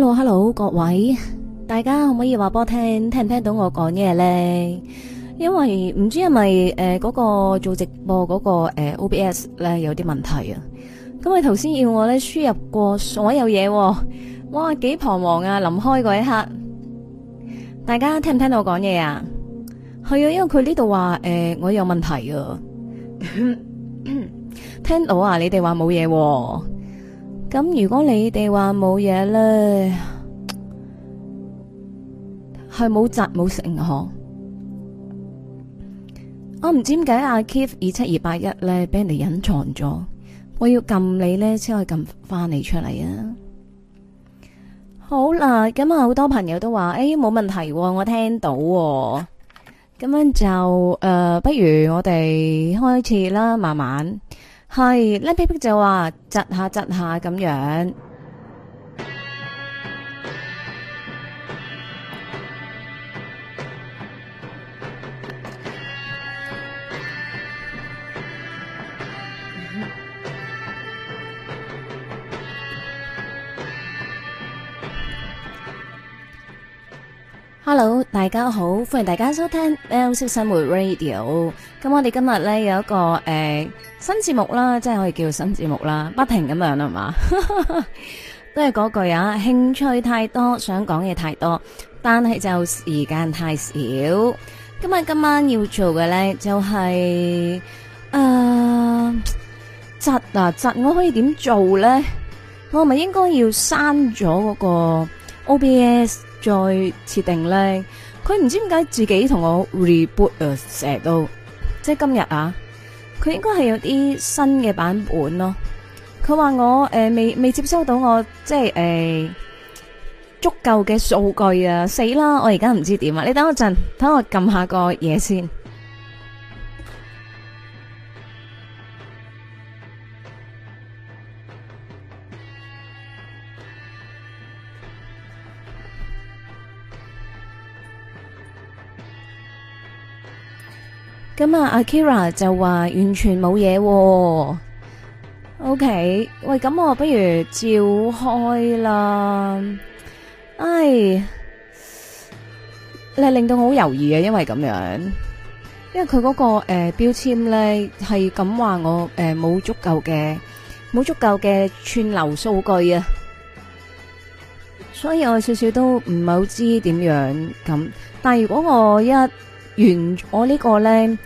hello hello 各位，大家可唔可以話俾我聽？聽唔聽到我講嘢咧？因為唔知係咪誒嗰個做直播嗰、嗰個誒、呃、OBS 咧有啲問題啊！咁你頭先要我咧輸入過所有嘢、啊，哇幾彷徨啊！臨開嗰一刻，大家聽唔聽到我講嘢啊？係啊，因為佢呢度話誒我有問題啊， 聽到啊！你哋話冇嘢。咁如果你哋話冇嘢咧，係冇責冇成行。我唔知點解阿 Kif 二七二八一咧俾人哋隱藏咗，我要撳你咧先可以撳翻你出嚟啊！好啦，咁啊好多朋友都話誒冇問題，啊，我聽到咁、啊、樣就誒、呃，不如我哋開始啦，慢慢。係，拉皮皮就話窒下窒下咁樣。Hello，大家好，歡迎大家收聽喵式生活 Radio。咁我哋今日咧有一個誒新節目啦，即係可以叫做新節目啦，不停咁樣啦嘛。都係嗰句啊，興趣太多，想講嘢太多，但係就時間太少。今日今晚要做嘅咧就係誒窒啊窒，我可以點做咧？我咪應該要刪咗嗰個 OBS。再設定咧，佢唔知點解自己同我 reboot 啊，成日都即係今日啊，佢應該係有啲新嘅版本咯。佢話我誒未未接收到我即係誒足夠嘅數據啊，死啦！我而家唔知點啊，你等我陣，等我撳下個嘢先。咁啊，Akira 就話完全冇嘢喎。OK，喂，咁我不如照開啦。哎，你令到我好猶豫呀，因為咁樣，因為佢嗰個誒標籤咧係咁話我誒冇足夠嘅冇足夠嘅串流數據啊，所以我少少都唔係好知點樣咁。但係如果我一完這個，我呢個咧，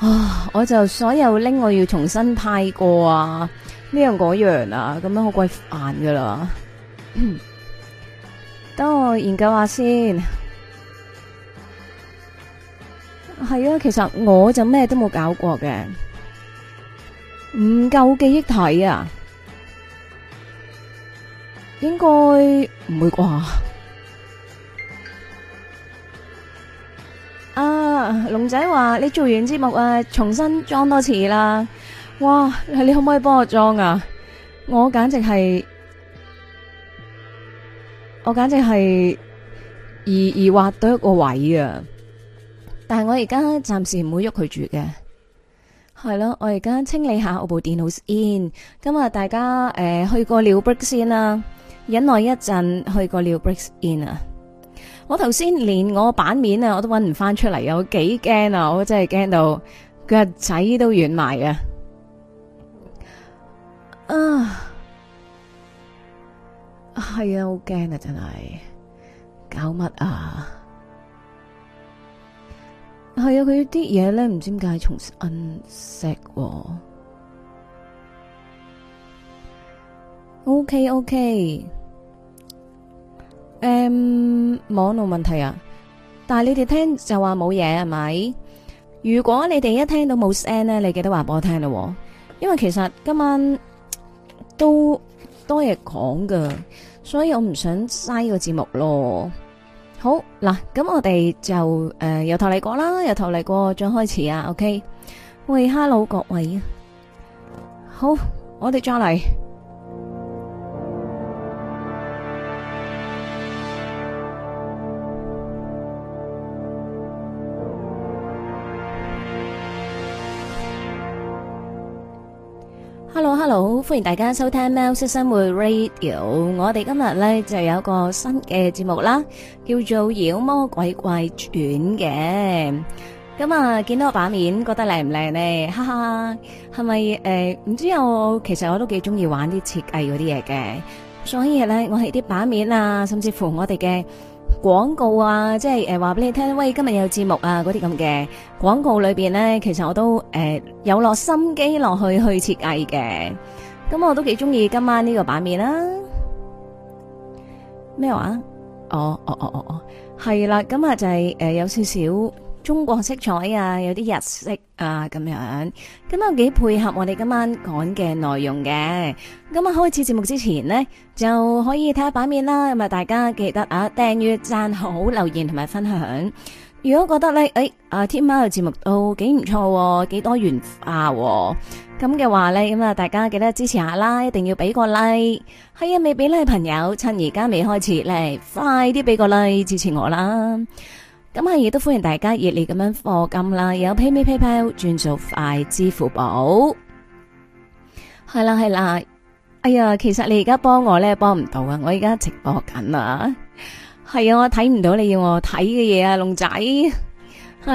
啊，我就所有拎我要重新派過啊，呢樣嗰樣啊，咁樣好鬼煩噶啦。等 我研究一下先。係啊，其實我就咩都冇搞過嘅，唔夠記憶體啊，應該唔會啩。啊，龍仔話你做完節目啊，重新裝多次啦。哇，你可唔可以幫我裝啊？我簡直係，我簡直係，而而挖到一個位啊！但係我而家暫時唔會喐佢住嘅。係咯，我而家清理下我部電腦先。今日大家誒、呃、去過了 break 先啦，忍耐一陣去過 break in 了 break 先啊。我頭先連我版面啊，我都搵唔返出嚟，有幾驚啊！我真係驚到腳仔都軟埋啊，啊！啊，係呀，好驚啊，真係搞乜啊？係呀，佢啲嘢呢，唔知點解重 set OK，OK。誒，um, 網絡問題啊！但係你哋聽就話冇嘢係咪？如果你哋一聽到冇聲呢，你記得話俾我聽啦，因為其實今晚都多嘢講噶，所以我唔想嘥個節目咯。好嗱，咁我哋就誒、呃、由頭嚟過啦，由頭嚟過再開始啊。OK，喂，Hello，各位啊，好，我哋再嚟。歡迎大家收聽《喵式生活 Radio》，我們，我哋今日咧就有一個新嘅節目啦，叫做《妖魔鬼怪傳》嘅。咁、嗯、啊，看見到個版面，覺得靚唔靚呢？哈哈，係咪？誒、呃，唔知有，其實我都幾中意玩啲設計嗰啲嘢嘅，所以咧，我係啲版面啊，甚至乎我哋嘅廣告啊，即係誒，話、呃、俾你聽，喂，今日有節目啊，嗰啲咁嘅廣告裏邊咧，其實我都誒、呃、有落心機落去去設計嘅。咁我都幾中意今晚呢個版面啦、啊，咩話、啊？哦哦哦哦哦，係啦、就係，今日就係誒有少少中國色彩啊，有啲日式啊咁樣，咁啊幾配合我哋今晚講嘅內容嘅。咁啊開始節目之前呢，就可以睇下版面啦。咁啊，大家記得啊訂閱、讚好、留言同埋分享。如果覺得咧，誒、哎，啊，天貓嘅節目都幾唔錯、哦，幾多元化、哦，咁嘅話咧，咁啊，大家記得支持下啦，一定要俾個 e 係啊，未俾 e 朋友，趁而家未開始，嚟快啲俾個 e、like、支持我啦。咁、嗯、啊，亦都歡迎大家熱烈咁樣貨金啦，有 PayPay PayPay 轉做快支付寶。係啦係啦，哎呀，其實你而家幫我咧，幫唔到啊，我而家直播緊啊。係啊，我睇唔到你要我睇嘅嘢啊，龍仔，係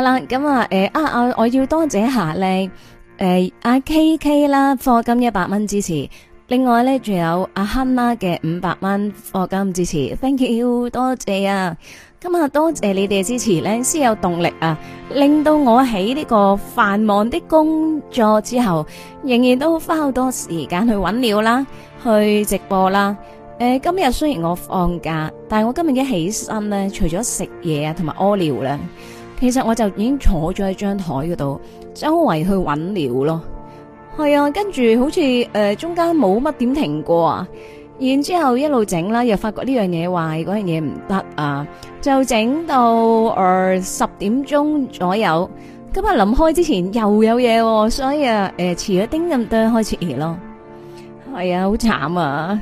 啦，咁啊，誒啊啊，我要多謝下你，誒阿 K K 啦，課金一百蚊支持，另外咧仲有阿哈媽嘅五百蚊課金支持，thank you，多謝啊，咁啊多謝你哋支持咧，先有動力啊，令到我喺呢個繁忙的工作之後，仍然都花好多時間去揾料啦，去直播啦。誒，今日雖然我放假，但係我今日一起身咧，除咗食嘢啊，同埋屙尿啦，其實我就已經坐咗喺張台嗰度，周圍去搵尿咯。係啊，跟住好似誒中間冇乜點停過啊，然之後一路整啦，又發覺呢樣嘢壞，嗰樣嘢唔得啊，就整到十點鐘左右。今日臨開之前又有嘢喎，所以啊，誒遲咗丁咁都開始熱咯。係啊，好慘啊！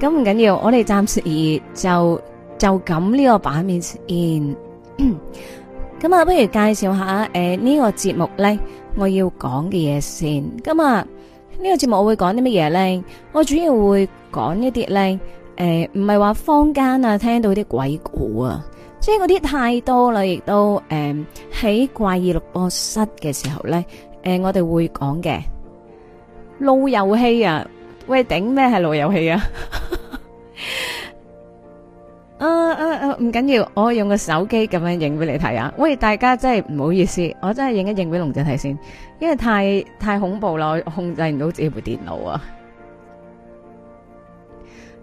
咁唔緊要，我哋暫時就就咁呢個版面先。咁啊， 不如介紹下誒、呃這個、呢個節目咧，我要講嘅嘢先。咁啊，呢、這個節目我會講啲乜嘢咧？我主要會講一啲咧，誒唔係話坊間啊聽到啲鬼故啊，即係嗰啲太多啦，亦都誒喺、呃、怪異錄播室嘅時候咧，誒、呃、我哋會講嘅，路遊戲啊。喂，頂咩係路由器啊？唔緊要，我用個手機咁樣影俾你睇啊！喂，大家真係唔好意思，我真係影一影俾龍仔睇先，因為太太恐怖啦，我控制唔到自己部電腦啊！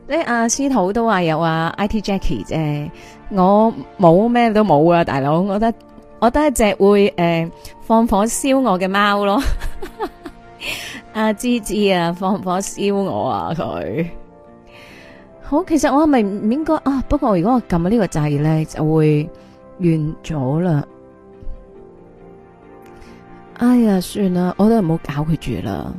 啲阿、 啊、司徒都話有啊，IT Jackie 啫，我冇咩都冇啊，大佬，我覺得我得一隻會誒、呃、放火燒我嘅貓咯。 阿、啊、芝芝啊，放唔放燒我啊佢？好，其實我係咪唔應該啊？不過如果我撳呢個掣咧，就會完咗啦。哎呀，算啦，我都唔好搞佢住啦。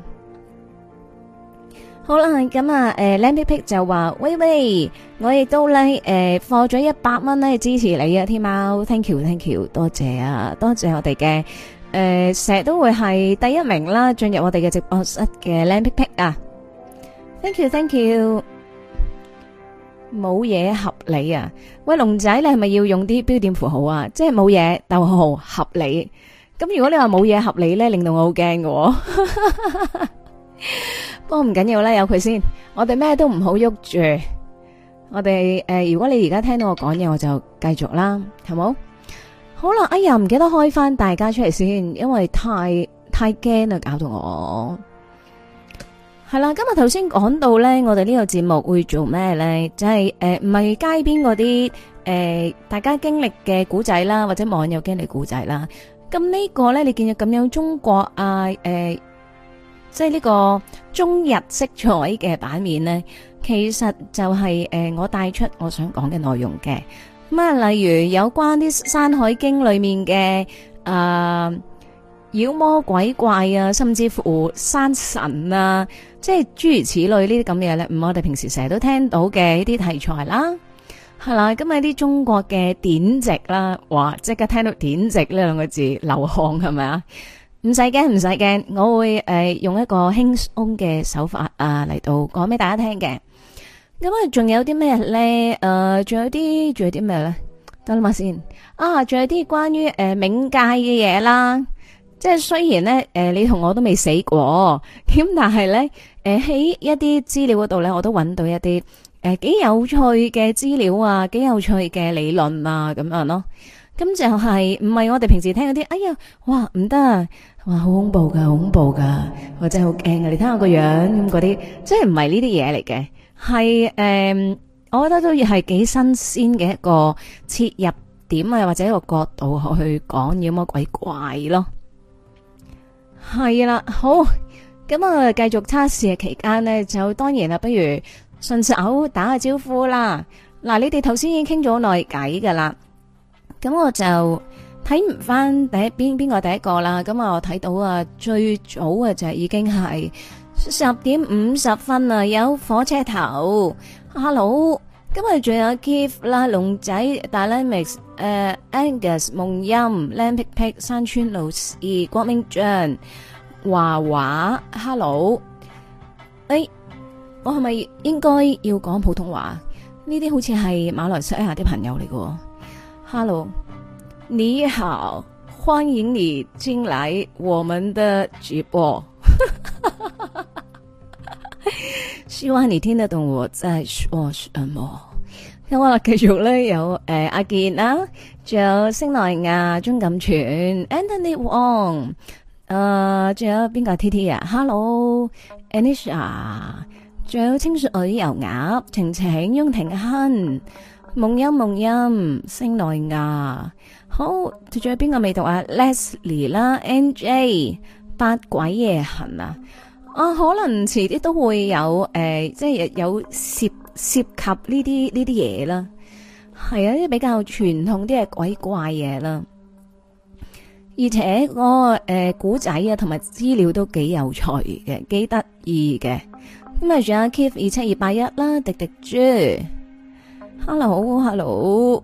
好啦，咁啊，誒、呃，靚皮皮就話：喂喂，我亦都咧，誒、呃，放咗一百蚊咧支持你啊，天喵，thank you，thank you，多謝啊，多謝我哋嘅。誒，成日都會係第一名啦，進入我哋嘅直播室嘅靚皮皮啊！Thank you，Thank you，冇嘢合理啊！喂，龍仔，你係咪要用啲標點符號啊？即係冇嘢逗號合理。咁如果你話冇嘢合理咧，令到我好驚㗎。不過唔緊要啦，有佢先。我哋咩都唔好喐住。我哋誒，如果你而家聽到我講嘢，我就繼續啦，好冇？好啦，哎呀，唔記得開返大家出嚟先，因為太太驚啊，搞到我係啦。今日頭先講到咧，我哋呢個節目會做咩咧？就係、是、誒，唔、呃、係街邊嗰啲誒，大家經歷嘅古仔啦，或者網友經歷古仔啦。咁呢個咧，你見到咁樣中國啊，誒、呃，即係呢個中日色彩嘅版面咧，其實就係、是、誒、呃，我帶出我想講嘅內容嘅。咁啊，例如有關啲《山海經》裏面嘅誒、呃、妖魔鬼怪啊，甚至乎山神啊，即係諸如此類呢啲咁嘅嘢咧。唔，我哋平時成日都聽到嘅呢啲題材啦，係啦。今日啲中國嘅典籍啦，哇！即刻聽到典籍呢兩個字流汗係咪啊？唔使驚，唔使驚，我會誒、呃、用一個輕鬆嘅手法啊嚟到講俾大家聽嘅。咁啊，仲有啲咩咧？誒、呃，仲有啲，仲有啲咩咧？等諗下先。啊，仲有啲關於誒冥界嘅嘢啦。即係雖然咧，誒、呃，你同我都未死過，咁但係咧，誒、呃、喺一啲資料嗰度咧，我都揾到一啲誒幾有趣嘅資料啊，幾有趣嘅理論啊，咁樣咯。咁就係唔係我哋平時聽嗰啲，哎呀，哇，唔得，啊，哇好恐怖噶，恐怖噶，我真係好驚啊。你睇我個樣咁嗰啲，即係唔係呢啲嘢嚟嘅。係誒、嗯，我覺得都要係幾新鮮嘅一個切入點啊，或者一個角度去講嘢，乜鬼怪咯？係啦，好。咁啊，咁我哋繼續測試期間呢就當然啦，不如順手打個招呼啦。嗱，你哋頭先已經傾咗好耐偈噶啦，咁我就睇唔翻第一邊，邊個第一個啦。咁啊，我睇到啊，最早嘅就已經係。十點五十分啊！有火車頭，hello。今日仲有 Kev 啦、龍仔、Dynamics、誒 Angus、夢音、Lampick 山村老師、郭明俊，華華，hello、欸。誒，我係咪應該要講普通話？呢啲好似係馬來西亞啲朋友嚟嘅。hello，你好，歡迎你進來我們的直播。希望你聽得懂我在說什麼。好、 嗯，我繼續咧，有、呃、誒阿健啦，仲有星奈亞、鐘錦泉、Anthony Wong，誒，仲、呃、有邊個 T T 啊？Hello，Anisha，仲有清水油鴨、晴晴、雍廷亨,亨、夢音、夢音、星奈亞。好，仲有邊個未讀啊？Leslie 啦，N J。八鬼夜行啊！啊，可能遲啲都會有誒、呃，即係有涉涉及呢啲呢啲嘢啦，係啊，啲比較傳統啲嘅鬼怪嘢啦。而且我誒古仔啊，同埋資料都幾有趣嘅，幾得意嘅。咁咪住啊，Kev 二七二八一啦，滴滴豬，Hello，Hello，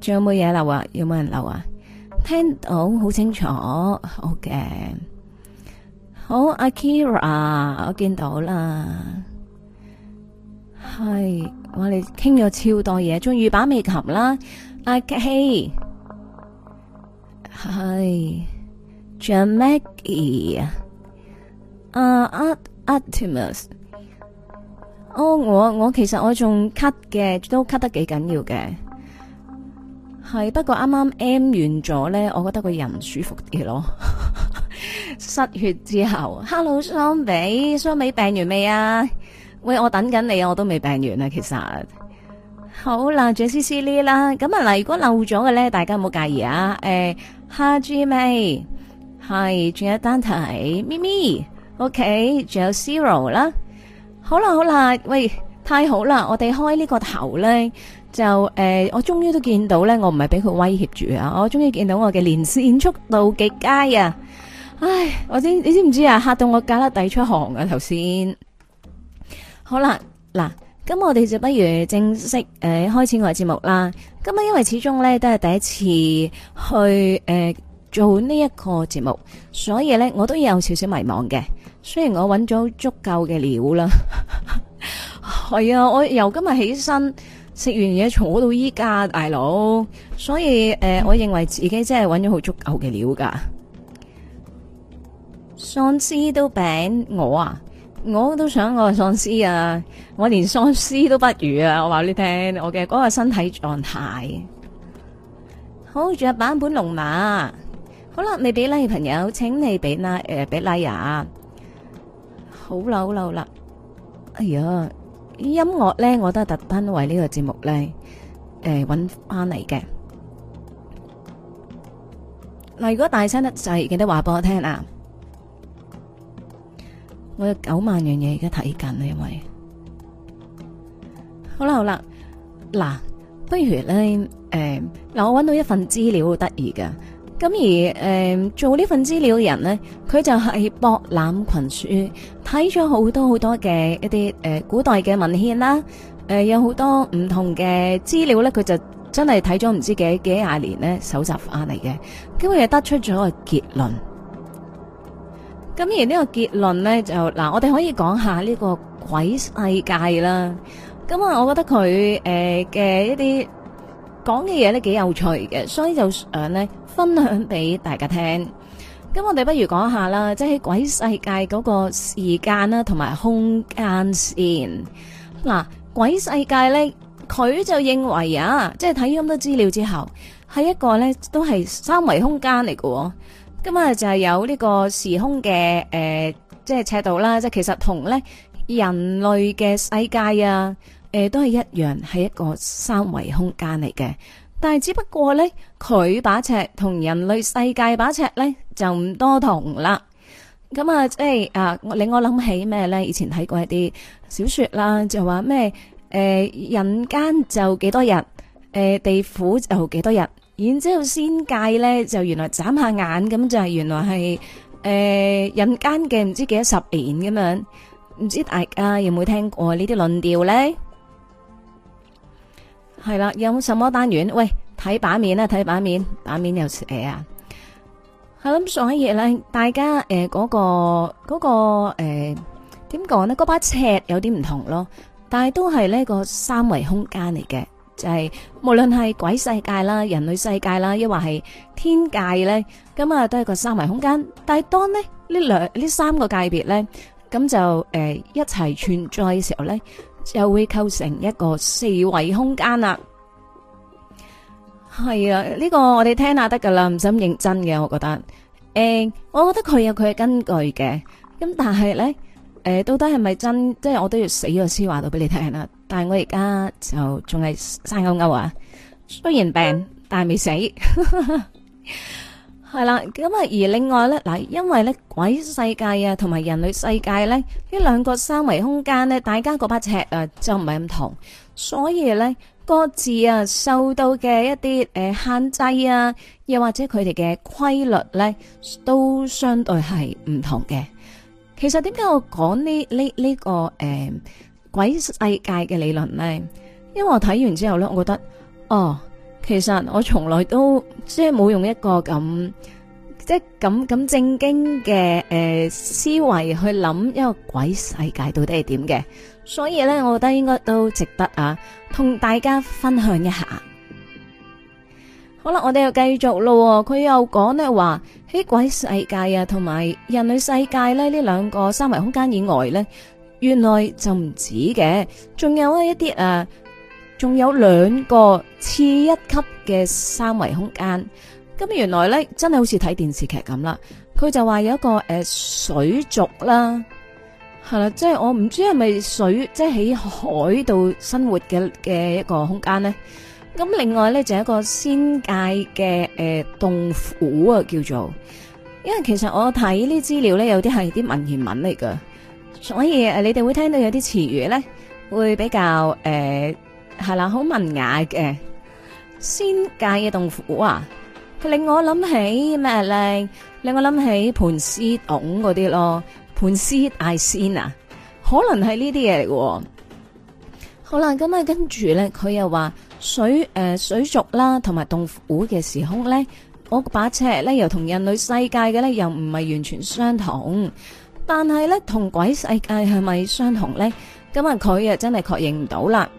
仲 Hello 有冇嘢留啊？有冇人留啊？聽到好清楚，好嘅。好，Akira，我見到是啦，係我哋傾咗超多嘢，仲欲罷未及啦。Ak，係 j a m a k i 啊，At Atimus，Ar 哦，我我其實我仲 cut 嘅，都 cut 得幾緊要嘅，係不過啱啱 M 完咗咧，我覺得個人舒服啲咯。 失血之後，Hello 雙美，雙美病完未啊？喂，我等緊你啊，我都未病完啊。其實好啦，仲有 CC 呢啦，咁啊嗱，如果漏咗嘅咧，大家唔好介意啊。誒、欸，哈 G 未係，仲有一單題咪咪，OK，仲有 Zero 啦。好啦，好啦，喂，太好啦，我哋開呢個頭咧就誒、欸，我終於都見到咧，我唔係俾佢威脅住啊，我終於見到我嘅連綫速度極佳啊。唉，我知你知唔知嚇啊？吓到我胳肋底出汗啊！頭先好啦，嗱，咁我哋就不如正式誒、呃、開始我嘅節目啦。咁啊，因為始終呢都係第一次去誒、呃、做呢一個節目，所以呢，我都有少少迷茫嘅。雖然我揾咗足夠嘅料啦，係 啊，我由今日起身食完嘢坐到依家大佬，所以誒、呃嗯、我認為自己真係揾咗好足夠嘅料噶。喪屍都餅我啊！我都想我喪屍啊！我連喪屍都不如啊！我話你聽，我嘅嗰個身體狀態。好，仲有版本龍馬。好啦，你俾拉朋友，請你俾拉誒，俾、呃、啊！好老好老啦，啦。哎呀，音樂咧，我都係特登為這個節呢個節目咧，誒、呃，搵翻嚟嘅。嗱、呃，如果大聲得滯記得話俾我聽啊！我有九萬樣嘢而家睇緊因為，好啦好啦，嗱，不如咧，誒，嗱，我搵到一份資料好得意嘅，咁而誒、呃、做呢份資料嘅人咧，佢就係博覽群書，睇咗好多好多嘅一啲誒、呃、古代嘅文獻啦，誒、呃、有好多唔同嘅資料咧，佢就真係睇咗唔知幾幾廿年咧，搜集翻嚟嘅，咁佢又得出咗個結論。咁而呢個結論咧就，嗱，我哋可以講下呢個鬼世界啦。咁啊，我覺得佢誒嘅一啲講嘅嘢咧幾有趣嘅，所以就想咧分享俾大家聽。咁我哋不如講下啦，即係鬼世界嗰個時間啦同埋空間先。嗱，鬼世界咧，佢就認為啊，即係睇咁多資料之後，係一個咧都係三維空間嚟嘅。咁啊，就係有呢個時空嘅，誒，即係尺度啦，即係其實同咧人類嘅世界啊，誒都係一樣，係一個三維空間嚟嘅。但係只不過咧，佢把尺同人類世界把尺咧就唔多同啦。咁啊，即係啊，令我諗起咩咧？以前睇過一啲小說啦，就話咩誒人間就幾多日，誒地府就幾多日。然之後仙界咧，就原來眨下眼咁就係原來係誒人間嘅唔知幾多十年咁樣，唔知大家有冇聽過呢啲論調咧？係啦，有冇什麼單元？喂，睇版面啦，睇版面，版面又誒啊，係咯，所以咧，大家誒嗰個嗰個誒點講咧，嗰把尺有啲唔同咯，但係都係呢個三維空間嚟嘅。就係無論係鬼世界啦、人類世界啦，亦或係天界咧，咁啊都係個三維空間。但係當咧呢兩呢三個界別咧，咁就誒一齊存在嘅時候咧，就會構成一個四維空間啦。係啊，呢個我哋聽下得噶啦，唔使咁認真嘅，我覺得。誒，我覺得佢有佢嘅根據嘅。咁但係咧，誒到底係咪真？即係我都要死咗先話到俾你聽啦。但係我而家就仲係生勾勾啊！雖然病，但係未死。係啦，咁啊，而另外咧嗱，因為咧鬼世界啊，同埋人類世界咧，呢兩個三維空間咧，大家嗰把尺啊，就唔係咁同，所以咧，各自啊受到嘅一啲誒限制啊，又或者佢哋嘅規律咧，都相對係唔同嘅。其實點解我講呢呢呢個誒？鬼世界嘅理論呢，因為我睇完之後呢，我覺得哦，其實我從來都即係冇用一個咁即係咁咁正經嘅誒、呃、思維去諗一個鬼世界到底係點嘅，所以呢，我覺得應該都值得啊，同大家分享一下。好啦，我哋又繼續咯，佢又講呢話喺鬼世界啊，同埋人類世界咧呢兩個三維空間以外呢。原來就唔止嘅，仲有啊一啲啊，仲有兩個次一級嘅三維空間。咁原來咧真係好似睇電視劇咁啦。佢就話有一個誒、呃、水族啦，係啦，即係我唔知係咪水，即係喺海度生活嘅嘅一個空間咧。咁另外咧就有一個仙界嘅誒、呃、洞府啊，叫做。因為其實我睇呢資料咧，有啲係啲文言文嚟噶所以誒，你哋會聽到有啲詞語咧，會比較誒係、呃、啦，好文雅嘅仙界嘅洞府啊，佢令我諗起咩咧？令我諗起盤絲洞嗰啲咯，盤絲艾仙啊，可能係呢啲嘢嚟嘅。好啦，咁、呃、啊，跟住咧，佢又話水誒水族啦，同埋洞府嘅時空咧，嗰把尺咧又同人類世界嘅咧又唔係完全相同。但係咧，同鬼世界係咪相同呢？咁啊佢啊真係確認唔到啦。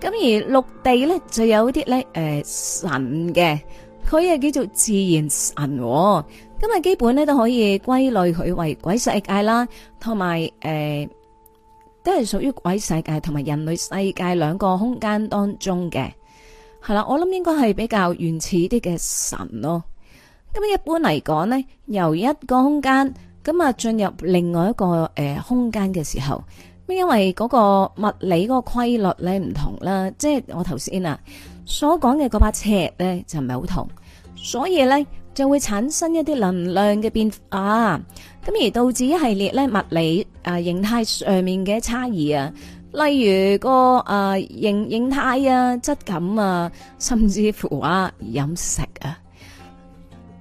咁而陸地咧就有啲咧，誒、呃、神嘅，佢係叫做自然神、哦。咁啊基本咧都可以歸類佢為鬼世界啦，同埋誒都係屬於鬼世界同埋人類世界兩個空間當中嘅。係啦，我諗應該係比較原始啲嘅神咯。咁一般嚟講呢，由一個空間，咁啊，進入另外一個、呃、空間嘅時候，因為嗰個物理嗰個規律咧唔同啦，即係我頭先啊所講嘅嗰把尺咧就唔係好同，所以咧就會產生一啲能量嘅變化啊，咁而導致一系列咧物理、呃、形態上面嘅差異啊，例如、嗰個啊、呃、形形態啊、質感啊，甚至乎啊飲食啊。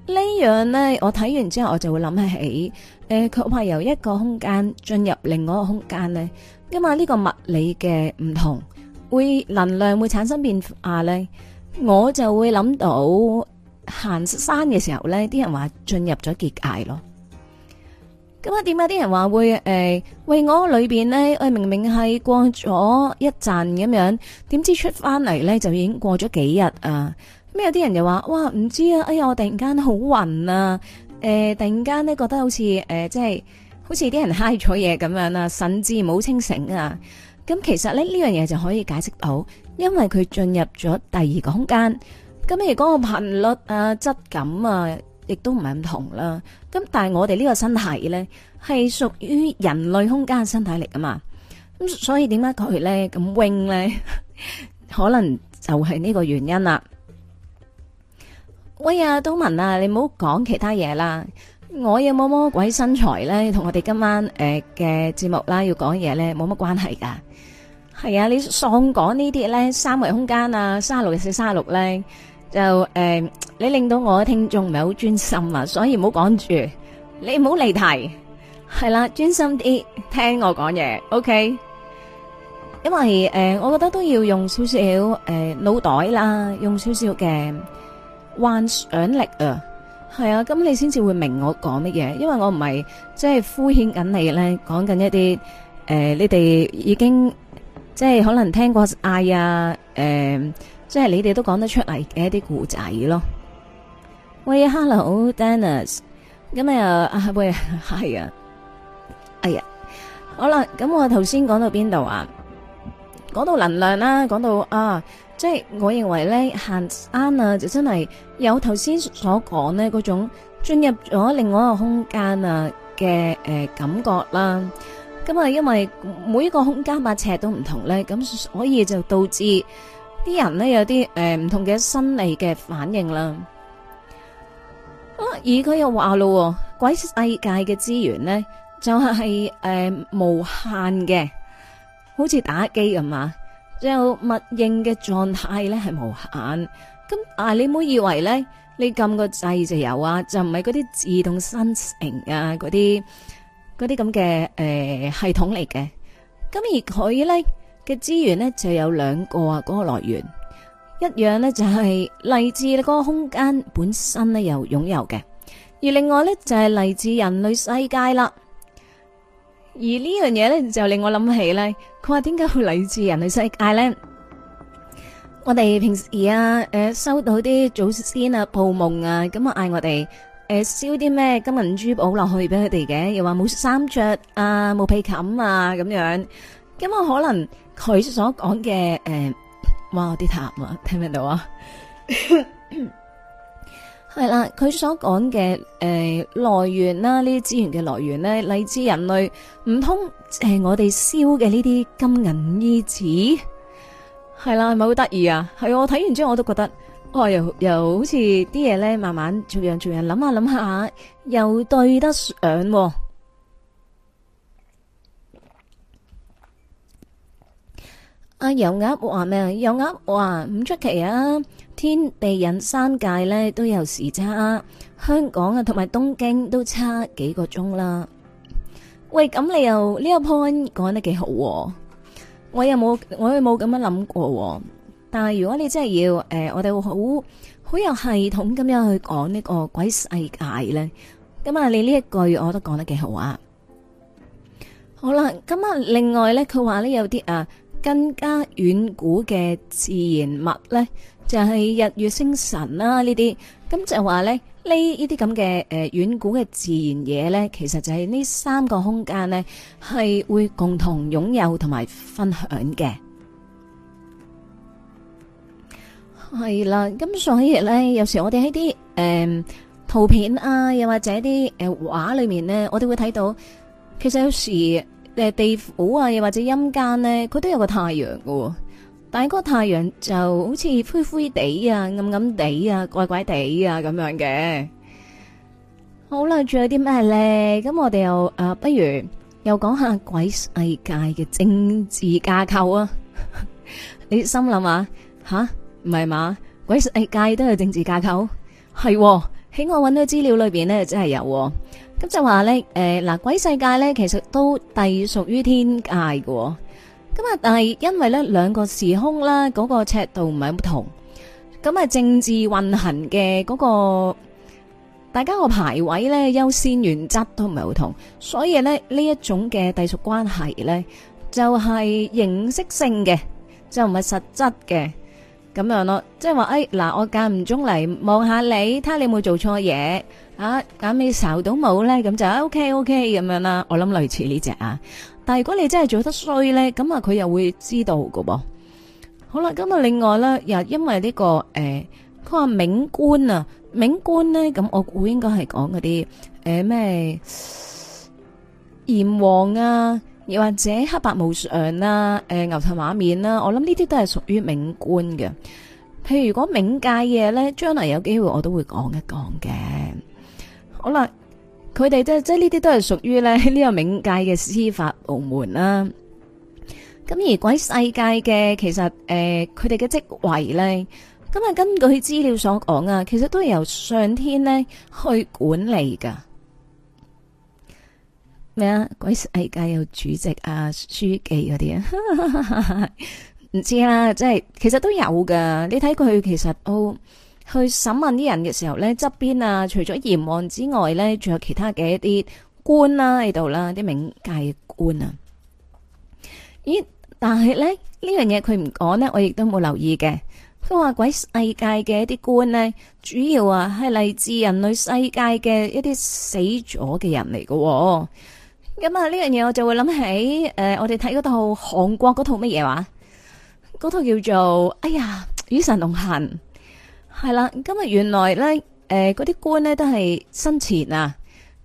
呢樣呢，我睇完之後，我就會諗起，誒、呃，佢話由一個空間進入另外一個空間呢咁啊，呢、嗯，這個物理嘅唔同，會能量會產生變化呢，我就會諗到行山嘅時候呢啲人話進入咗結界咯。咁、嗯、啊，點解啲人話會誒、呃、為我裏邊呢？我明明係過咗一陣咁樣，點知出翻嚟呢，就已經過咗幾日啊？呃有啲人又話：哇，唔知啊！哎呀，我突然間好暈啊！誒、呃，突然間咧覺得好似誒、呃，即係好似啲人嗨咗嘢咁樣啊，甚至冇清醒啊！咁其實咧，呢樣嘢就可以解釋到，因為佢進入咗第二個空間，咁而嗰個頻率啊、質感啊，亦都唔係咁同啦。咁但係我哋呢個身體呢，係屬於人類空間嘅身體嚟噶嘛，咁所以點解佢呢？咁 wing 呢？可能就係呢個原因啦。喂啊，東文啊，你唔好講其他嘢啦。我有冇魔鬼身材咧？同我哋今晚誒嘅節目啦，要講嘢咧，冇乜關係噶。係啊，你上講呢啲咧，三維空間啊，三六嘅四三六咧，就誒、呃，你令到我嘅聽眾唔係好專心啊。所以唔好講住，你唔好離題，係啦、啊，專心啲聽我講嘢。O、OK、K，因為誒、呃，我覺得都要用少少誒腦、呃、袋啦，用少少嘅。幻想力啊，係啊，咁你先至會明我講乜嘢，因為我唔係即係敷衍緊你咧，講緊一啲誒、呃，你哋已經即係可能聽過嗌啊，誒、呃，即係你哋都講得出嚟嘅一啲故仔咯。喂，Hello，Dennis，咁啊，啊喂，係啊，哎呀，好啦，咁我頭先講到邊度啊？講到能量啦，講到啊。即係我認為咧，行山啊，就真係有頭先所講呢嗰種進入咗另外一個空間啊嘅誒感覺啦。咁啊，因為每一個空間八尺都唔同咧，咁所以就導致啲人呢有啲誒唔同嘅生理嘅反應啦。而、啊、佢又話咯，鬼世界嘅資源呢，就係、是、誒、呃、無限嘅，好似打機咁嘛。就物應嘅狀態咧係無限，咁啊你唔好以為咧你撳個掣就有就啊，就唔係嗰啲自動生成啊嗰啲嗰啲咁嘅誒系統嚟嘅。咁而佢咧嘅資源呢就有兩個啊嗰個來源，一樣呢就係嚟自嗰個空間本身呢有擁有嘅，而另外呢就係嚟自人類世界啦。而呢樣嘢咧，就令我諗起咧。佢話點解會嚟自人類世界咧？我哋平時啊，誒，收到啲祖先啊，報夢啊，咁啊，嗌我哋誒，燒啲咩金銀珠寶落去俾佢哋嘅，又話冇衫着啊，冇被冚啊，咁樣。咁我可能佢所講嘅誒，哇，啲塔啊，聽唔聽到啊？係啦，佢所講嘅誒來源啦，呢啲資源嘅來源呢，嚟自人類，唔通誒我哋燒嘅呢啲金銀衣紙？係啦，係咪好得意啊？係我睇完之後我都覺得，哦、啊，又又好似啲嘢，呢，慢慢逐樣逐樣諗下諗下，又對得上，啊。阿油鴨話咩？油鴨話唔出奇啊！天地人三界咧都有時差，香港啊同埋東京都差幾個鐘啦。喂，咁你又呢個 point 講得幾好？我又冇我又冇咁樣諗過。但係如果你真係要誒、呃，我哋會好好有系統咁樣去講呢個鬼世界咧。咁啊，你呢一句我覺得講得幾好啊。好啦，咁啊，另外咧，佢話呢有啲啊更加遠古嘅自然物咧。就係日月星辰啦呢啲，咁就話呢呢呢啲咁嘅誒遠古嘅自然嘢呢，其實就係呢三個空間呢係會共同擁有同埋分享嘅。係啦，咁所以呢，有時我哋喺啲誒圖片啊，又或者啲誒畫裏面呢，我哋會睇到，其實有時誒地府啊，又或者陰間呢，佢都有個太陽噶但係個太陽就好似灰灰地啊，暗暗地啊，怪怪地啊咁樣嘅。好啦，仲有啲咩咧？咁我哋又誒，不如又講下鬼世界嘅政治架構 想想啊？你心諗下？吓，唔係嘛？鬼世界都有政治架構，係喺、啊、我搵到資料裏邊呢，真係有、啊。咁就話咧，誒、呃、嗱，鬼世界咧其實都隸屬於天界喎。咁啊，但係因為咧兩個時空啦，嗰個尺度唔係咁同，咁啊政治運行嘅嗰個，大家個排位咧優先原則都唔係好同，所以咧呢一種嘅隸屬關係咧，就係形式性嘅，就唔係實質嘅，咁樣咯，即係話誒，嗱我間唔中嚟望下你，睇下，你有冇做錯嘢啊？咁你受到冇咧，咁就啊 OK OK 咁樣啦，我諗類似呢隻啊。但係如果你真係做得衰咧，咁啊佢又會知道噶噃。好啦，咁啊另外咧，又因為呢、這個誒，佢話冥官啊，冥官咧，咁我估應該係講嗰啲誒咩閻王啊，又或者黑白無常啦、啊，誒、呃、牛頭馬面啦、啊，我諗呢啲都係屬於冥官嘅。譬如如果冥界嘢咧，將來有機會我都會講一講嘅。好啦。佢哋即係呢啲都係屬於咧呢個冥界嘅司法部門啦、啊。咁而鬼世界嘅其實誒，佢哋嘅職位咧，咁啊根據資料所講啊，其實都係由上天咧去管理噶。咩啊？鬼世界有主席啊、書記嗰啲啊？唔 知啦，即係其實都有噶。你睇佢其實都。去審問啲人嘅時候呢，側邊啊，除咗閻王之外呢，仲有其他嘅一啲官啦喺度啦，啲冥界官啊。咦？但係呢呢樣嘢，佢唔講呢，我亦都冇留意嘅。佢話鬼世界嘅一啲官呢，主要啊係嚟自人類世界嘅一啲死咗嘅人嚟㗎喎。咁啊呢樣嘢我就會諗起誒、呃，我哋睇嗰套韓國嗰套乜嘢話？嗰套叫做哎呀，與神同行。係啦，今日原來咧，誒、呃，嗰啲官咧都係生前啊，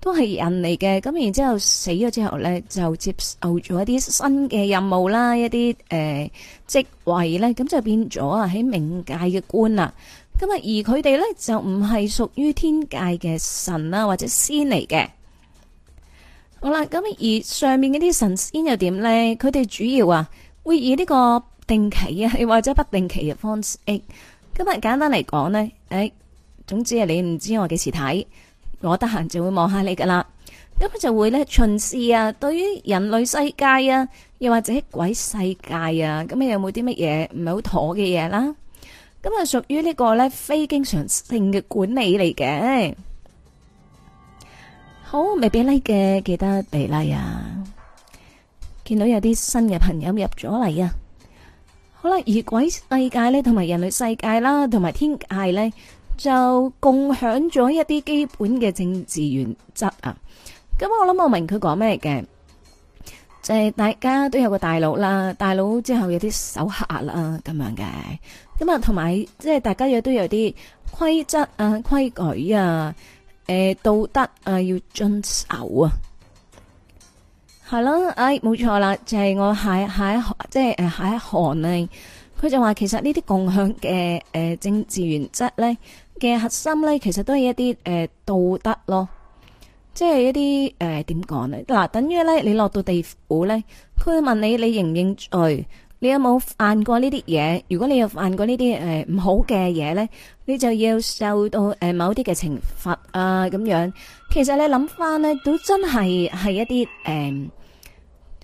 都係人嚟嘅。咁然之後死了之後死咗之後咧，就接受咗一啲新嘅任務啦，一啲誒、呃、職位咧，咁就變咗啊，喺冥界嘅官啦。咁啊，而佢哋咧就唔係屬於天界嘅神啦或者仙嚟嘅。好啦，咁而上面嗰啲神仙又點咧？佢哋主要啊會以呢個定期啊或者不定期嘅方式。今日簡單嚟講呢，誒、哎，總之係你唔知我幾時睇，我得閒就會望下你噶啦。咁就會咧巡視啊，對於人類世界啊，又或者鬼世界啊，咁你有冇啲乜嘢唔係好妥嘅嘢啦？咁啊屬於呢個咧非經常性嘅管理嚟嘅。好，未俾 like 嘅，記得俾 like 啊！見到有啲新嘅朋友入咗嚟啊！好啦，而鬼世界咧，同埋人類世界啦，同埋天界咧，就共享咗一啲基本嘅政治原則啊。咁我諗我明佢講咩嘅，即係大家都有個大佬啦，大佬之後有啲手下啦咁樣嘅。咁啊，同埋即係大家亦都有啲規則啊、規矩啊、誒道德啊要遵守啊。係啦，唉，冇錯啦，就係、是、我下一，下一行，即係誒下一行咧，佢就話其實呢啲共享嘅誒、呃、政治原則咧嘅核心咧，其實都係一啲誒、呃、道德咯，即係一啲誒點講咧，嗱、呃啊、等於咧你落到地府咧，佢會問你你認唔認罪？你有冇犯過呢啲嘢？如果你有犯過這些、呃、不呢啲誒唔好嘅嘢咧，你就要受到誒、呃、某啲嘅懲罰啊咁樣。其實你諗翻咧，都真係係一啲誒、呃、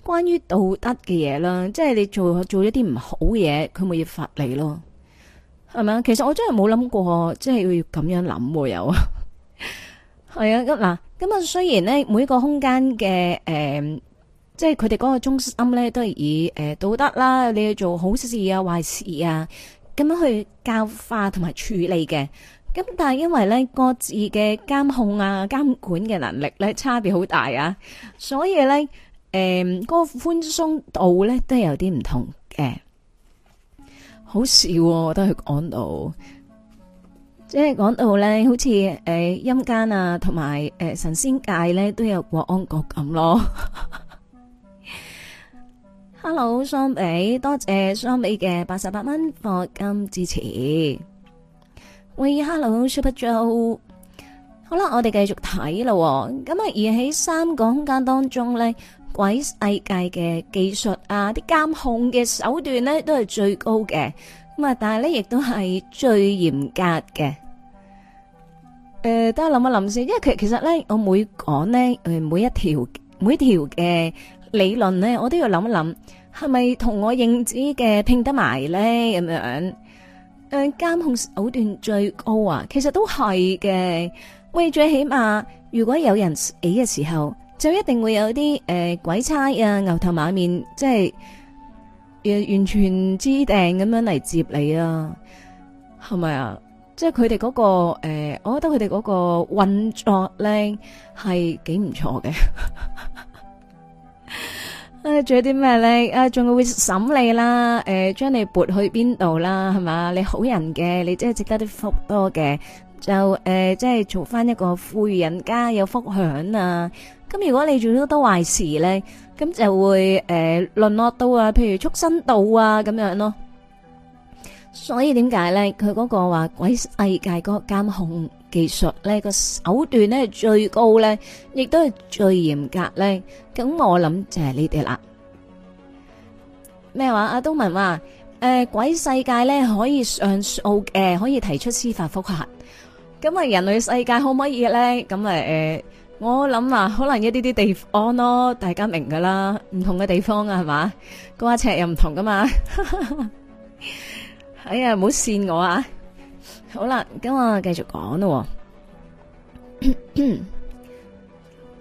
關於道德嘅嘢啦。即係你做做一啲唔好嘢，佢咪要罰你咯？係咪啊？其實我真係冇諗過，即係要咁樣諗又係啊！嗱， 咁啊，雖然咧每個空間嘅誒。呃即係佢哋嗰個中心咧，都係以誒、呃、道德啦、啊，你要做好事啊、壞事啊，咁樣去教化同埋處理嘅。咁但係因為咧，各自嘅監控啊、監管嘅能力咧，差別好大啊，所以咧誒，嗰、呃那個寬鬆度咧都係有啲唔同嘅。好笑、啊，我覺得佢講到，即係講到咧，好似誒陰間啊，同埋誒神仙界咧，都有國安局咁咯。 Hello 桑比，多謝桑比嘅八十八蚊課金支持。喂，Hello Super Joe，好啦，我哋繼續睇咯。咁啊，而喺三個空間當中咧，鬼世界嘅技術啊，啲監控嘅手段咧，都係最高嘅。咁啊，但係咧，亦都係最嚴格嘅。誒，等我諗一諗先，因為其實其實咧，我每講咧，誒，每一條每條嘅。理論咧，我都要諗一諗，係咪同我認知嘅拼得埋咧？咁樣，誒、呃，監控手段最高啊，其實都係嘅。喂，最起碼，如果有人死嘅時候，就一定會有啲誒、呃、鬼差啊、牛頭馬面，即係誒、呃、完全知定咁樣嚟接你啊？係咪啊？即係佢哋嗰個誒、呃，我覺得佢哋嗰個運作咧係幾唔錯嘅。 唉，仲有啲咩咧？啊，仲會審你啦，誒，將你撥去邊度啦？係嘛？你好人嘅，你真係值得啲福多嘅，就誒，即係做翻一個富裕人家，有福享啊！咁如果你做咗多壞事咧，咁就會誒，淪落到啊，譬如畜生道啊，咁樣咯。所以點解咧？佢嗰個話鬼世界嗰個監控。技術咧個手段咧最高咧，亦都係最嚴格咧。咁我諗就係呢啲啦。咩話？阿東文話誒，鬼世界咧可以上訴誒，可以提出司法複核。咁啊，人類世界可唔可以咧？咁啊誒，我諗啊，可能一啲啲地方咯。大家明噶啦，唔同嘅地方啊，係嘛？高下尺又唔同噶嘛。哎呀，唔好扇我啊！好啦，咁我繼續講咯。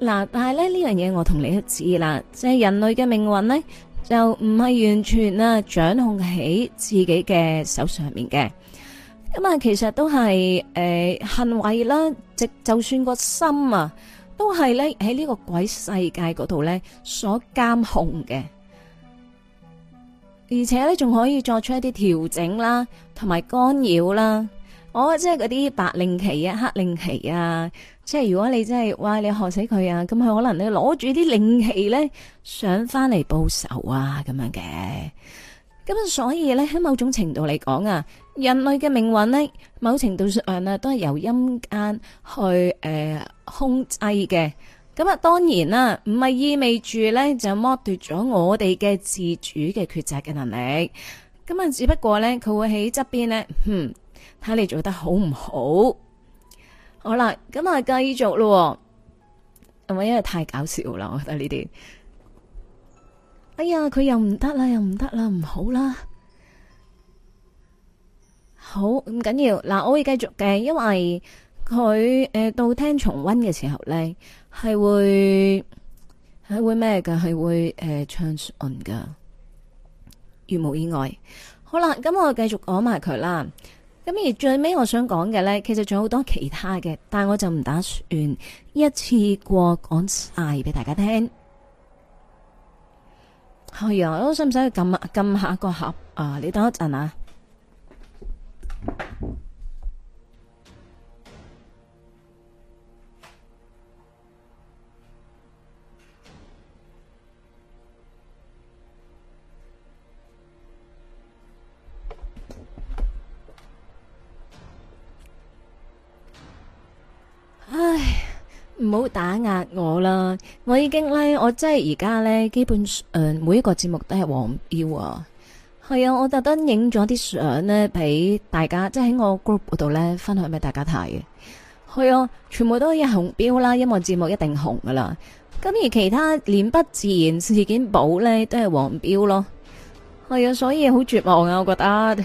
嗱，但係咧，呢樣嘢，我同你一致啦，即係人類嘅命運咧，就唔係完全啊掌控喺自己嘅手上面嘅。咁啊，其實都係誒行為啦，即係就算個心啊，都係咧喺呢個鬼世界嗰度咧所監控嘅，而且咧仲可以作出一啲調整啦，同埋干擾啦。我、哦、即係嗰啲白令旗啊、黑令旗啊，即係如果你真係哇，你害死佢啊，咁佢可能你攞住啲令旗呢，想翻嚟報仇啊咁樣嘅。咁所以呢，喺某種程度嚟講啊，人類嘅命運呢，某程度上啊都係由陰間去誒、呃、控制嘅。咁啊，當然啦，唔係意味住呢，就剝奪咗我哋嘅自主嘅抉擇嘅能力。咁啊，只不過呢，佢會喺側邊呢。哼。睇你做得好唔好？好啦，咁啊繼續咯，係咪因為太搞笑啦，我覺得呢啲。哎呀，佢又唔得啦，又唔得啦，唔好啦。好，唔緊要，嗱，我會繼續嘅，因為佢誒、呃、到聽重溫嘅時候咧，係會係會咩㗎？係會誒 change on 噶，如無意外。好啦，咁我繼續講埋佢啦。咁而最尾我想講嘅呢，其實仲有好多其他嘅，但係我就唔打算一次過講晒俾大家聽。阿、哎、啊，我都想唔使去撳撳下一下個盒啊？你等一陣啊。唉，唔好打壓我啦！我已經呢，我真係而家呢，基本誒、呃、每一個節目都係黃標啊。係啊，我特登影咗啲相呢，俾大家，即係喺我 group 嗰度呢，分享俾大家睇嘅。係啊，全部都係紅標啦，音樂節目一定紅噶啦。咁而其他連不自然事件簿呢，都係黃標咯。係啊，所以好絕望啊！我覺得，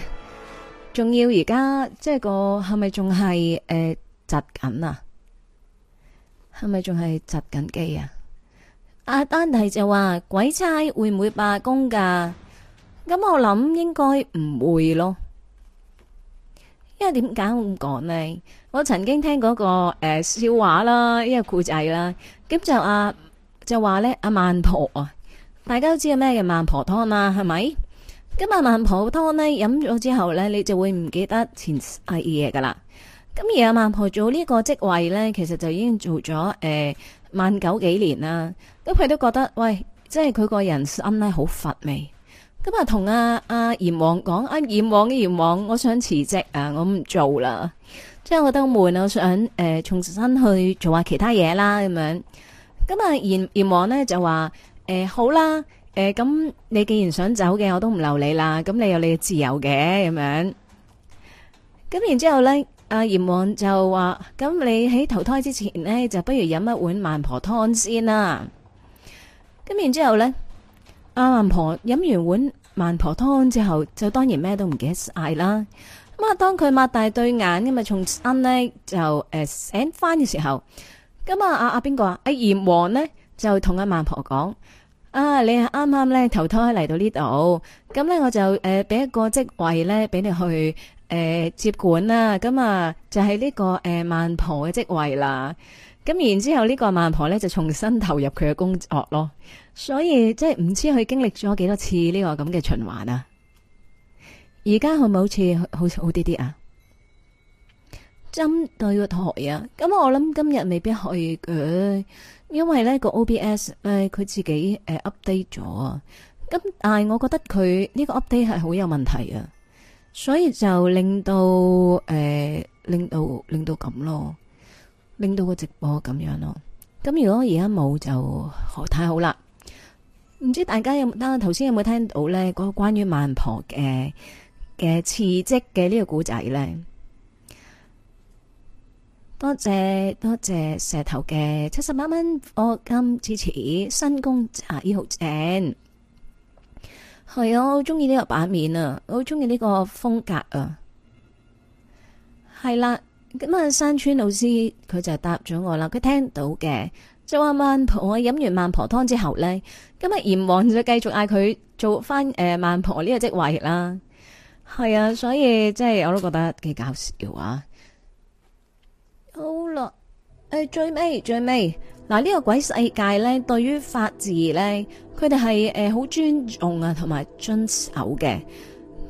仲要而家即係個係咪仲係誒窒緊啊？係咪仲係窒緊機啊？阿、啊、丹提就話鬼差會唔會罷工噶？咁我諗應該唔會咯，因為點解咁講呢？我曾經聽過個誒、呃、笑話啦，一個故仔啦，咁就啊就話咧阿孟婆啊，大家都知有咩嘅孟婆湯啊，係咪？咁啊孟婆湯咧飲咗之後咧，你就會唔記得前世嘅嘢啦。咁而阿孟婆做呢個職位呢，其實就已經做咗誒萬九幾年啦。咁佢都覺得，喂，即係佢個人心咧好乏味。咁啊，同阿阿閻王講，阿、啊、閻王閻王，我想辭職啊，我唔做啦。即係我覺得好悶啊，我想誒、呃、重新去做下其他嘢啦，咁樣。咁啊，閻閻王呢就話，誒、呃、好啦，誒、呃、咁你既然想走嘅，我都唔留你啦。咁你有你嘅自由嘅，咁樣。咁然之後呢阿閻、啊、王就話：咁你喺投胎之前呢，就不如飲一碗孟婆湯先啦、啊。咁然之後呢，阿孟、啊、婆飲完碗孟婆湯之後，就當然咩都唔記得晒啦。咁啊，當佢擘大對眼咁啊，從身呢就誒、呃、醒翻嘅時候，咁啊啊啊邊個啊？阿、啊、閻、啊、王呢，就同阿孟婆講：啊，你係啱啱咧投胎嚟到呢度，咁咧我就誒俾、呃、一個職位咧俾你去。誒、嗯，接管啦，咁、嗯、啊就係、是這個嗯嗯、呢個誒孟婆嘅職位啦。咁然之後呢個孟婆咧就重新投入佢嘅工作咯。所以即係唔知佢經歷咗幾多次呢個咁嘅循環啊。而家好唔好似好好啲啲啊？針對台啊，咁、嗯、我諗今日未必可以因為呢個 O B S 誒、呃、佢自己誒 update 咗，咁、呃、但係我覺得佢呢個 update 係好有問題啊。所以就令到誒、欸，令到令到咁咯，令到個直播咁樣咯。咁如果而家冇就太好啦。唔知大家有冇頭先有冇聽到呢？嗰個關於孟婆嘅嘅辭職嘅呢個故仔呢？多謝多謝石頭嘅七十八蚊課金支持，新工廿一號正。係、啊、我好中意呢個版面啊，我好中意呢個風格啊。係啦，咁啊，山村老師佢就答咗我啦，佢聽到嘅就話孟婆我飲完孟婆湯之後呢，今日閻王就繼續嗌佢做翻誒孟婆呢個職位啦。係啊，所以即係我都覺得幾搞笑的啊。好啦，誒、欸，最尾最尾。嗱，呢個鬼世界咧，對於法治咧，佢哋係誒好尊重啊，同埋遵守嘅。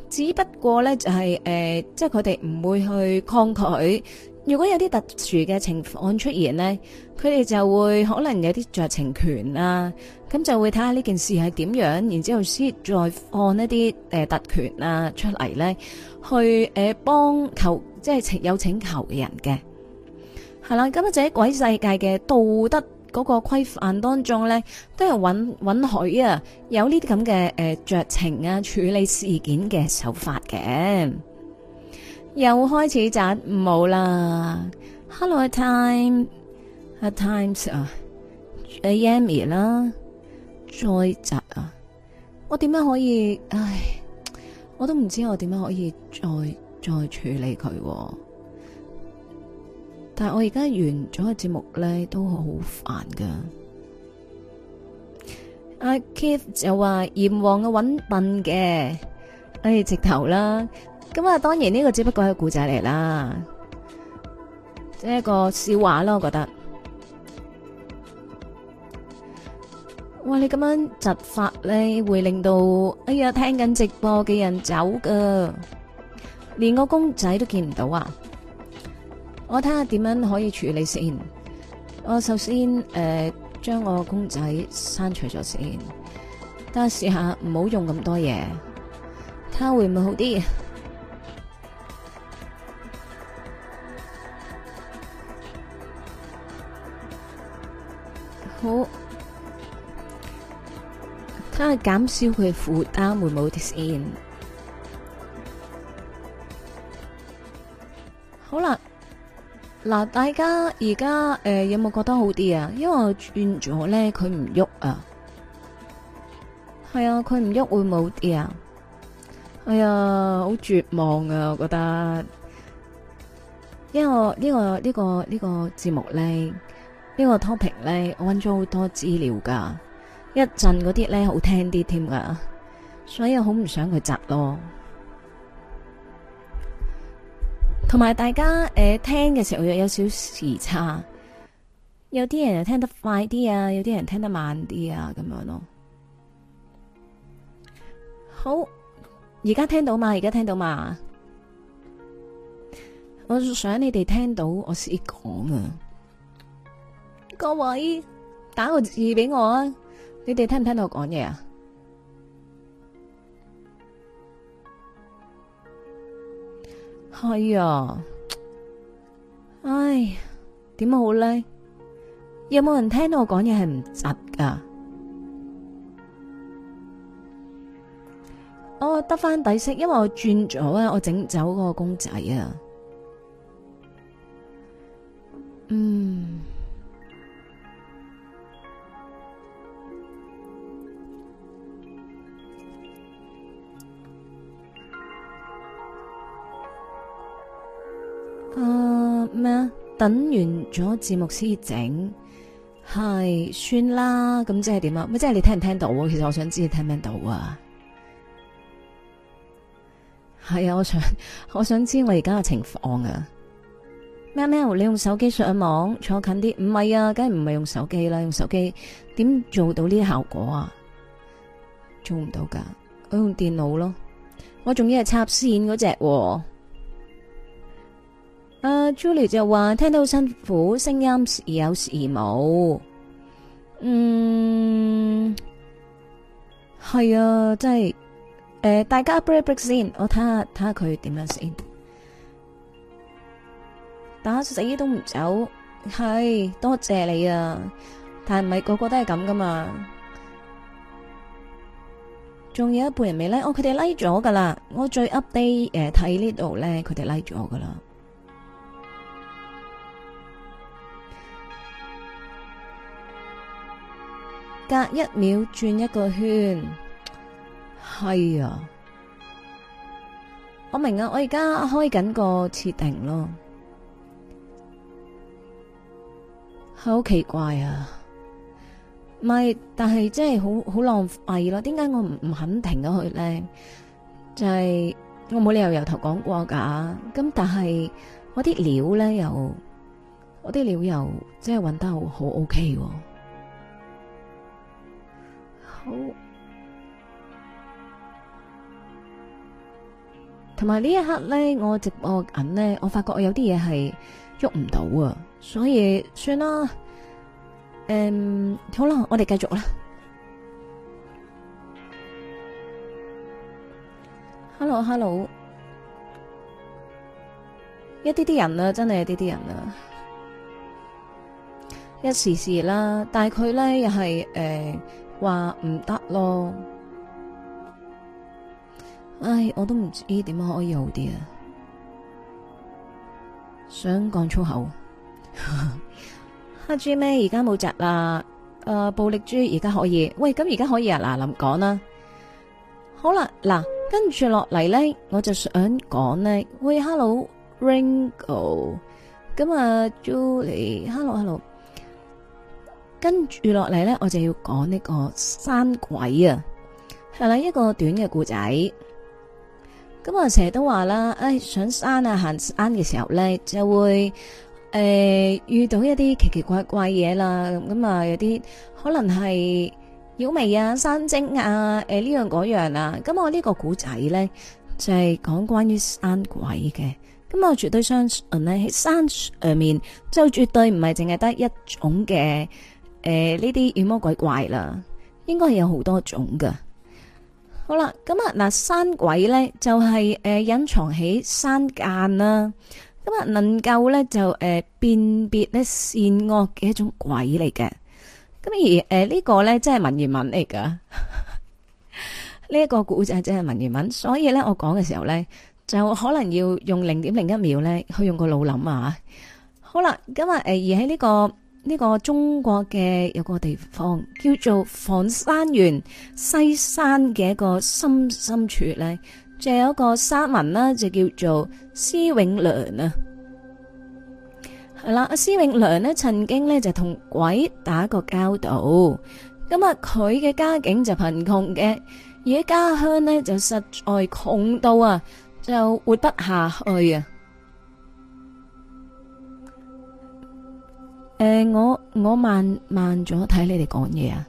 只不過咧，就係呃，就係即係佢哋唔會去抗拒。如果有啲特殊嘅情況出現咧，佢哋就會可能有啲酌情權啊，咁就會睇下呢件事係點樣，然之後先再放一啲特權啊出嚟咧，去誒幫求，即係有請求嘅人嘅。係啦，咁啊，就喺鬼世界嘅道德嗰個規範當中咧，都係允允許啊有呢啲咁嘅誒酌情啊處理事件嘅手法嘅。又開始執冇啦，Hello at time at times 啊，Amy 啦，再執啊，我點樣可以？唉，我都唔知我點樣可以再再處理佢啊。但係我而家完咗個節目咧，都好煩噶。阿 Keith 就話閻王嘅穩笨嘅，哎直頭啦。咁啊，當然呢個只不過係個故仔嚟啦，即係一個笑話咯。我覺得，哇你咁樣執法咧，會令到哎呀聽緊直播嘅人走噶，連個公仔都見唔到啊！我睇下點樣可以處理先。我首先誒，將、呃、我公仔刪除咗先。等下試下唔好用咁多嘢，睇下會唔會好啲。好，睇下減少佢負擔會唔會冇啲先。好啦。嗱，大家而家誒有冇覺得好啲啊？因為我轉咗咧，佢唔喐啊，係啊，佢唔喐會冇啲啊，係啊，好絕望啊！我覺得、啊，因為我、這個這個這個、呢、這個呢個呢個節目咧，呢個 topic 咧，我搵咗好多資料噶，一陣嗰啲咧好聽啲添噶，所以我好唔想佢窒咯。同埋大家誒聽嘅時候又有少時差，有啲人又聽得快啲啊，有啲人聽得慢啲啊，咁樣咯。好，而家聽到嘛？而家聽到嘛？我想你哋聽到我先講啊！各位，打個字俾我啊！你哋聽唔聽到我講嘢啊？係啊，唉，點好咧？有冇人聽到我講嘢係唔窒噶？我得翻底色，因為我轉咗，我整走嗰個公仔啊。嗯。啊咩？啊，等完咗節目先整，係算啦。咁即係點啊？咪即係你聽唔聽到？其實我想知你聽唔聽到啊？係啊，我想我想知我而家嘅情況啊，咩咩？你用手機上網，坐近啲唔係啊？梗係唔係用手機啦？用手機點做到呢啲效果啊？做唔到噶，我用電腦咯。我仲要係插線嗰隻啊。啊、uh，Julie 就話聽到辛苦聲音，時有時冇。嗯，係啊，真係誒、呃，大家 break break 先，我睇下睇下佢點樣先，打死都唔走，係多謝你啊，但唔係個個都係咁噶嘛，仲有一半人未 like，哦，佢哋 like 咗噶啦，我最 update 誒、呃，睇呢度咧，佢哋 like 咗噶啦。隔一秒轉一個圈，係啊，我明啊，我而家開緊個設定咯，好奇怪啊，咪？但係真係好好浪費咯，點解我唔唔肯停咗去咧？就係我冇理由由頭講過噶，咁但係我啲料咧又，我啲料又真係搵得好好 OK 喎。好，同埋呢一刻咧，我直播緊咧，我發覺我有啲嘢係喐唔到啊，所以算啦。嗯，好啦，我哋繼續啦。Hello，Hello，hello，一啲啲人啊，真係有一啲啲人啊，一時時啦，但係佢咧又係，誒。話唔得咯，唉，我都唔知點樣可以好啲啊，啊，啊！想講粗口，黑豬咩？而家冇窒啦，誒，暴力豬而家可以？喂，咁而家可以啊？嗱，林講啦，好啦，嗱，跟住落嚟咧，我就想講咧，喂，hello Ringo，咁啊，Julie，hello hello。跟住落嚟咧，我就要講呢個山鬼啊，係啦一個短嘅故仔。咁我成日都話啦，誒，上山啊，行山嘅時候咧，就會誒遇到一啲奇奇怪怪嘢啦。咁啊，有啲可能係妖魅啊、山精啊，誒呢樣嗰樣啊。咁我呢個故仔咧就係講關於山鬼嘅。咁我絕對相信咧，喺山上面就絕對唔係淨係得一種嘅。誒，呢啲妖魔鬼怪啦，應該係有好多種噶。好啦，咁啊嗱，山鬼咧就係誒隱藏喺山間啦，咁啊能夠咧就誒辨別咧善惡嘅一種鬼嚟嘅。咁而誒呢個咧，即係文言文嚟噶。呢一個故仔即係文言文，所以咧我講嘅時候咧，就可能要用零點零一秒咧去用個腦諗啊。好啦，咁啊誒而喺呢個。呢個中國嘅有個地方叫做房山縣西山嘅一個深深處咧，就有一個山民啦，就叫做施永良啊。係啦，施永良咧曾經咧就同鬼打過交道。咁啊，佢嘅家境就貧窮嘅，而喺家鄉咧就實在窮到啊，就活不下去啊。誒、呃，我我慢慢咗睇你哋講嘢啊，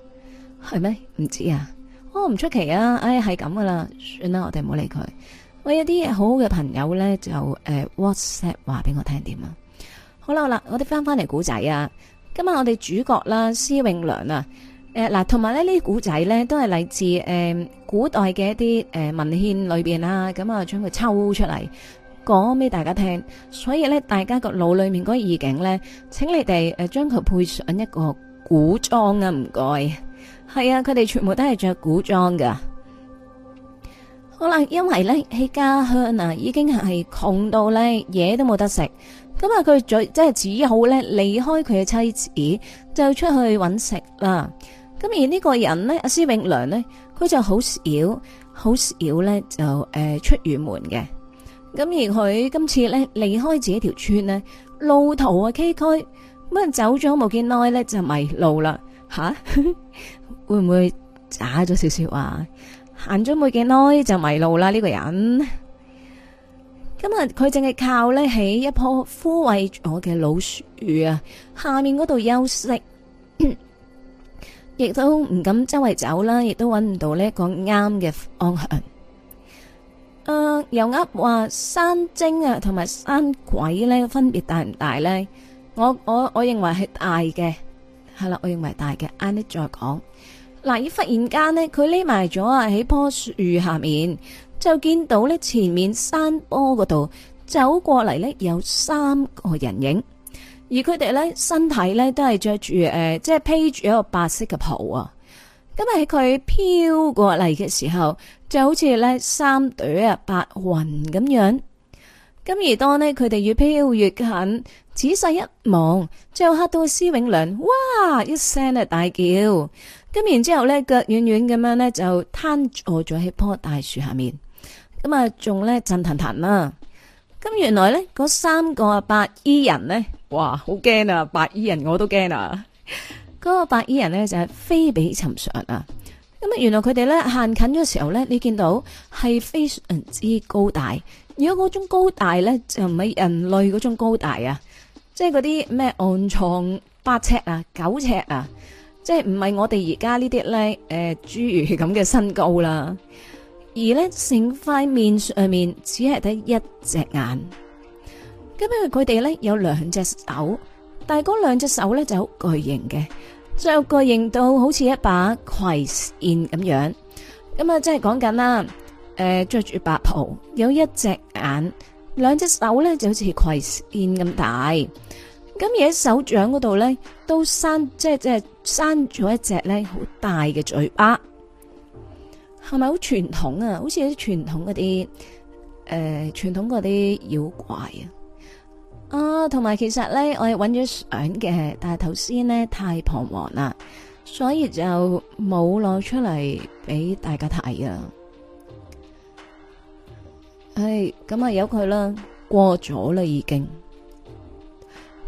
係、哦、咩？唔知啊，我唔出奇啊，唉、哎，係咁噶啦，算啦，我哋唔好理佢。我有啲好好嘅朋友咧，就誒、呃、WhatsApp 話俾我聽點啊。好啦好啦，我哋翻翻嚟古仔啊。今日我哋主角啦，施永良啊。誒、呃、嗱，同埋咧呢啲古仔咧，都係嚟自誒、呃、古代嘅一啲誒文獻裏邊啊，咁啊將佢抽出嚟，講俾大家聽，所以呢，大家個腦裏面嗰個意境呢，請你哋誒將佢配上一個古裝啊！唔該，係啊，佢哋全部都係着古裝噶。好啦，因為呢，喺家鄉啊，已經係窮到呢，嘢都冇得食，咁啊佢最即係只好呢，離開佢嘅妻子，就出去揾食啦。咁而呢個人呢，阿施永良呢，佢就好少好少呢，就誒、呃、出遠門嘅。咁，而佢今次咧離開自己條村呢，路途啊崎嶇，咁啊走咗冇幾耐，咧就迷路啦，吓 會唔會打咗少少啊行咗冇幾耐就迷路啦？呢、這個人，今日佢淨係靠咧喺一棵枯萎咗嘅老樹啊，下面嗰度休息，亦 都唔敢周圍走啦，亦都搵唔到呢一個啱嘅方向。誒，又噏話山精啊，同埋山鬼咧，分別大唔大咧？我我我認為係大嘅。係啦，我認為大嘅。遲啲再講。嗱，忽然間呢，佢匿埋咗啊，喺棵樹下面，就見到咧前面山坡嗰度走過嚟咧，有三個人影，而佢哋咧身體咧都係着住誒、呃，即係披住一個白色嘅袍啊。今日喺佢飄過嚟嘅時候，就好似咧三朵啊白雲咁樣。咁而當呢佢哋越飄越近，仔細一望，最後嚇到施永良，哇一聲咧大叫。咁然之後咧，腳軟軟咁樣咧就癱坐咗喺棵大樹下面。咁啊，仲咧震騰騰啦。咁原來咧嗰三個啊白衣人呢，哇好驚啊！白衣人我都驚啊！嗰個白衣人咧就係、是、非比尋常啊！咁啊，原來佢哋咧行近咗時候咧，你見到係非常之高大。如果嗰種高大咧，就唔係人類嗰種高大啊，即係嗰啲咩暗藏八尺啊、九尺啊，即係唔係我哋而家呢啲咧誒侏儒咁嘅身高啦。而咧成塊面上面只係得一隻眼，咁因為佢哋咧有兩隻手。但係嗰兩隻手咧就好巨型嘅，就巨型到好似一把葵扇咁樣。咁、嗯、啊，即係講緊啦，誒、呃，穿着住白袍，有一隻眼，兩隻手咧就好似葵扇咁大。咁而喺手掌嗰度咧，都生即係即係生咗一隻咧好大嘅嘴巴。係咪好傳統啊？好似啲傳統嗰啲誒，傳統嗰啲妖怪啊！啊，同埋，哦、其實咧，我係揾咗相嘅，但係頭先呢，太彷徨啦，所以就冇攞出嚟俾大家睇啊。係咁啊，由佢啦，過咗啦已經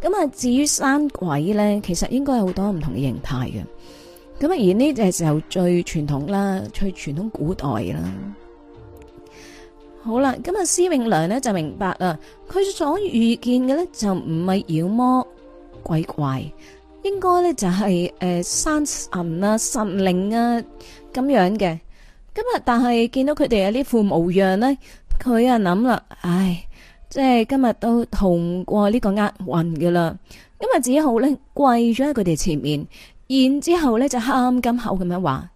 過了了。咁啊，至於山鬼咧，其實應該有好多唔同嘅形態嘅。咁啊，而呢隻時候最傳統啦，最傳統古代啦。好啦，今日施永良呢就明白啦，佢所遇見嘅呢，就唔係妖魔鬼怪，應該呢就係、是、誒、呃、山神啊神靈啊咁樣嘅。今日但係見到佢哋嘅呢副模樣呢，佢啊諗啦，唉，即係今日都逃唔過呢個厄運㗎啦。今日只好呢跪咗喺佢哋前面，然之後呢就喊咁口咁樣話。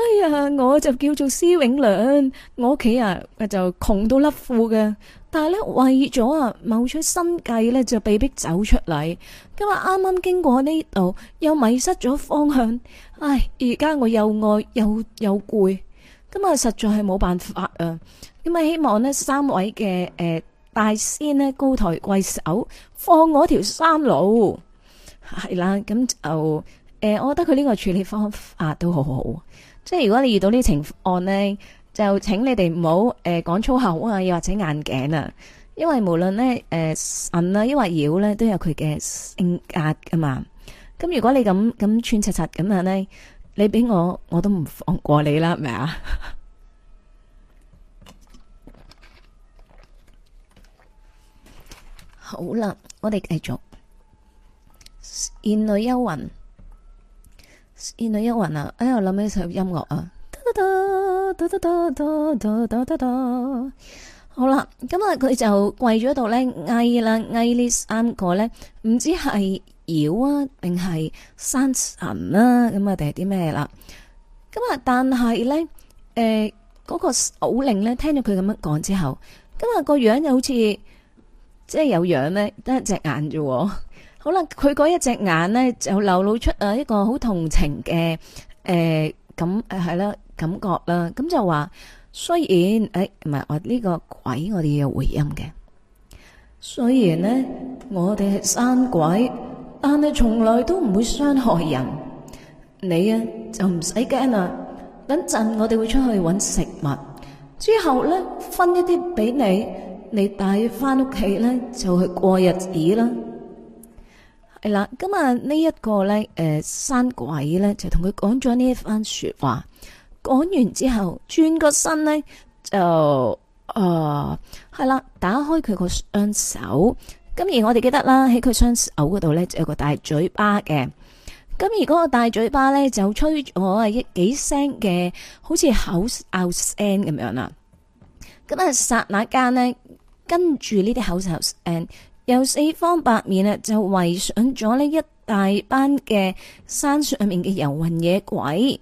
哎呀，我就叫做施永良，我屋企啊就窮到甩褲嘅。但係咧，為咗啊謀出生計咧，就被逼走出嚟。今日啱啱經過呢度，又迷失咗方向。唉，而家我又愛又又攰，今日實在係冇辦法啊。咁啊，希望呢三位嘅誒、呃、大仙呢，高抬貴手，放我條三路係啦。咁就誒、呃，我覺得佢呢個處理方法都好好。即係如果你遇到呢啲情況呢，就請你哋唔好誒講粗口啊，又或者硬頸啊，因為無論呢誒神啦、啊，抑或妖呢、啊，都有佢嘅性格噶嘛。咁如果你咁咁串柒柒咁啊咧，你畀我我都唔放過你啦，係咪啊？ 好啦，我哋繼續，倩女幽魂。倩女幽魂啊，哎呀，我諗起首音樂啊，嘟嘟嘟嘟嘟嘟嘟嘟嘟嘟嘟嘟。好啦，咁啊佢就跪咗度咧，嗌啦，嗌呢三個咧，唔知係妖啊，定係山神啊咁啊，定係啲咩啦？咁啊，但係咧，誒、呃，嗰、那個首領咧，聽咗佢咁樣講之後，今日個樣又好似即係有樣咧，得一隻眼啫。好啦，佢嗰一隻眼咧就流露出誒一個好同情嘅誒、欸、感誒係啦感覺啦。咁就話雖然誒唔係我呢個鬼，我哋要有回音嘅。雖然咧、欸這個、我哋係山鬼，但係從來都唔會傷害人。你啊就唔使驚啦。等陣我哋會出去揾食物，之後咧分一啲俾你，你帶翻屋企咧就去過日子啦。係啦，咁啊呢一個咧，誒、呃，山鬼咧就同佢講咗呢一番說話，講完之後，轉個身咧就誒係啦，打開佢個雙手，咁而我哋記得啦，喺佢雙手嗰度咧就有個大嘴巴嘅，咁而嗰個大嘴巴咧就吹咗啊一幾聲嘅，好似口哨 u 聲咁樣啦，咁啊剎那間咧跟住呢啲口哨 u 聲。由四方八面啊，就圍上咗呢一大班嘅山上面嘅遊魂野鬼。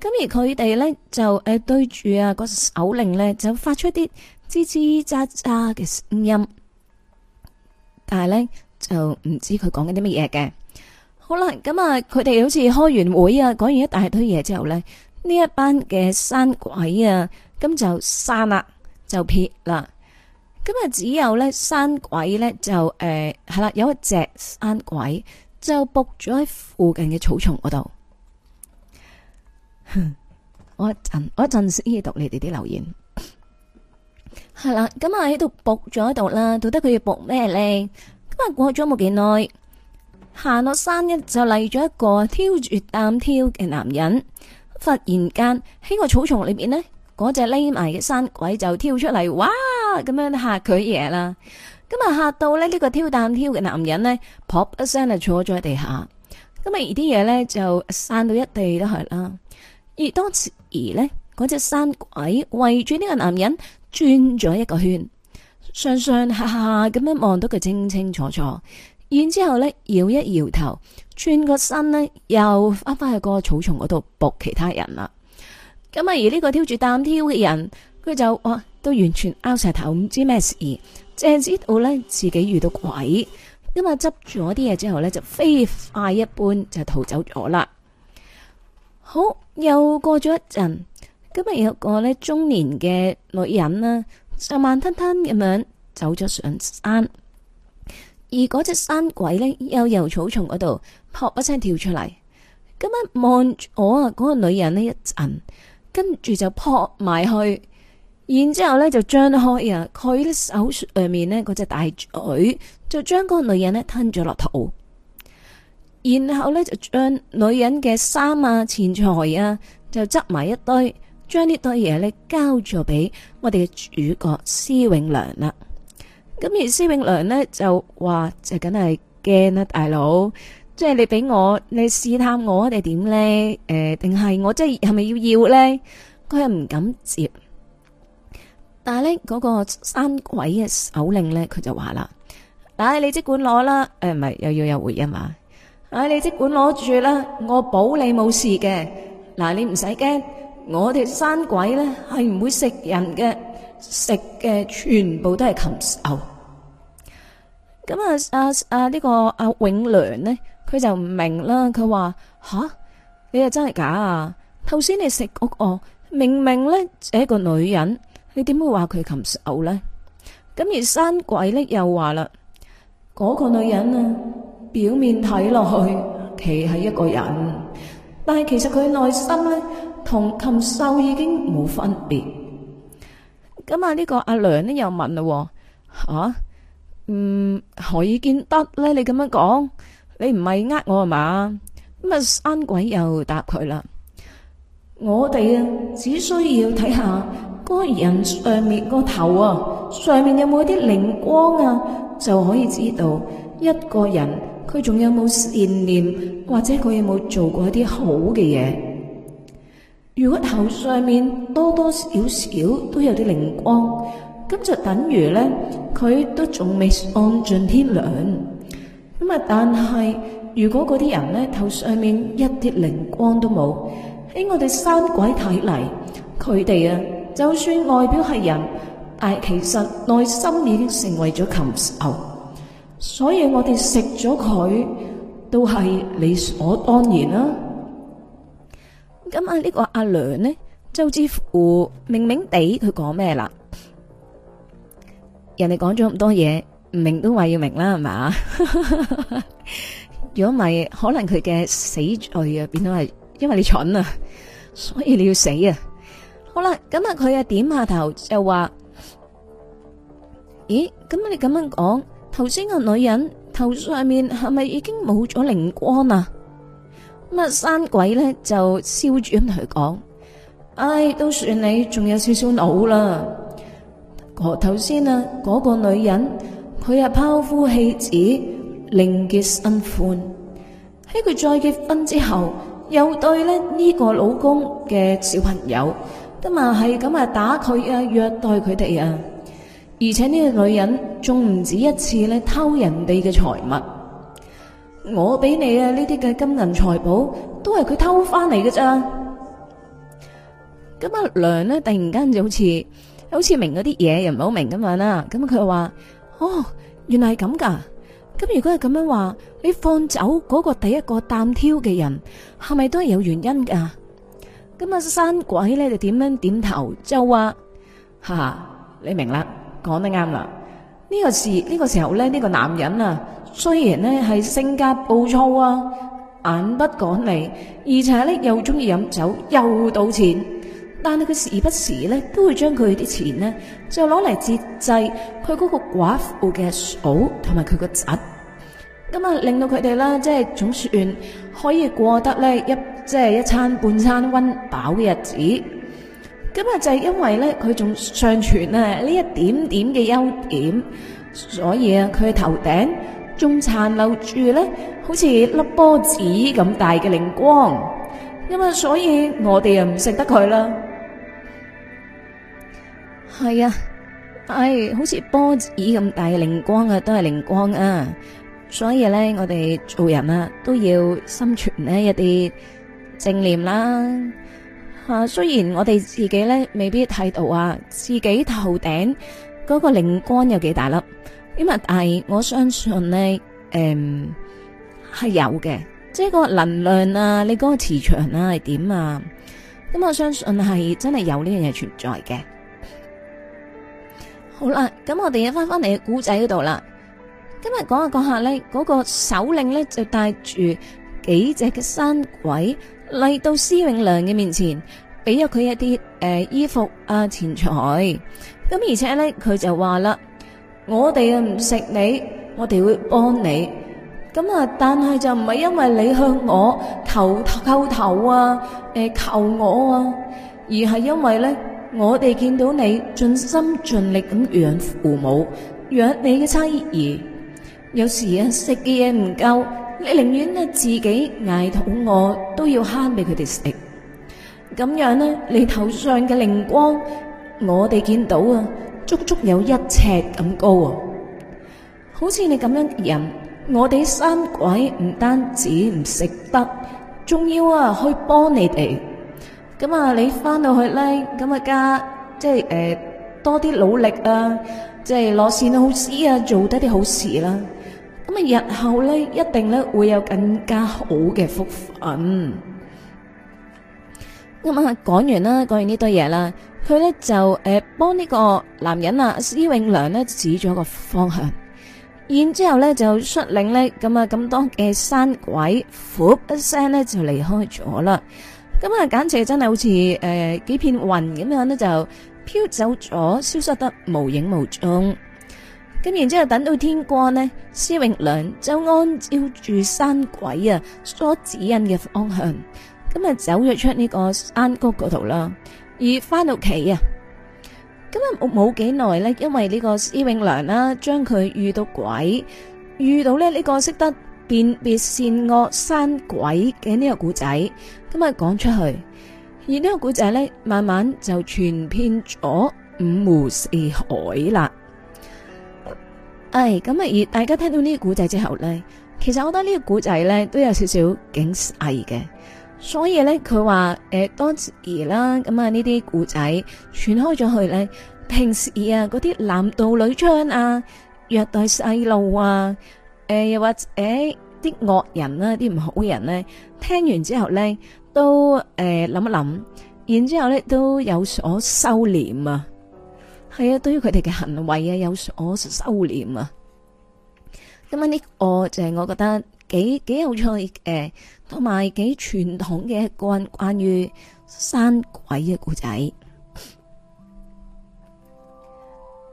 咁而佢哋咧就誒對住嗰個首領咧，就發出啲吱吱喳喳嘅聲音，但是呢，但係咧就唔知佢講緊啲乜嘢嘅。他們好啦，咁啊，佢哋好似開完會啊，講完一大堆嘢之後咧，呢一班嘅山鬼啊，咁就散啦，就撇啦。咁啊，只有咧山鬼咧就誒係、呃、啦，有一隻山鬼就卜咗喺附近嘅草叢嗰度。我一陣我一陣先讀你哋啲留言係啦。咁啊喺度卜咗喺度啦，到底佢要卜咩咧？咁啊過咗冇幾耐，行落山一就嚟咗一個挑住擔挑嘅男人。忽然間喺個草叢裏邊呢，嗰隻匿埋嘅山鬼就跳出嚟，哇！咁樣嚇佢嘢啦，咁啊嚇到咧呢個挑擔挑嘅男人呢，噗一聲就坐咗喺地下，咁啊而啲嘢呢，就散到一地都係啦。而當時呢嗰隻山鬼圍住呢個男人轉咗一個圈，上上下下咁樣望到佢清清楚楚，然之後呢搖一搖頭，轉個身呢，又翻翻去個草叢嗰度撲其他人啦。咁啊而呢個挑住擔挑嘅人，佢就哇～都完全拗晒頭，唔知咩事。淨係知道咧，自己遇到鬼，今日執住咗啲嘢之後咧，就飛快一般就逃走咗啦。好，又過咗一陣，今日有個咧中年嘅女人啦，就慢吞吞咁樣走咗上山，而嗰隻山鬼咧又由草叢嗰度撲一聲跳出嚟，今日望住我啊，嗰個女人呢，一陣，跟住就撲埋去。然之後咧就張開啊，佢咧手上面呢嗰隻大嘴就將個女人呢吞咗落肚，然後呢，就將女人嘅衫啊、錢財啊就執埋一堆，將呢堆嘢呢交咗俾我哋嘅主角施永良啦。咁而施永良呢，就話就梗係驚啦，大佬，即係你俾我你試探我哋點呢？誒、呃，定係我即係係咪要要呢？佢唔敢接。但係咧，嗰，那個山鬼嘅首領咧，佢就話啦，哎、啊，你即管攞啦，誒、啊，唔係又要有回音嘛？哎、啊，你即管攞住啦，我保你冇事嘅。嗱、啊，你唔使驚，我哋山鬼咧係唔會食人嘅，食嘅全部都係禽獸。咁啊，啊呢、這個阿、啊、永良呢，佢就唔明啦。佢話吓，你係真係假啊？頭先你食個，那個，明明咧就係一個女人，你點會話佢禽獸咧？咁而山鬼呢又話啦，嗰個女人啊，表面睇落去其係一個人，但係其實佢內心咧同禽獸已經冇分別。咁啊，呢個阿良呢又問啦，啊，嗯，何以見得咧？你咁樣講，你唔係呃我係嘛？咁啊，山鬼又答佢啦，我哋啊只需要睇下。人上面個頭啊，上面有冇啲靈光啊，就可以知道一個人佢仲有冇善念，或者佢有冇做過一啲好嘅嘢。如果頭上面多多少少都有啲靈光，咁就等於呢，佢都仲未按盡天良咁啊。但係如果嗰啲人呢，頭上面一啲靈光都冇，喺我哋三鬼睇嚟，佢哋啊～就算外表係人，但其實內心已經成為咗禽獸，所以我哋食咗佢都係理所當然啦，啊。咁阿呢個阿娘呢，就似乎明明地，佢講咩啦？人哋講咗咁多嘢，唔明都話要明啦，係嘛？如果唔係，可能佢嘅死罪啊，變咗係因為你蠢啊，所以你要死啊！好啦，咁啊，佢啊點下頭，又話：咦，咁你咁樣講，頭先個女人頭上面係咪已經冇咗靈光啊？咁啊，山鬼咧就笑住咁同佢講：唉，都算你仲有少少腦啦。我頭先啊嗰個女人，佢啊拋夫棄子，另結新歡，喺佢再結婚之後，又對咧呢個老公嘅小朋友。得嘛，係咁啊，打佢啊，虐待佢哋啊，而且呢個女人仲唔止一次咧偷人哋嘅財物，我俾你啊呢啲嘅金銀財寶都係佢偷翻嚟㗎。咋？咁阿娘咧突然間就好似好似明嗰啲嘢，又唔係好明咁樣啦。咁佢話：哦，原來係咁噶。咁如果係咁樣話，你放走嗰個第一個擔挑嘅人，係咪都係有原因噶？咁啊！山鬼咧就點樣點頭就話，哈，哈你明啦，講得啱啦。呢個事呢個時候咧，呢個男人啊，雖然咧係性格暴躁啊，眼不講理，而且咧又中意飲酒又賭錢，但係佢時不時咧都會將佢啲錢呢就攞嚟接濟佢嗰個寡婦嘅嫂同埋佢個侄。咁啊，令到佢哋啦，即係總算可以過得咧一即係一餐半餐溫飽嘅日子。咁啊，就係因為咧佢仲上傳啊呢一點點嘅優點，所以啊佢嘅頭頂仲殘留住咧好似粒波子咁大嘅靈光。咁啊，所以我哋又唔食得佢啦。係啊，係、哎、好似波子咁大嘅靈光啊，都係靈光啊。所以咧，我哋做人啊，都要心存呢一啲正念啦。啊，雖然我哋自己咧未必睇到啊，自己頭頂嗰個靈光有幾大粒，咁啊，但係我相信咧，誒、嗯、係有嘅。即係個能量啊，你嗰個磁場啊，係點啊？咁我相信係真係有呢樣嘢存在嘅。好啦，咁我哋一翻翻嚟嘅古仔嗰度啦。今日講下講下咧，嗰、那個首領咧就帶住幾隻嘅山鬼嚟到施永良嘅面前，俾咗佢一啲誒、呃、衣服啊錢財。咁而且咧佢就話啦：我哋啊唔食你，我哋會幫你。咁啊，但係就唔係因為你向我求叩頭啊，誒求我啊，而係因為咧我哋見到你盡心盡力咁養父母，養你嘅妻兒。有時啊，食嘅嘢唔夠，你寧願啊自己挨肚餓，都要慳俾佢哋食。咁樣咧、啊，你頭上嘅靈光，我哋見到啊，足足有一尺咁高啊！好似你咁樣嘅人，我哋三鬼唔單止唔食得，仲要啊去幫你哋。咁啊，你翻到去咧，咁啊加即係誒、呃、多啲努力啊，即係攞善好施啊，做得啲好事啦、啊。咁啊，日後呢一定呢會有更加好嘅福分。咁、嗯、啊，講完啦，講完呢堆嘢啦，佢呢就誒幫呢個男人啊，施永良呢指咗個方向，然之後呢就率領呢咁啊咁多嘅山鬼，噗一聲呢就離開咗啦。咁、嗯、啊，簡直真係好似誒、呃、幾片雲咁樣呢就飄走咗，消失得無影無蹤。咁然之後等到天光呢，施永良就按照住山鬼啊所指引嘅方向，咁啊走咗出呢個山谷嗰度啦。而返到屋企啊，咁啊冇冇幾耐咧，因為呢個施永良啦，將佢遇到鬼，遇到咧呢個識得辨別善惡山鬼嘅呢個古仔，咁啊講出去，而呢個古仔咧，慢慢就傳遍咗五湖四海啦。唉，咁啊、哎、而大家聽到呢個古仔之後咧，其實我覺得個呢個古仔咧都有少少警世嘅，所以咧佢話誒當時啦，咁啊呢啲古仔傳開咗去咧，平時啊嗰啲男盜女娼啊，虐待細路啊，誒、呃、又或者啲、呃、惡人啊啲唔好人咧，聽完之後咧都誒諗、呃、一諗，然之後咧都有所收斂啊。係啊，對於佢哋嘅行為啊有所收斂啊。咁呢個就係我覺得幾幾有趣誒，同埋幾傳統嘅關關於山鬼嘅故仔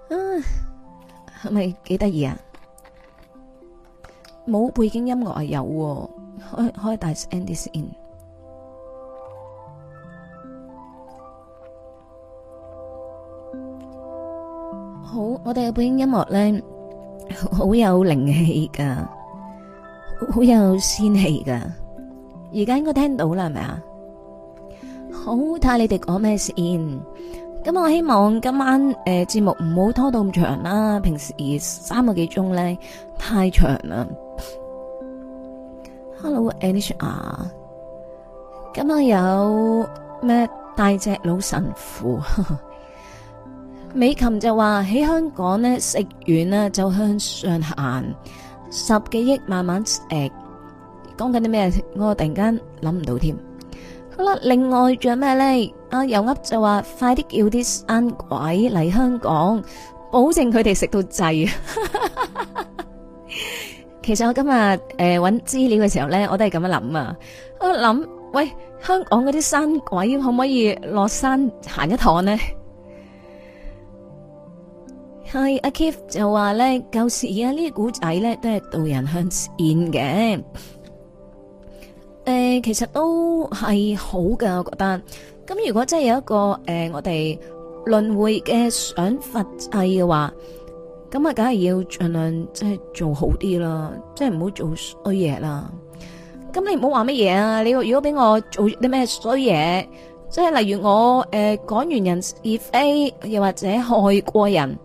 啊，係咪幾得意啊？冇背景音樂係、啊、有、啊，開開大聲啲先。好，我哋嘅背景音樂咧，好有靈氣噶，好有仙氣噶。而家應該聽到啦，係咪啊？好，睇下你哋講咩先。咁我希望今晚誒節、呃、目唔好拖到咁長啦。平時三個幾鐘咧太長啦。Hello，Anish 啊，咁我有咩大隻老神父？ 美琴，就話喺香港呢，食完啊，就向上行十幾億，慢慢食。講緊啲咩？我突然間諗唔到添。好啦，另外仲有咩咧？阿油鴨就話快啲叫啲山鬼嚟香港，保證佢哋食到滯。 其實我今日誒揾資料嘅時候咧，我都係咁樣諗啊，我諗，喂，香港嗰啲山鬼可唔可以落山行一趟呢？」係阿 Kif 就話咧，舊時家呢啲古仔咧都係導人向善嘅。誒、呃，其實都係好㗎。我覺得。咁如果真係有一個誒、呃，我哋輪迴嘅想法係嘅話，咁啊，梗係要盡量即係做好啲啦，即係唔好做衰嘢啦。咁你唔好話乜嘢啊？你如果俾我做啲咩衰嘢，即係例如我誒講、呃、完人而非又或者害過人。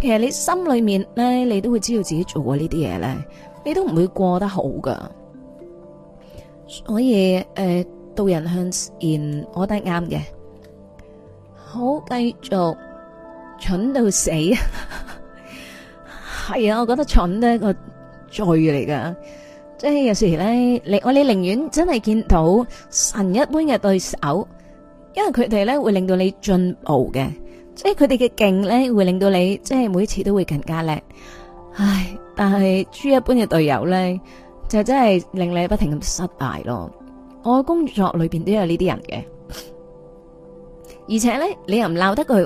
其實你心裏面咧，你都會知道自己做過呢啲嘢咧，你都唔會過得好噶。所以誒，道人向善，我覺得係啱嘅。好，繼續，蠢到死，係啊，我覺得蠢都係個罪嚟噶。即係有時咧，你我你寧願真係見到神一般嘅對手，因為佢哋咧會令到你進步嘅。即係佢哋嘅勁咧，會令到你即係每次都會更加叻。唉，但係豬一般嘅隊友咧，就真係令你不停咁失敗咯。我工作裏邊都有呢啲人嘅，而且咧你又唔鬧得佢，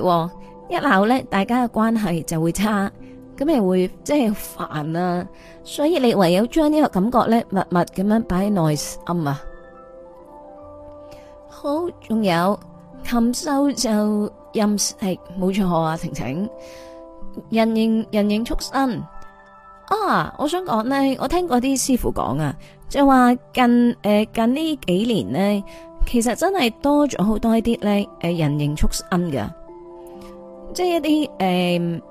一鬧咧大家嘅關係就會差，咁又會即係煩啊。所以你唯有將呢個感覺咧，默默咁樣擺喺內心啊。好，仲有。禽獸就任食冇錯啊，婷婷人形人形畜生啊！我想講咧，我聽過啲師傅講啊，就話近誒近呢幾年咧，其實真係多咗好多一啲咧誒人形畜生㗎，即係一啲誒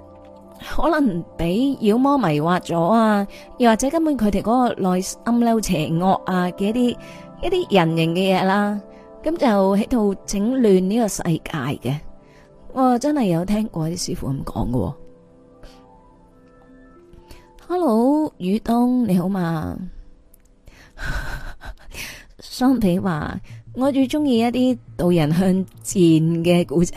可能俾妖魔迷惑咗啊，又或者根本佢哋嗰個內心溜邪惡啊嘅一啲一啲人形嘅嘢啦。咁就喺度整亂呢個世界嘅，我真係有聽過啲師傅咁講嘅。Hello，宇東你好嘛？桑比話我最中意一啲導人向前嘅古仔，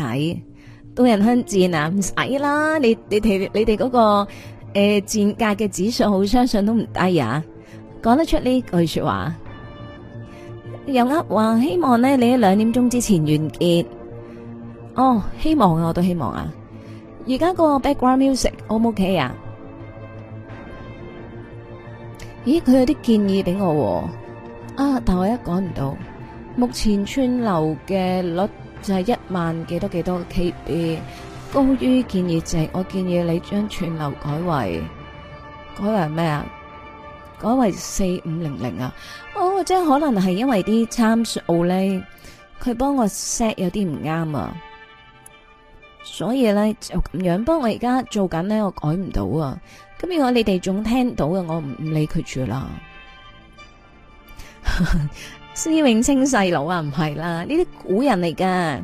導人向前啊唔使啦，你你哋你哋嗰個誒戰價嘅指數，我相信都唔低啊，講得出呢句說話。又呃話希望咧，你喺兩點鐘之前完結。哦，希望啊，我都希望啊。而家個 background music OK 唔 OK 啊？咦，佢有啲建議俾我啊，但我一講唔到。目前串流嘅率就係一萬幾多幾多 KB，高於建議值，我建議你將串流改為改為咩啊？改為四五零零啊！哦，即係可能係因為啲參數咧，佢幫我 set 有啲唔啱啊，所以咧就咁樣。不過我而家做緊咧，我改唔到啊。咁如果你哋仲聽到嘅，我唔理佢住、 啊、啦。思永清細佬啊，唔係啦，呢啲古人嚟噶，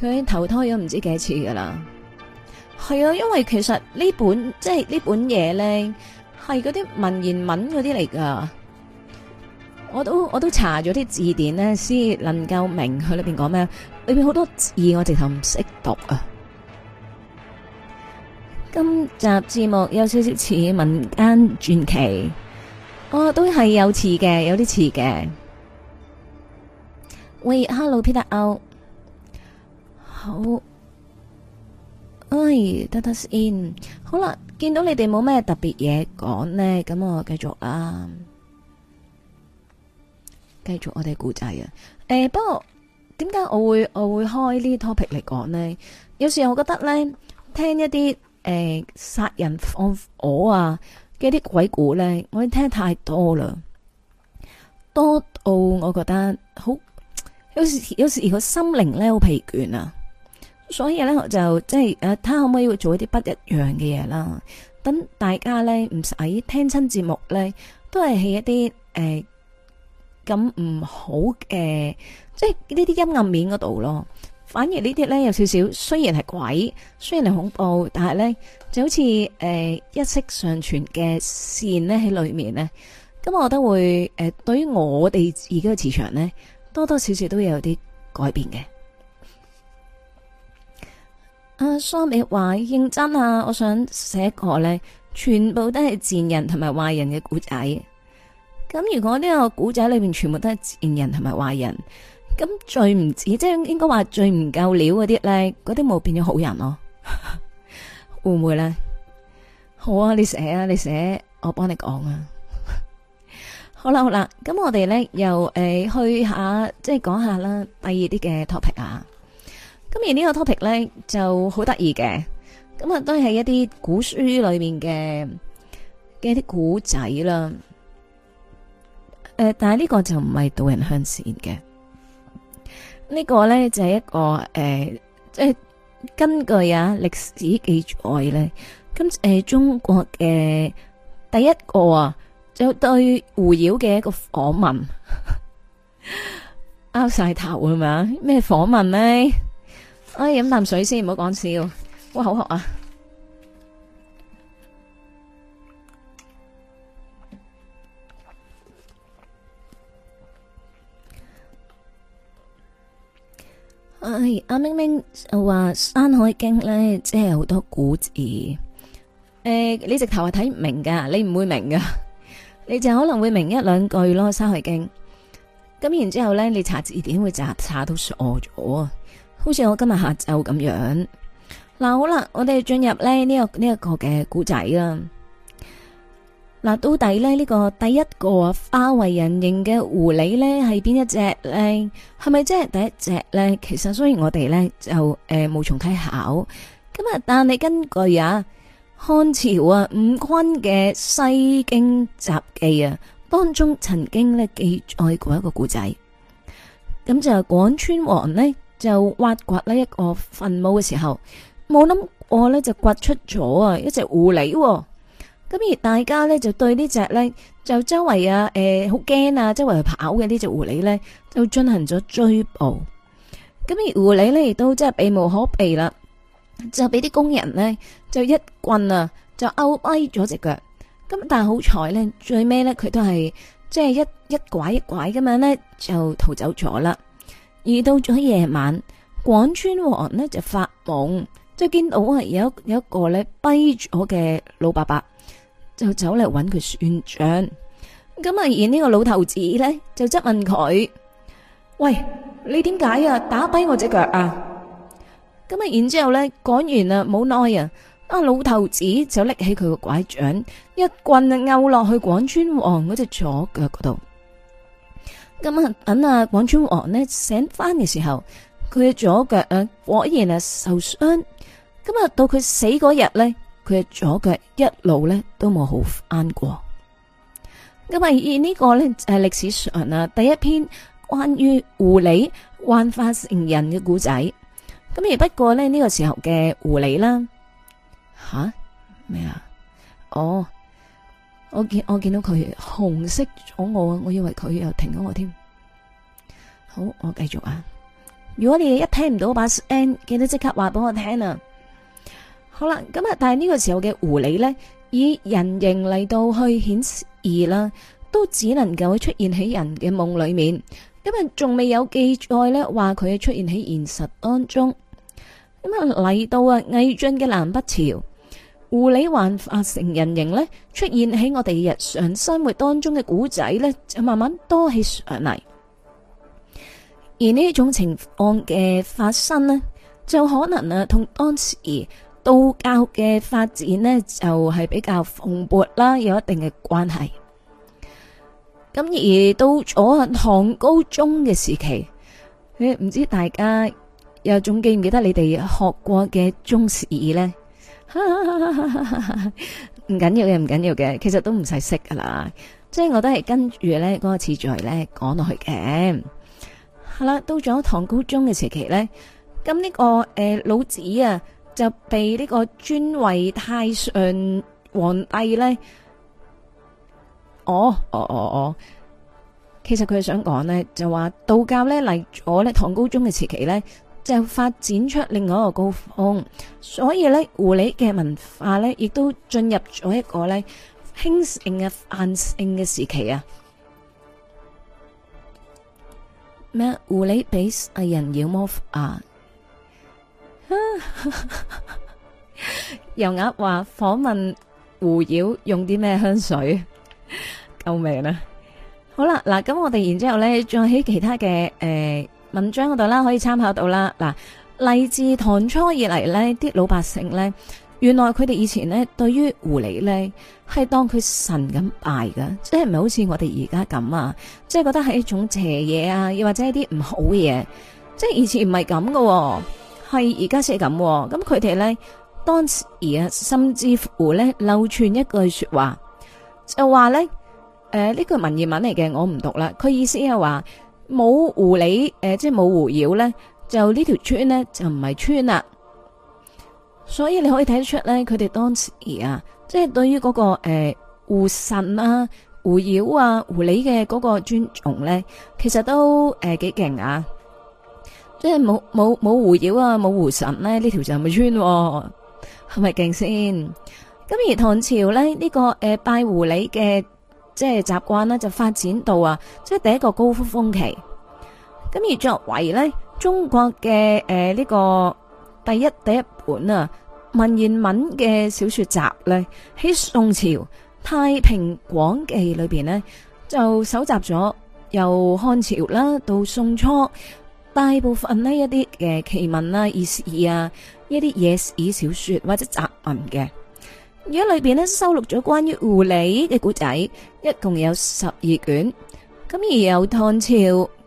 佢投胎咗唔知幾多次噶啦。係啊，因為其實呢本即係呢本嘢咧。係嗰啲文言文嗰啲嚟噶，我都我都查咗啲字典呢，先能夠明佢裏邊講咩，裏邊好多字我直頭唔識讀啊。今集節目有少少似民間傳奇，我、哦、都係有似嘅，有啲似嘅。喂，Hello，Peter，O，好，哎，等陣先。好啦。見到你哋冇咩特別嘢講呢，咁我繼續啦，繼、啊、續我哋故仔啊。誒、欸，不過點解我會我會開呢 topic 嚟講呢？有時候我覺得咧，聽一啲誒殺人放火啊嘅啲鬼故咧，我聽太多啦，多到我覺得好有時候有時個心靈咧好疲倦啊。所以咧，我就即係誒，他可唔可以做一啲不一樣嘅嘢啦？等大家咧唔使聽親節目咧，都係喺一啲誒咁唔好嘅，即係呢啲陰暗面嗰度咯。反而呢啲咧有少少，雖然係鬼，雖然係恐怖，但係咧就好似誒、呃、一息尚存嘅線咧喺裏面咧。咁我覺得會誒，對於我哋而家嘅磁場咧，多多少少都有啲改變嘅。阿蘇、啊、美話認真啊！我想寫個咧，全部都係賤人同埋壞人嘅故仔。咁如果呢個故仔裏面全部都係賤人同埋壞人，咁最唔即係應該話最唔夠料嗰啲咧，嗰啲冇變咗好人咯， 會唔會咧？好啊，你寫啊，你寫，我幫你講啊， 啊。好啦、啊，好啦，咁我哋咧又誒、呃、去下即係講下啦，第二啲嘅 topic 啊。咁而呢個 topic 咧，就好得意嘅，咁啊都係一啲古書裏面嘅嘅一啲古仔啦。誒，但係呢個就唔係導人向善嘅呢個咧，就係一個誒，即係根據啊歷史記載咧，咁誒中國嘅第一個啊就對狐妖嘅一個訪問，拗晒頭係咪啊？咩訪問咧？唉啊、哎，飲啖水先，唔好講笑。哇，好渴啊！哎，阿明明話《山海經》咧，即係好多古字。誒、呃，你直頭係睇唔明噶，你唔會明噶， 你就可能會明一兩句咯，《山海經》。咁然之後咧，你查字典會查查到傻咗啊！好似我今日下晝咁樣嗱、啊，好啦，我哋進入咧呢、這個呢一、這個嘅古仔啦。嗱、啊，到底咧呢、這個第一個化為人形嘅狐狸呢係邊一隻呢？係咪即係第一隻呢？其實雖然我哋呢就誒冇從稽考咁啊，但你根據啊漢朝啊吳均嘅《西京雜記》啊啊當中曾經呢記載過一個古仔，咁就係廣川王呢就挖掘咧一個墳墓嘅時候，冇諗過咧就掘出咗啊一隻狐狸，咁而大家咧就對呢隻咧就周圍啊誒好驚啊，周圍跑嘅呢隻狐狸咧就進行咗追捕，咁而狐狸咧亦都真係避無可避啦，就俾啲工人咧就一棍啊就勾跛咗隻腳，咁但係好彩咧最尾咧佢都係即係一一拐一拐咁樣咧就逃走咗啦。而到咗夜晚，廣川王呢就發夢，就見到啊有一有一個咧跛咗嘅老伯伯，就走嚟揾佢算賬。咁啊，而呢個老頭子咧就質問佢：喂，你點解啊打跛我隻腳啊？咁啊，然之後咧講完啊冇耐啊，啊老頭子就拎起佢個拐杖，一棍啊拗落去廣川王嗰隻左腳嗰度。咁啊，等啊，廣川王呢醒翻嘅時候，佢嘅左腳啊果然啊受傷。咁啊，到佢死嗰日呢，佢嘅左腳一路呢都冇好翻過。咁啊，而呢個呢，誒歷史上啊第一篇關於狐狸幻化成人嘅故仔。咁而不過呢，呢個時候嘅狐狸啦，吓咩啊？哦。我見我見到佢紅色咗我，我以為佢又停咗我添。好，我繼續啊！如果你一聽唔到我把聲，記得即刻話俾我聽啊！好啦，咁啊，但係呢個時候嘅狐狸呢，以人形嚟到去顯示異啦，都只能夠出現喺人嘅夢裏面。因為，仲未有記載呢話佢係出現喺現實當中。咁啊嚟到啊魏晉嘅南北朝。狐狸幻化成人形咧，出現喺我哋日常生活當中嘅古仔呢就慢慢多起上嚟。而呢一種情況嘅發生呢就可能啊，同當時道教嘅發展呢，就係、是、比較蓬勃啦，有一定嘅關係。咁而到咗唐高宗嘅時期，唔知大家又仲記唔記得你哋學過嘅中史呢？唔緊要嘅，唔緊要嘅，其實都唔使識噶啦，即係我都係跟住咧嗰個次序咧講落去嘅，係啦，到咗唐高宗嘅時期咧，咁呢、這個誒、呃、老子啊就被呢個尊為太上皇帝咧，哦哦哦哦，其實佢係想講呢，就話道教咧嚟咗咧唐高宗嘅時期咧，就發展出另外一個高峰，所以呢狐狸嘅文化呢，亦都進入咗一個呢興盛嘅繁盛嘅時期啊！咩狐狸畀人妖魔化啊？油鴨話訪問狐妖用啲咩香水？救命啦！好啦，嗱，咁我哋然之後呢，再喺其他嘅誒。文章嗰度啦，可以參考到啦。嗱，嚟自唐初以嚟呢啲老百姓呢，原來佢哋以前呢，對於狐狸呢，係當佢神咁拜噶，即係唔係好似我哋而家咁啊？即係覺得係一種邪嘢啊，又或者一啲唔好嘅嘢，即係以前唔係咁喎，係而家先係咁。咁佢哋呢，當時啊，甚至乎呢，流傳一句說話，就話呢，誒，呢句文言文嚟嘅，我唔讀啦。佢意思係話。冇狐狸誒、呃，即係冇狐妖咧，就呢條村呢，就唔係村啦。所以你可以睇得出咧，佢哋當時啊，即係對於嗰、那個誒狐、呃、神啊、狐妖啊、狐狸嘅嗰個尊重咧，其實都誒幾勁啊！即係冇冇冇狐妖啊，冇狐神咧，這條啊、是不是呢條就唔係村，係咪勁先？咁而唐朝咧，呢、這個誒、呃、拜狐狸嘅。即係習慣就發展到啊，即係第一個高峰期。咁而作為中國嘅誒呢個第一第一本啊文言文嘅小說集咧，喺宋朝《太平廣記》裏邊就搜集咗由漢朝啦到宋初大部分一啲嘅奇聞啊、異事啊、一啲野史小說或者雜文嘅。而家裏邊呢收錄咗關於狐狸嘅古仔，一共有十二卷。咁而有唐朝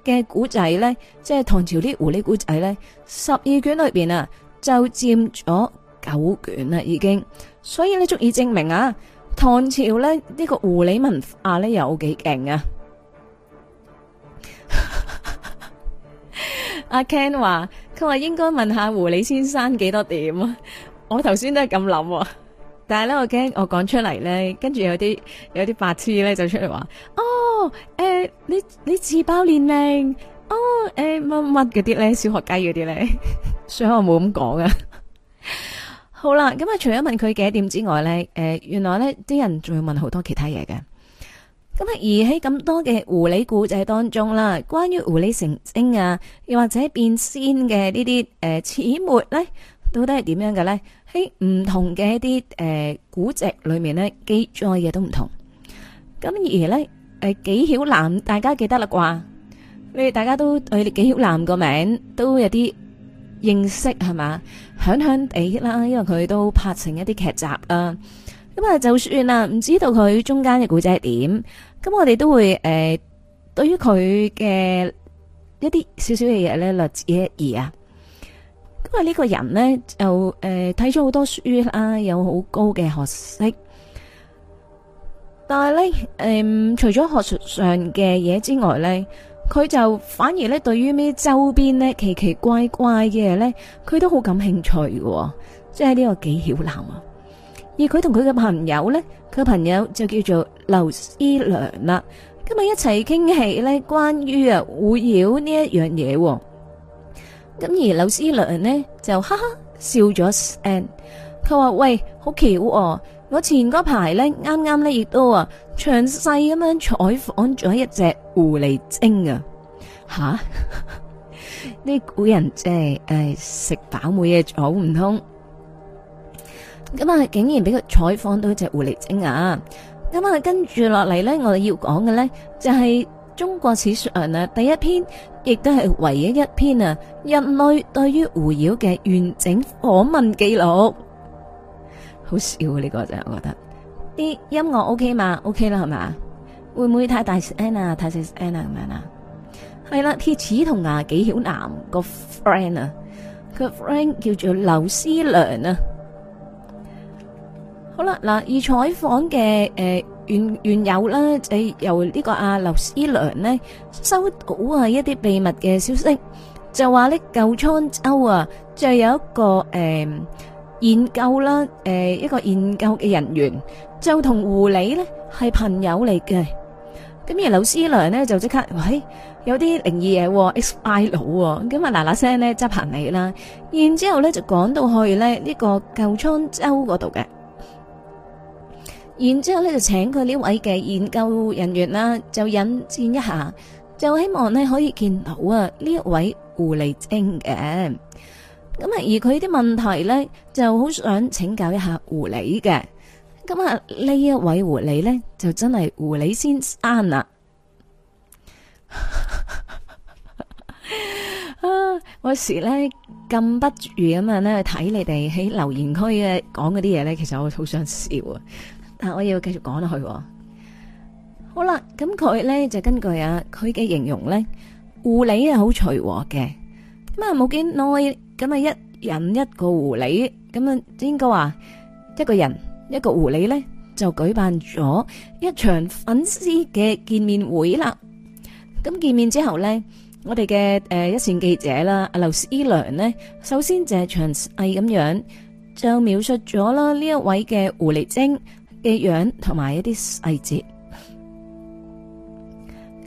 嘅古仔呢，即係唐朝啲狐狸古仔呢，十二卷裏邊啊，就佔咗九卷啦，已經。所以呢，足以證明啊，唐朝呢呢個狐狸文化呢，有幾勁啊！阿 Ken 話，佢話應該問下狐狸先生幾多點啊？ 我頭先都係咁諗。但係咧，我驚我講出嚟咧，跟住有啲有啲白痴咧就出嚟話、哦欸，哦，誒、欸，你你自爆年齡，哦，誒乜乜嗰啲咧，小學雞嗰啲咧， 所以我冇咁講啊。好啦，咁啊，除咗問佢幾點之外咧，誒、呃，原來咧啲人仲要問好多其他嘢嘅。咁啊，而喺咁多嘅狐狸故仔當中啦，關於狐狸成精啊，又或者變仙嘅呢啲誒始末咧，到底係點樣嘅咧？喺唔同嘅一啲誒、呃、古籍裏面咧，記載嘢都唔同。咁而咧，誒紀曉嵐，大家記得啦啩？你大家都對紀曉嵐個名都有啲認識係嘛？響響地啦，因為佢都拍成一啲劇集啦。咁、呃、啊，就算啦唔知道佢中間嘅古仔係點，咁我哋都會誒，對於佢嘅一啲少少嘅嘢咧，略知一二啊。因為呢個人呢，就誒睇咗好多書啦，有好高嘅學識。但係呢，誒、呃、除咗學術上嘅嘢之外呢，佢就反而呢對於咩周邊呢，奇奇怪怪嘅嘢呢，佢都好感興趣喎、哦，即係呢個紀曉嵐啊，而佢同佢嘅朋友呢，佢嘅朋友就叫做劉思良啦。今日一齊傾起呢關於啊狐妖呢一樣嘢、哦。咁而老師呢呢就哈哈笑咗聲，and 佢話喂，好巧喎，我前嗰排呢，啱啱呢亦都啊詳細咁樣採訪咗一隻狐狸精啊吓，呢古人即係誒食飽每嘢好唔通，咁啊竟然俾佢採訪到一隻狐狸精啊，咁、 哎、啊跟住落嚟呢，我哋要講嘅呢，就係、是。中國史上啊第一篇，亦都係唯一一篇啊人類對於狐妖嘅完整訪問記錄，好笑啊！呢、這個真係我覺得啲音樂 OK 嘛？OK 啦係嘛？會唔會太大聲啊？太細聲啊？咁樣啊？係啦，鐵齒銅牙紀曉嵐個 friend 啊，個 friend 叫做劉思良啊。好啦，嗱，而採訪嘅誒。原原有啦，誒，由呢個阿劉思良咧，收到啊，一啲秘密嘅消息，就話咧，舊倉洲啊，就有一個誒研究啦，誒一個研究嘅人員就同狐狸咧，係朋友嚟嘅，咁而劉思良咧就即刻，喂，有啲靈異嘢，X I 佬，咁啊嗱嗱聲咧，執行李啦，然之後咧就趕到去咧呢個舊倉洲嗰度嘅。然之後呢就請佢呢位嘅研究人員啦，就引薦一下，就希望呢可以見到啊呢一位狐狸精嘅。咁啊，而佢啲問題呢，就好想請教一下狐狸嘅。咁啊，呢一位狐狸呢，就真係狐狸先生啦。 啊，我時呢，禁不住咁樣呢睇你哋喺留言區嘅講嗰啲嘢呢，其實我好想笑啊！啊！我要繼續講落去喎。好啦，咁佢咧就根據啊佢嘅形容咧，狐狸係好隨和嘅。咁啊，冇幾耐咁啊，一人一個狐狸咁啊，應該話一個人一個狐狸咧，就舉辦咗一場粉絲嘅見面會啦。咁見面之後咧，我哋嘅誒一線記者啦，阿劉思良呢，首先就係詳細咁樣就描述咗啦呢一位嘅狐狸精。嘅樣同埋一啲細節，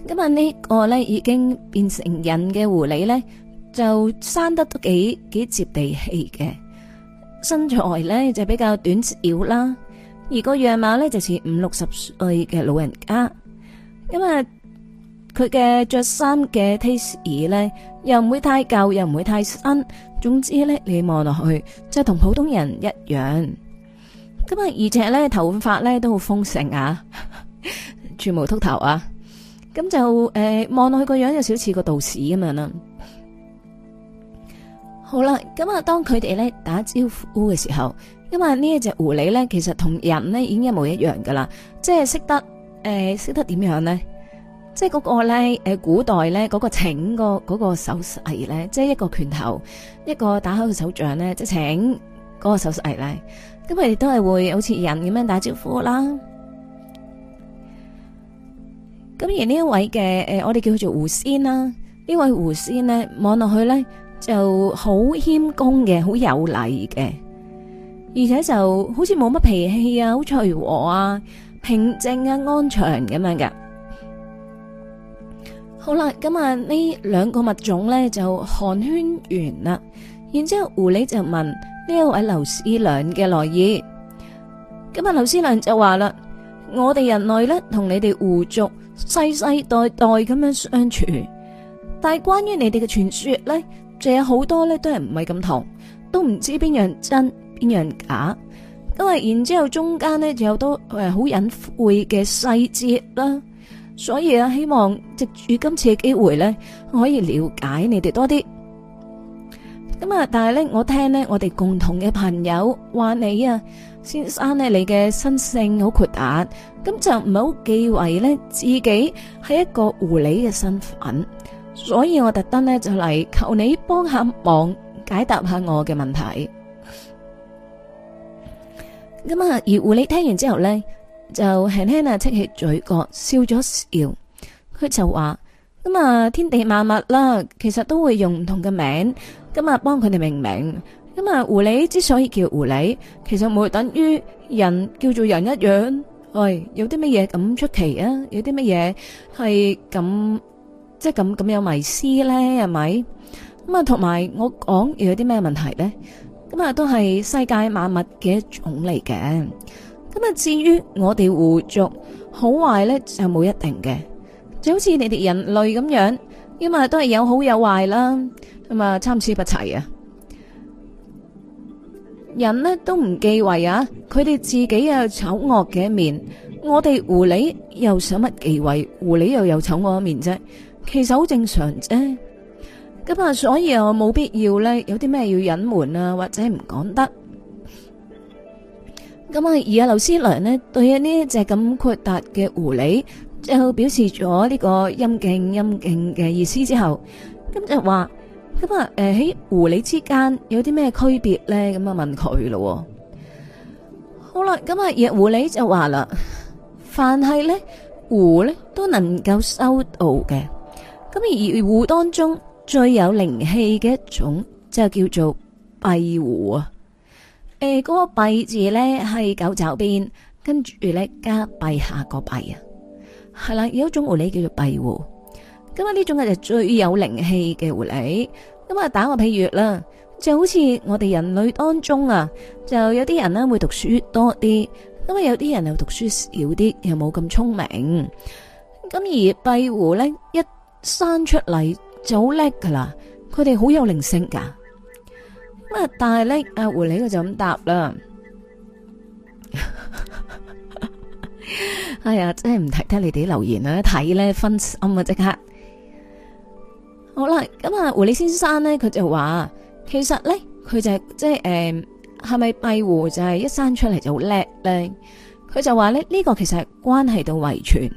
咁啊呢個呢已經變成人嘅狐狸呢，就生得都幾幾接地氣嘅身材呢就比較短小啦，而個樣貌呢就似五六十歲嘅老人家，因為佢嘅着衫嘅 taste 呢又唔會太舊，又唔會太新，總之呢，你望落去就同、是、普通人一樣。咁啊，而且咧，頭髮咧都好豐盛啊， 全無禿頭啊，咁就誒望落去個樣有少似個道士咁樣啦，啊。好啦，咁，嗯，啊，當佢哋咧打招呼嘅時候，因為呢一隻狐狸咧，其實同人咧已經一模一樣噶啦，即係識得誒，呃、識得點樣咧，即係嗰個咧誒，呃、古代咧嗰，嗰個請，嗰個嗰，嗰個手勢咧，即係一個拳頭，一個打開手呢個手掌咧，即係請嗰個手勢咧。咁佢哋都係會好似人咁樣打招呼啦。咁而呢一位嘅誒，我哋叫佢做狐仙啦。呢位狐仙呢，望落去呢就好謙恭嘅，好有禮嘅，而且就好似冇乜脾氣啊，好隨和啊，平靜啊，安詳咁樣嘅。好啦，咁啊，呢兩個物種呢，就寒暄完啦。然之後狐狸就問。呢一位劉思良嘅來意，今日劉思良就話啦：我哋人類咧同你哋狐族世世代代咁樣相處，但係關於你哋嘅傳說咧，就有好多咧都係唔係咁同，都唔知邊樣真邊樣假，因為然之後中間呢，就有多誒好隱晦嘅細節啦，所以啊希望藉住今次嘅機會咧，可以了解你哋多啲。咁啊！但係咧，我聽咧，我哋共同嘅朋友話你啊，先生咧，你嘅身性好豁達，咁就唔好忌諱咧，自己係一個狐狸嘅身份。所以我特登咧就嚟求你幫下忙，解答下我嘅問題。咁啊，而狐狸聽完之後呢，就輕輕啊，扯起嘴角笑咗笑，佢就話：咁啊，天地萬物啦，其實都會用唔同嘅名。咁啊，幫佢哋命名。咁啊，狐狸之所以叫狐狸，其實冇等於人叫做人一樣。喂，有啲乜嘢咁出奇啊？有啲乜嘢係咁，即係咁咁有迷思呢？係咪？咁啊，同埋我講又有啲咩問題呢？咁啊，都係世界萬物嘅一種嚟嘅。咁啊，至於我哋狐族好壞呢？就冇一定嘅。就好似你哋人類咁樣，咁啊，都係有好有壞啦。咁啊，參差不齊啊！人咧都唔忌諱啊，佢哋自己有醜惡嘅一面，我哋狐狸又想乜忌諱？狐狸又有醜惡一面啫，其實好正常啫。咁啊，所以啊冇必要咧，有啲咩要隱瞞啊，或者唔講得。咁啊，而阿劉師萊咧對啊呢隻咁豁達嘅狐狸，就表示咗呢個陰敬陰敬嘅意思之後，咁就話。咁啊，誒喺狐狸之間有啲咩區別咧？咁啊，問佢咯。好啦，咁啊，若狐狸就話啦，凡係咧狐咧都能夠收到嘅。咁而狐當中最有靈氣嘅一種就叫做閉狐。啊、呃。誒、那個，嗰個閉字咧係狗爪邊，跟住咧加閉下個閉啊，係啦，有一種狐狸叫做閉狐。咁啊！呢種嘅就最有靈氣嘅狐狸。咁啊，打個譬如啦，就好似我哋人類當中啊，就有啲人呢會讀書多啲，咁啊有啲人又讀書少啲，又冇咁聰明。咁而壁狐呢，一生出嚟就好叻噶啦，佢哋好有靈性噶。咁啊，大叻咧，狐狸佢就咁答啦。 哎呀，真係唔睇得你哋留言啊！睇呢分，心咪即刻。好啦，咁啊，狐狸先生咧，佢就話，其實咧，佢就係即係誒，係咪閉狐就係一生出嚟就好叻咧？佢就話咧，呢個其實係關係到遺傳。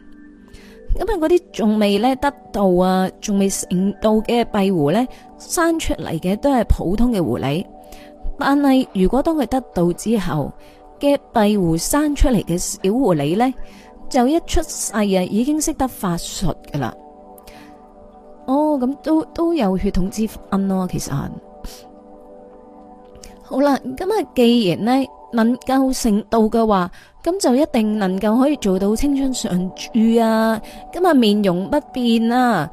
咁啊，嗰啲仲未咧得道啊，仲未成道嘅閉狐咧，生出嚟嘅都係普通嘅狐狸。但係如果當佢得道之後嘅閉狐生出嚟嘅小狐狸咧，就一出世啊，已經識得法術噶啦。哦，咁都都有血統之分咯。其實好啦，咁啊，既然呢能夠成道嘅話，咁就一定能夠可以做到青春常駐啊。咁啊，面容不變啊。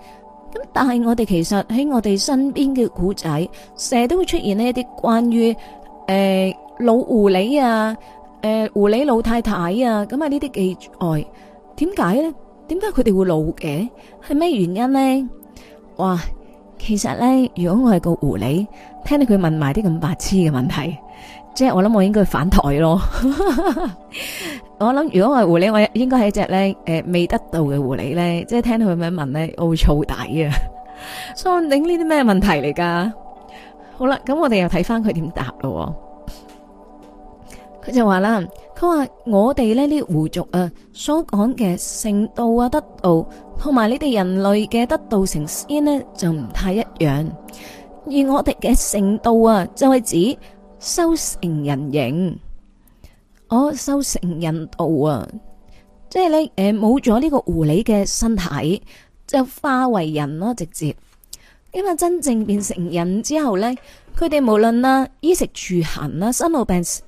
咁但係我哋其實喺我哋身邊嘅古仔，成日都會出現呢一啲關於誒老狐狸啊，誒狐狸老太太啊，咁啊呢啲意外，點解呢？點解佢哋會老嘅？係咩原因呢？哇，其實咧，如果我係個狐狸，聽到佢問埋啲咁白痴嘅問題，即係我諗我應該返台咯。 我諗如果我係狐狸，我應該係一隻咧誒未得到嘅狐狸咧，即係聽到佢咁樣問咧，我會燥底啊。 所以我頂呢啲咩問題嚟噶？好啦，咁我哋又睇翻佢點答咯。佢就話啦。我話我哋呢啲狐族啊，所講嘅聖道啊、得道，同埋你哋人類嘅得道成仙呢，就唔太一樣。而我哋嘅聖道啊，就係指修成人形，我、哦、修成人道啊，即係咧誒，冇咗呢個狐狸嘅身體，就化為人咯，直接。因為真正變成人之後呢，佢哋無論啊，衣食住行啦、生老病死。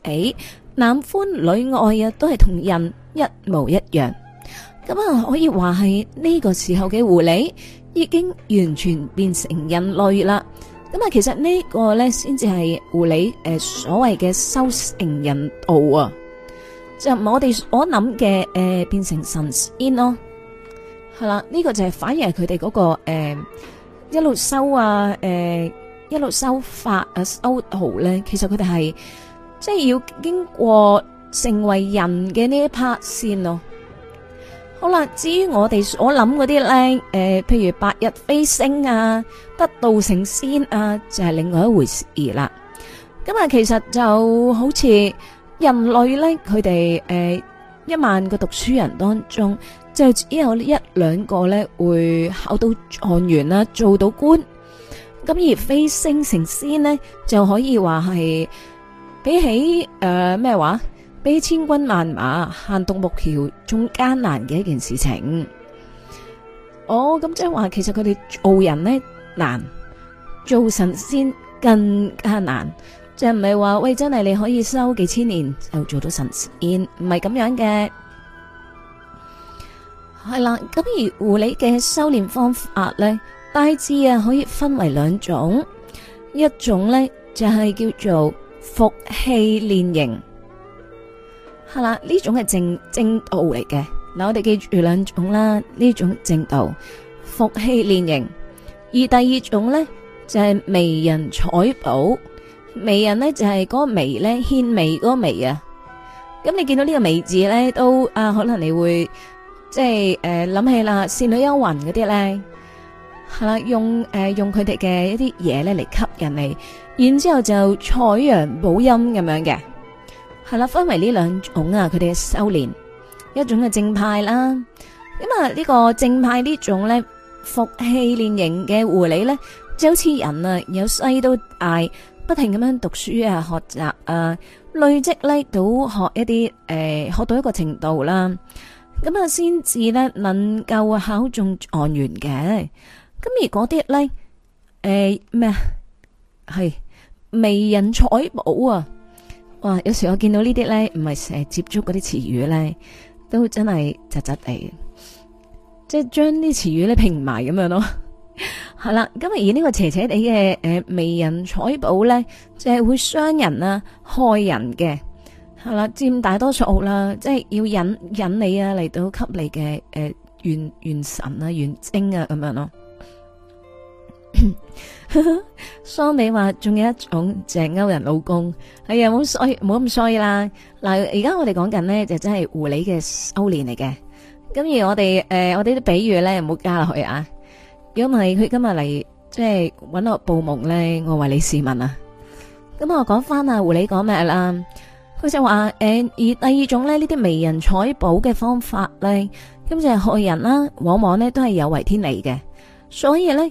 男歡女愛啊，都係同人一模一樣。咁啊，可以話係呢個時候嘅狐狸已經完全變成人類啦。咁啊，其實呢個咧先至係狐狸誒所謂嘅修成人道啊，就我哋所諗嘅誒變成神仙咯。係啦，呢個就係反而係佢哋嗰個誒一路修啊，誒一路修法啊修道咧，其實佢哋係。即係要經過成為人嘅呢一 part 先咯。好啦，至於我哋所諗嗰啲咧，誒、呃，譬如白日飛升啊，得道成仙啊，就係、是、另外一回事啦。咁、嗯、啊，其實就好似人類咧，佢哋誒一萬個讀書人當中，就只有一兩個咧會考到狀元啦，做到官。咁而飛升成仙呢，就可以話係。比起誒咩、呃、話，比起千軍萬馬限獨木橋，仲艱難嘅一件事情。我、哦、咁、嗯、即係話，其實佢哋做人呢難，做神仙更加難，就唔係話喂真係你可以修幾千年就做到神仙，唔係咁樣嘅。係啦，咁而狐狸嘅修煉方法咧，大致啊可以分為兩種，一種咧就係、是、叫做。服氣練形，係啦，呢種係正正道嚟嘅。嗱，我哋記住兩種啦，呢種正道，服氣練形。而第二種咧就係、是、媚人採寶，媚人呢，就係、是、嗰個媚咧，獻媚嗰個媚啊。咁你見到呢個媚字咧，都啊，可能你會即係誒諗起啦，倩女幽魂嗰啲咧，係啦，用誒、呃、用佢哋嘅一啲嘢咧嚟吸引你。然之後就採陽補陰咁樣嘅，係啦，分為呢兩種啊。佢哋嘅修煉，一種係正派啦。咁啊，呢個正派呢種咧，服氣練形嘅狐狸咧，就好似人啊，由細到大，不停咁樣讀書啊，學習啊，累積咧到學一啲誒，學到一個程度啦，咁啊，先至咧能夠啊考中狀元嘅。咁而嗰啲咧，誒咩啊，係。迷人採補啊！哇，有時我見到這些呢啲咧，唔係成日接觸嗰啲詞語咧，都真係窒窒地，即係將啲詞語咧拼埋咁樣咯。係啦，今日而呢個邪邪地嘅誒迷人採補咧，就係、是、會傷人啦、啊、害人嘅。係啦，佔大多數啦，即係要引引你啊嚟到吸你嘅誒、呃、元神啊元精啊咁樣咯。 所尾話仲有一種淨歐人老公，哎呀，冇好冇咁衰啦。嗱、就是，而家我哋講緊呢，就真係狐狸嘅修煉嚟嘅。咁而我哋誒，我哋啲比喻咧唔好加落去啊。如果唔係佢今日嚟即係搵我報夢咧，我為你試問啊。咁、嗯、我講翻啊，狐狸講咩啦？佢就話誒、呃，而第二種咧呢啲迷人採寶嘅方法咧，咁就害人啦、啊，往往呢都係有違天理嘅，所以咧。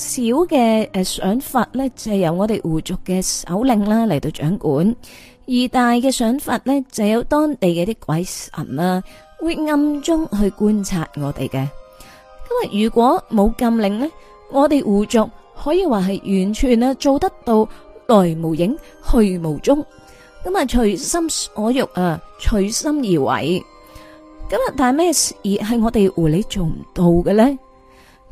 小嘅誒想法呢，就由我哋狐族嘅首領啦嚟到掌管；而大嘅想法呢，就有當地嘅啲鬼神啦、啊，會暗中去觀察我哋嘅。咁啊，如果冇禁令呢，我哋狐族可以話係完全啊做得到來無影去無蹤，咁啊隨心所欲啊隨心而為。咁啊，但係咩事係我哋狐狸做唔到嘅呢？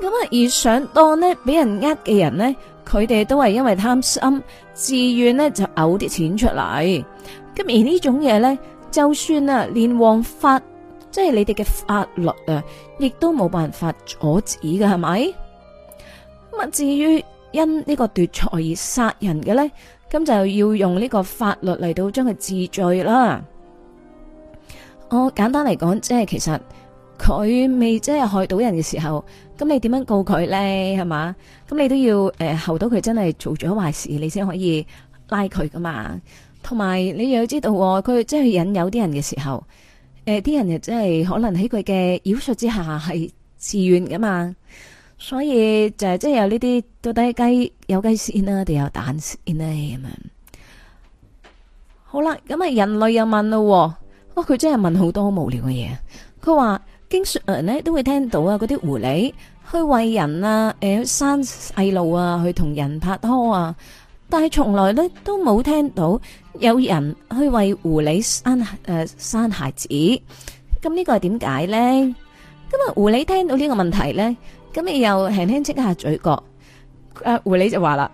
咁啊！而上當呢，俾人呃嘅人呢，佢哋都係因為貪心，自願呢就嘔啲錢出嚟。咁而呢種嘢呢就算啊，連王法，即係你哋嘅法律啊，亦都冇辦法阻止㗎，係咪？乜至於因呢個奪財而殺人嘅呢，咁就要用呢個法律嚟到將佢治罪啦。我簡單嚟講，即係其實佢未即係害到人嘅時候。咁你點樣告佢咧？係嘛？咁你都要誒，後、呃、到佢真係做咗壞事，你先可以拉佢噶嘛。同埋你又要知道，佢即係引誘啲人嘅時候，誒、呃，啲人又真係可能喺佢嘅妖術之下係自願噶嘛。所以就係即係有呢啲到底雞有雞先啦，定有蛋先啦咁樣。好啦，咁啊，人類又問咯，佢、哦、真係問好多很無聊嘅嘢。佢話。經說人咧都會聽到啊，嗰啲狐狸去喂人啊，誒、欸、生細路啊，去同人拍拖啊，但係從來咧都冇聽到有人去為狐狸生誒生孩子。咁、呃、呢個係點解咧？咁啊狐狸聽到呢個問題咧，咁你又輕輕擠下嘴角。誒、啊，狐狸就話啦，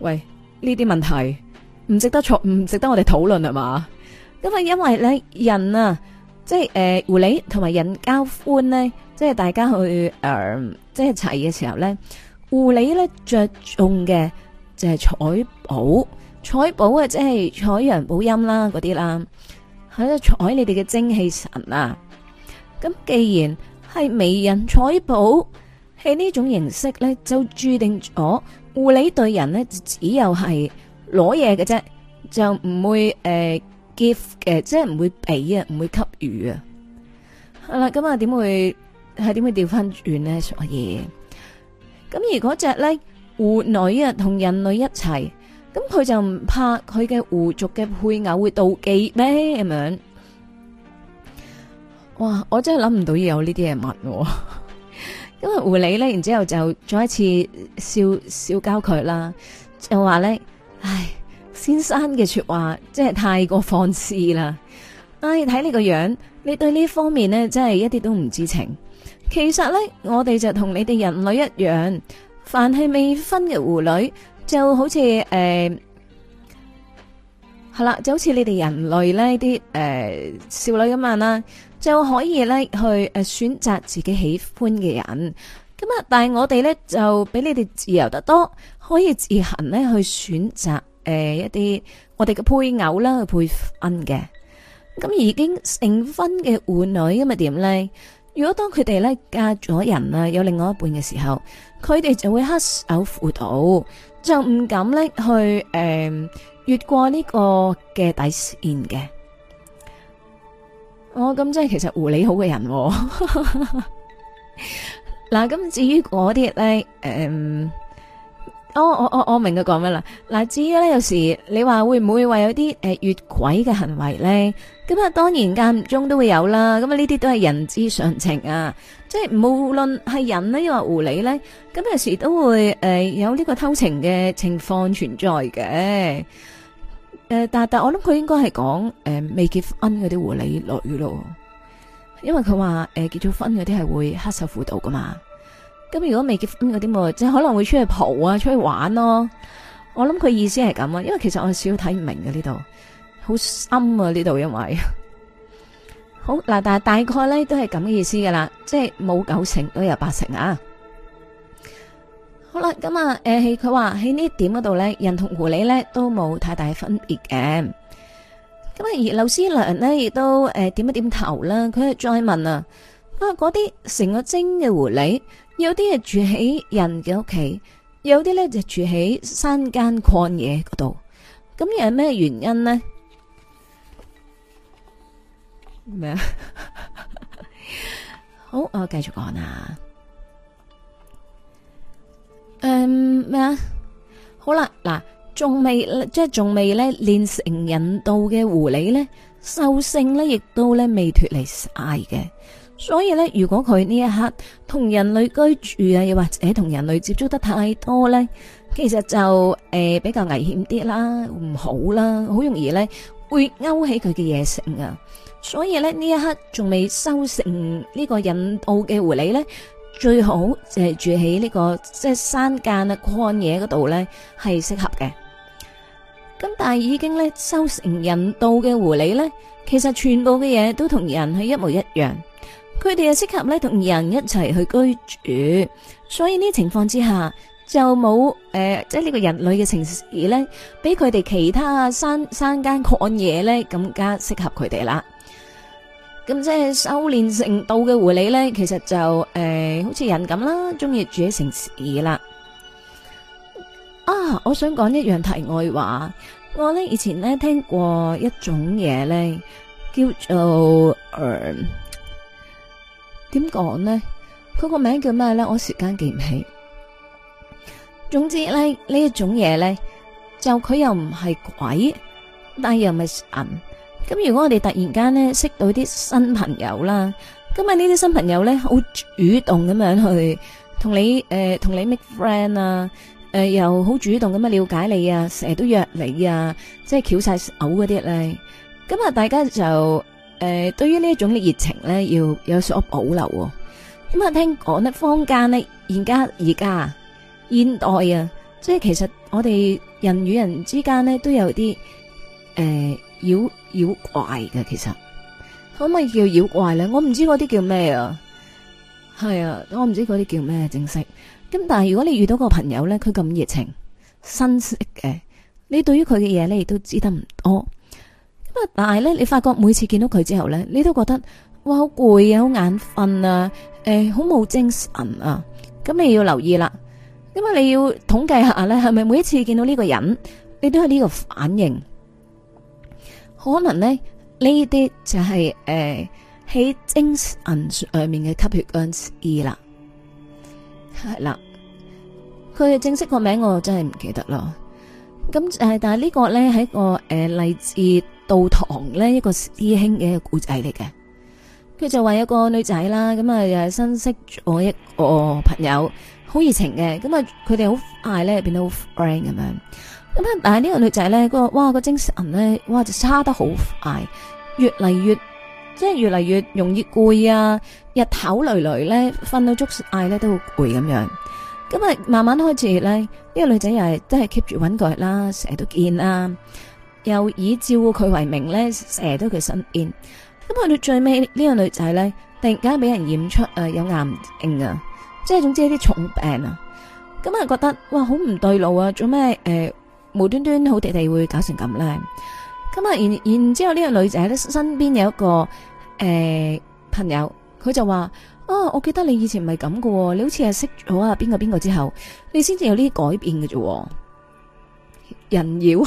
喂，呢啲問題唔值得錯，唔值得我哋討論，係嘛？咁啊，因為咧人啊。即係誒、呃，狐狸同埋人交歡咧，即係大家去誒、呃，即係齊嘅時候咧，狐狸咧着重嘅就係採補，採補啊，即係採陽補陰啦嗰啲啦，喺度採你哋嘅精氣神啊。咁既然係迷人採補，係呢種形式咧，就注定咗狐狸對人咧，只有係攞嘢嘅啫，就唔會誒。呃 give 嘅即係唔會俾啊，唔會給予啊，係啦，咁啊，點會係點會調翻轉咧？所以，咁而嗰隻咧狐女啊，同人類一齊，咁佢就唔怕佢嘅狐族嘅配偶會妒忌咩？咁樣，哇！我真係諗唔到要有呢啲嘢問，因為狐狸咧，然之後就再一次笑笑交佢啦，就話咧，唉。先生嘅說話真係太過放肆啦！唉、哎，睇你個樣，你對呢方面呢真係一啲都唔知情。其實呢，我哋就同你哋人類一樣，凡係未婚嘅狐女就好似，誒，係啦，就好似、呃、你哋人類呢啲誒、呃、少女咁樣啦，就可以呢去誒選擇自己喜歡嘅人咁啊。但係我哋呢就比你哋自由得多，可以自行呢去選擇。誒、呃，一啲我哋嘅配偶啦，去配婚嘅。咁已經成婚嘅婦女，咁咪點咧？如果當佢哋咧嫁咗人啦，有另外一半嘅時候，佢哋就會恪守婦道，就唔敢咧去誒、呃、越過呢個嘅底線嘅。我咁即係其實狐狸好嘅人、哦。嗱、 呃，咁至於我啲咧，誒、呃。哦、oh，我我我明佢講咩啦？嗱，至於咧有時你話會唔會話有啲誒越軌嘅行為咧？咁啊，當然間唔中都會有啦。咁啊，呢啲都係人之常情啊。即係無論係人咧，抑或狐狸咧，咁有時都會誒、呃、有呢個偷情嘅情況存在嘅。誒、呃，但但我諗佢應該係講誒未結婚嗰啲狐狸女咯，因為佢話誒結咗婚嗰啲係會黑手輔導噶嘛咁如果未結婚嗰啲，即係可能會出去蒲啊，出去玩咯。我諗佢意思係咁啊，因為其實我少睇唔明嘅呢度好深啊。呢度因為好嗱，但係大概咧都係咁嘅意思噶啦，即係冇九成都有八成啊。好啦，咁啊，誒、呃，佢話喺呢點嗰度咧，人同狐狸咧都冇太大分別嘅。咁啊，而劉思良呢亦都誒點一點頭啦。佢係再問啊，不過嗰啲成個精嘅狐狸。有啲係住喺人嘅屋企，有啲咧就住喺山間曠野嗰度。咁又係咩原因呢？咩啊？ 好，我繼續講啊。誒、嗯，咩啊？好啦，嗱，仲未即係仲未咧練成人道嘅狐狸咧，獸性咧亦都咧未脫離晒嘅。所以咧，如果佢呢一刻同人類居住啊，又或者同人類接觸得太多咧，其實就誒、呃、比較危險啲啦，唔好啦，好容易咧會勾起佢嘅野性啊。所以咧，呢一刻仲未修成呢個引導嘅狐狸咧，最好就係住喺呢、這個即係、就是、山間啊、曠野嗰度咧係適合嘅。咁但係已經咧修成人道嘅狐狸咧，其實全部嘅嘢都同人係一模一樣。佢哋又適合咧同人一齊去居住，所以呢情況之下就冇誒、呃，即係呢個人類嘅城市咧，比佢哋其他啊山山間曠野咧，更加適合佢哋啦。咁即係修煉成道嘅狐狸咧，其實就誒、呃，好似人咁啦，中意住喺城市啦。啊，我想講一樣題外話，我咧以前咧聽過一種嘢咧，叫做誒。呃點講咧？佢個名叫咩咧？我時間記唔起。總之咧，呢一種嘢咧，就佢又唔係鬼，但係又唔係人。咁如果我哋突然間咧識到啲新朋友啦，咁啊呢啲新朋友咧好主動咁樣去同你誒同、呃、你 make friend 啊，誒、呃、又好主動咁樣了解你啊，成日都約你啊，即係翹晒手嗰啲咧。咁啊大家就。誒、呃，對於呢一種嘅熱情咧，要有所保留。咁啊，聽講咧，坊間咧，而家而家現代啊，即係其實我哋人與人之間咧，都有啲誒、呃、妖妖怪嘅。其實可唔可以叫妖怪咧？我唔知嗰啲叫咩啊。係啊，我唔知嗰啲叫咩、啊、正式。咁但係如果你遇到個朋友咧，佢咁熱情，新識嘅，你對於佢嘅嘢咧，亦都知得唔多。但係咧，你發覺每次見到佢之後咧，你都覺得哇好攰啊，好眼瞓啊，誒、欸，好冇精神啊，咁你要留意啦。因為你要統計下咧，係咪每一次見到呢個人，你都係呢個反應？可能呢，呢啲就係誒喺精神上面嘅吸血僵屍啦，係啦。佢嘅正式個名我真係唔記得咯。咁誒，但係呢個咧係一個誒嚟、欸、自道堂咧一個師兄嘅一個故仔嚟嘅。佢就話有個女仔啦，咁啊又係新識咗一個朋友，好熱情嘅。咁啊，佢哋好快咧變得好 friend 咁樣。咁但係呢個女仔咧，個哇、嗰個精神咧，哇就差得好快，越嚟越即係越嚟越容易攰啊！日頭累累咧，瞓到足晏咧都好攰咁樣。咁啊，慢慢開始咧，呢個女仔又係真係 keep 住揾佢啦，成日都見啦，又以照顧佢為名咧，成日都佢身邊。咁去到最尾，呢個女仔咧突然間俾人驗出誒有癌症啊，即係總之係啲重病啊。咁啊覺得哇，好唔對路啊，做咩誒無端端好地地會搞成咁咧？咁啊然然之後呢個女仔咧身邊有一個誒朋友，佢就話。哦、啊，我記得你以前唔係咁噶，你好似係識咗啊邊個邊個之後，你先至有呢啲改變嘅啫。人妖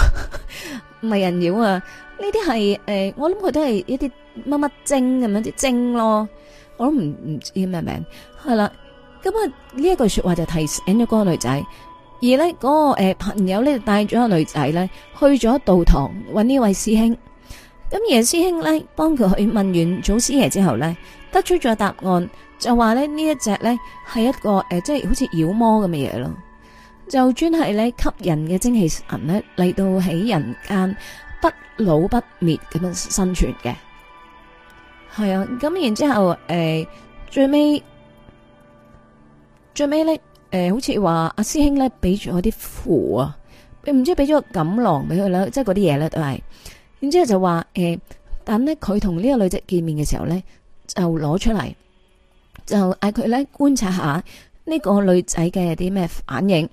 唔係 人妖啊，呢啲係誒，我諗佢都係一啲乜乜精咁樣啲精咯，我都唔唔知咩名。係啦，咁啊呢一句說話就提醒咗嗰個女仔，而呢嗰、嗰個誒、呃、朋友咧帶咗個女仔呢去咗道堂搵呢位師兄，咁而係師兄呢，幫佢去問完祖師爺之後呢。得出咗答案就話咧呢一隻咧係一個誒、呃，即係好似妖魔咁嘅嘢咯，就專係咧吸人嘅精氣神咧嚟到喺人間不老不滅咁樣生存嘅係啊。咁然之後誒、呃，最尾最尾咧誒，好似話阿師兄咧俾咗我啲符啊，唔知俾咗個錦囊俾佢啦，即係嗰啲嘢啦都係。然之後就話誒、呃，但呢佢同呢個女仔見面嘅時候咧。就攞出嚟，就嗌佢咧觀察下呢個女仔嘅啲咩反應。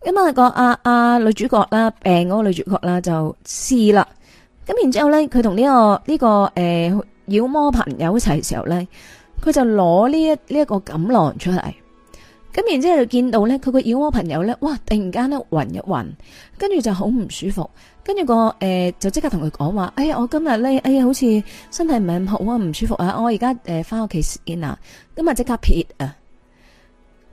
咁、那個、啊個啊啊女主角啦，病嗰個女主角啦就試啦。咁然之後咧，佢同呢個呢、這個誒、啊、妖魔朋友一齊嘅時候咧，佢就攞呢一呢一、這個錦囊出嚟。咁然之後就見到咧，佢個妖魔朋友咧，哇！突然間咧暈一暈，跟住就好唔舒服，呃、跟住個誒就即刻同佢講話，哎呀，我今日咧，哎呀，好似身體唔係咁好啊，唔舒服啊！我而、呃、家誒翻屋企先啊，今日即刻撇啊！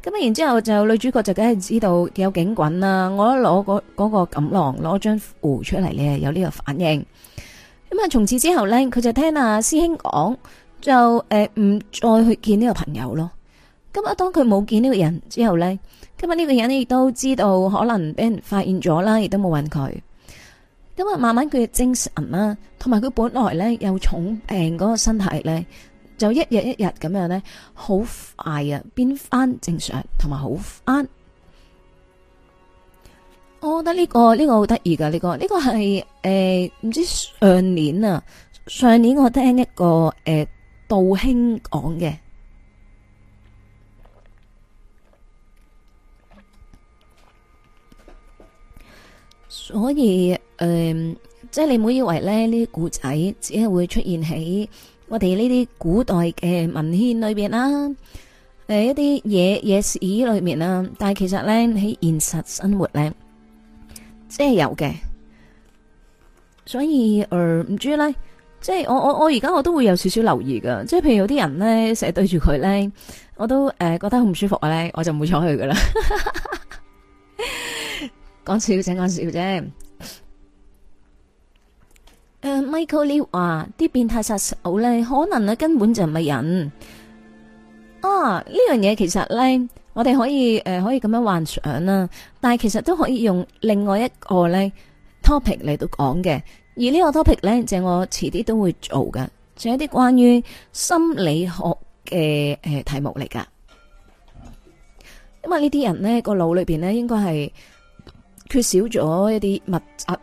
咁啊，然之後就，後就女主角就梗係知道有警棍啦，我攞嗰嗰個錦囊攞張符出嚟咧，有呢個反應。咁啊，從此之後咧，佢就聽阿師兄講，就誒唔、呃、再去見呢個朋友咯。咁啊，當佢冇見呢個人之後呢，今日呢個人咧亦都知道可能俾人發現咗啦，亦都冇揾佢。咁啊，慢慢佢嘅精神啦，同埋佢本來呢有重病嗰個身體呢，就一日一日咁樣呢，好快啊，變翻正常，同埋好翻。我覺得呢個呢個好得意噶，呢個呢個係誒唔知上年啊，上年我聽一個誒、呃、道兄講嘅。所以誒、呃，即係你唔好以為咧呢啲故仔只係會出現喺我哋呢啲古代嘅文獻裏邊啦，誒、呃、一啲野野史裏面啦，但係其實咧喺現實生活咧，即係有嘅。所以誒唔、呃、知咧，即係我我我而家我都會有少少留意噶，即係譬如有啲人咧成日對住佢咧，我都誒、呃、覺得好唔舒服咧，我就唔會睬佢噶啦。講笑啫，講笑啫。Michael 你話啲變態殺手咧，可能咧根本就唔係人。啊，呢樣嘢其實咧，我哋可以誒可以咁樣幻想啦。但係其實都可以用另外一個咧 topic 嚟到講嘅。而呢個 topic 咧，就我遲啲都會做嘅，仲有，就是，一啲關於心理學嘅誒題目嚟噶。因為呢啲人咧個腦裏邊咧，應該係。缺少咗一啲物質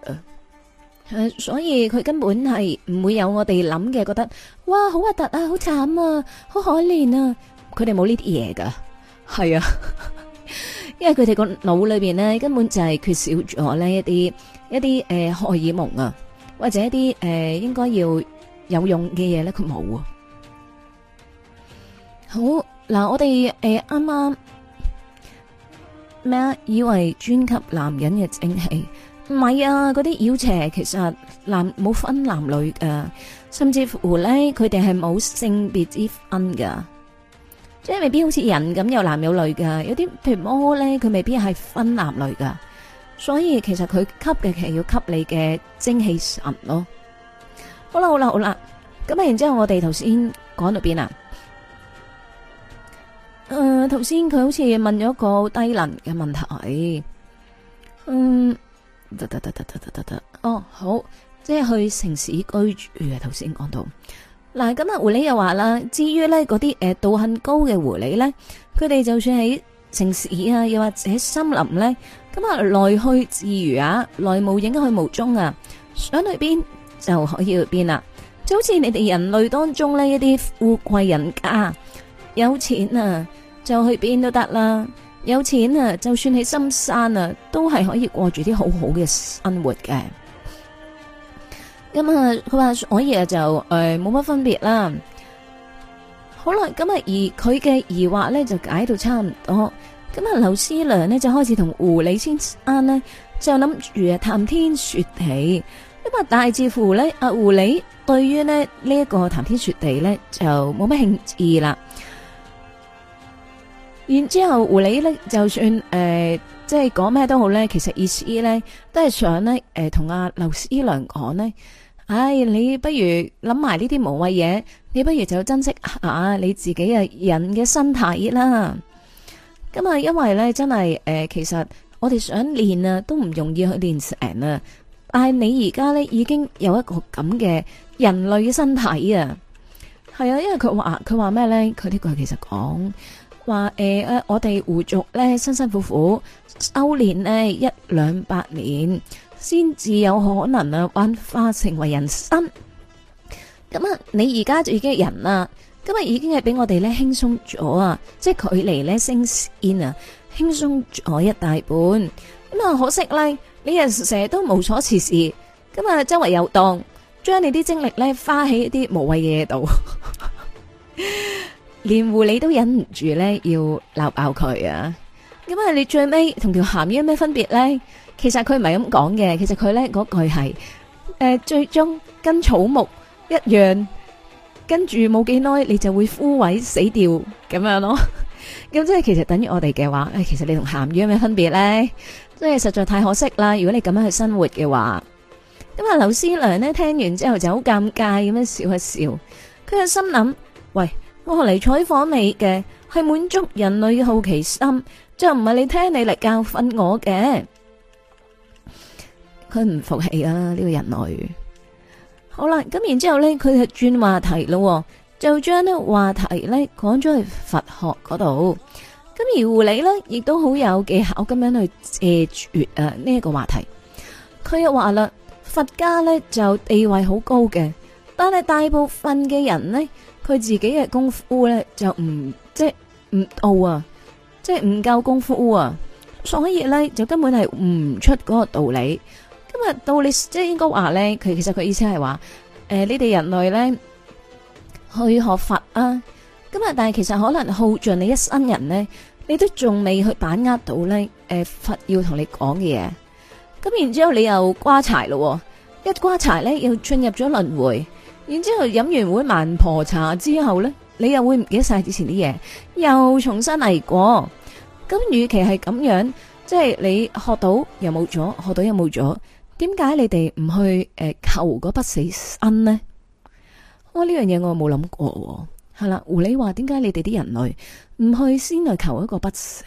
啊，所以佢根本係唔會有我哋諗嘅，覺得哇好核突啊，好慘啊，好可憐啊！佢哋冇呢啲嘢噶，係啊，因為佢哋個腦裏邊咧根本就係缺少咗呢一啲一啲誒荷爾蒙啊，或者一啲誒應該要有用嘅嘢咧，佢冇啊。好嗱，我哋誒啱啱。咩？以為專吸男人嘅精氣？唔係啊，嗰啲妖邪其實男冇分男女噶，甚至乎咧佢哋係冇性別之分噶，即係未必好似人咁有男有女噶。有啲譬如魔咧，佢未必係分男女噶。所以其實佢吸嘅其實要吸你嘅精氣神咯。好啦好啦好啦，咁然之後我哋頭先講到邊啊？誒，頭先佢好似問咗一個低能嘅問題，嗯，得得得得得得得得，哦，好，即係去城市居住啊，頭先講到，嗱，咁啊，狐狸又話啦，至於呢嗰啲誒道行高嘅狐狸呢，佢哋就算喺城市啊，又或者喺森林咧，咁啊來去自如啊，來無影去無蹤啊，想去邊就可以去邊啦，就好似你哋人類當中呢一啲富貴人家。有錢啊，就去邊都得啦。有錢啊，就算喺深山啊，都係可以過住啲好好嘅生活嘅。咁、嗯、啊，佢話所以啊就誒冇乜分別啦。好啦，咁、嗯、啊而佢嘅疑惑呢，就解到差唔多。咁、嗯、啊，劉思良呢，就開始同狐狸先生呢，就諗住啊談天說地。咁啊，大致乎呢，阿狐狸對於咧呢一、個談天說地呢，就冇乜興趣啦。然之後，狐狸咧，就算誒、呃，即係講咩都好咧，其實意思咧都係想咧，誒、呃，同阿、啊、劉思良講咧，唉、哎，你不如諗埋呢啲無謂嘢，你不如就珍惜下你自己啊人嘅身體啦。咁、嗯、啊，因為咧，真係誒、呃，其實我哋想練啊，都唔容易去練成啊。但係你而家咧已經有一個咁嘅人類嘅身體啊，係啊，因為佢話佢話咩咧？佢呢句其實講。話誒誒，我哋狐族咧辛辛苦苦修煉咧一兩百年，先至有可能啊，幻化成為人生。咁啊，你而家就已經人啦，咁啊已經係俾我哋咧輕鬆咗啊！即係距離咧升仙啊，輕鬆咗一大半。咁啊，可惜咧，你日成日都無所事事，咁啊，周圍遊動，將你啲精力咧花喺一啲無謂嘅嘢度。連狐狸都忍唔住咧，要鬧爆佢啊！咁啊，你最尾同條咸魚有咩分別呢？其實佢唔係咁講嘅，其實佢咧嗰句係誒、呃，最終跟草木一樣，跟住冇幾耐你就會枯萎死掉咁樣咯。咁即係其實等於我哋嘅話，誒，其實你同咸魚有咩分別呢？即係實在太可惜啦！如果你咁樣去生活嘅話，咁啊，劉師娘呢，聽完之後就好尷尬咁樣笑一笑，佢就心諗：喂！我嚟採訪你嘅，係滿足人類嘅好奇心，就唔係你聽你嚟教訓我嘅。佢唔服氣啊，呢、這個人類。好啦，咁然之後呢，佢就轉話題咯，就將呢個話題呢講咗去佛學嗰度。咁而狐狸呢，亦都好有技巧咁樣去借住誒呢一個話題。佢又話啦，佛家呢，就地位好高嘅，但係大部分嘅人呢。」佢自己嘅功夫咧就唔即係唔到啊，即係唔夠功夫啊，所以咧就根本係唔出嗰個道理。今日道理即係應該話咧，佢其實佢意思係話，誒你哋人類咧去學佛啊，今日但係其實可能耗盡你一生人咧，你都仲未去把握到咧，誒佛要同你講嘅嘢。咁然之後你又瓜柴咯，一瓜柴咧又進入咗輪回。然之後飲完碗孟婆茶之後呢你又會唔記得晒之前啲嘢，又重新嚟過。咁與其係咁樣，即係你學到又冇咗，學到又冇咗，點解你哋唔去誒、呃、求嗰不死身呢？哦、我呢樣嘢我冇諗過、哦，係啦。狐狸話：點解你哋啲人類唔去先去求一個不死，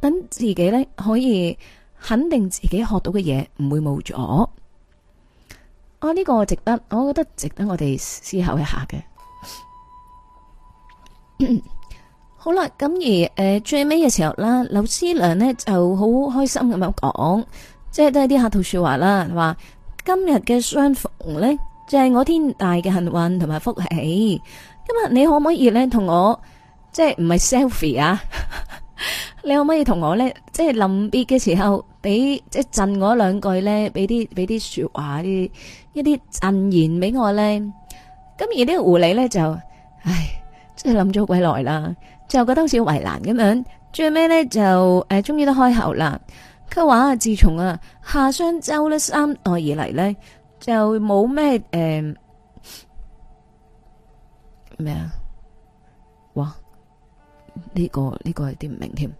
等自己呢，可以肯定自己學到嘅嘢唔會冇咗？呢、啊呢個值得，我覺得值得我哋思考一下嘅。 好啦，咁而誒、呃、最尾嘅時候啦，劉思良呢就好開心咁樣講，即係都係啲客套說話啦，話今日嘅相逢呢，即、就、係、是、我天大嘅幸運同埋福氣。今日你可唔可以咧同我，即、就、係、是、唔係 selfie 啊？ 你可唔可以同我呢？即係臨別嘅時候，俾即係震我兩句呢，俾啲俾啲說話，一啲一啲震言俾我呢。咁而呢個狐狸呢，就，唉，即係諗咗好鬼耐啦，就覺得好似好為難咁樣，最尾呢，就誒，終於都開口啦。佢話自從啊夏商周呢，三代以嚟呢，就冇咩誒咩啊？呃呢、這個呢、這個有啲唔明添？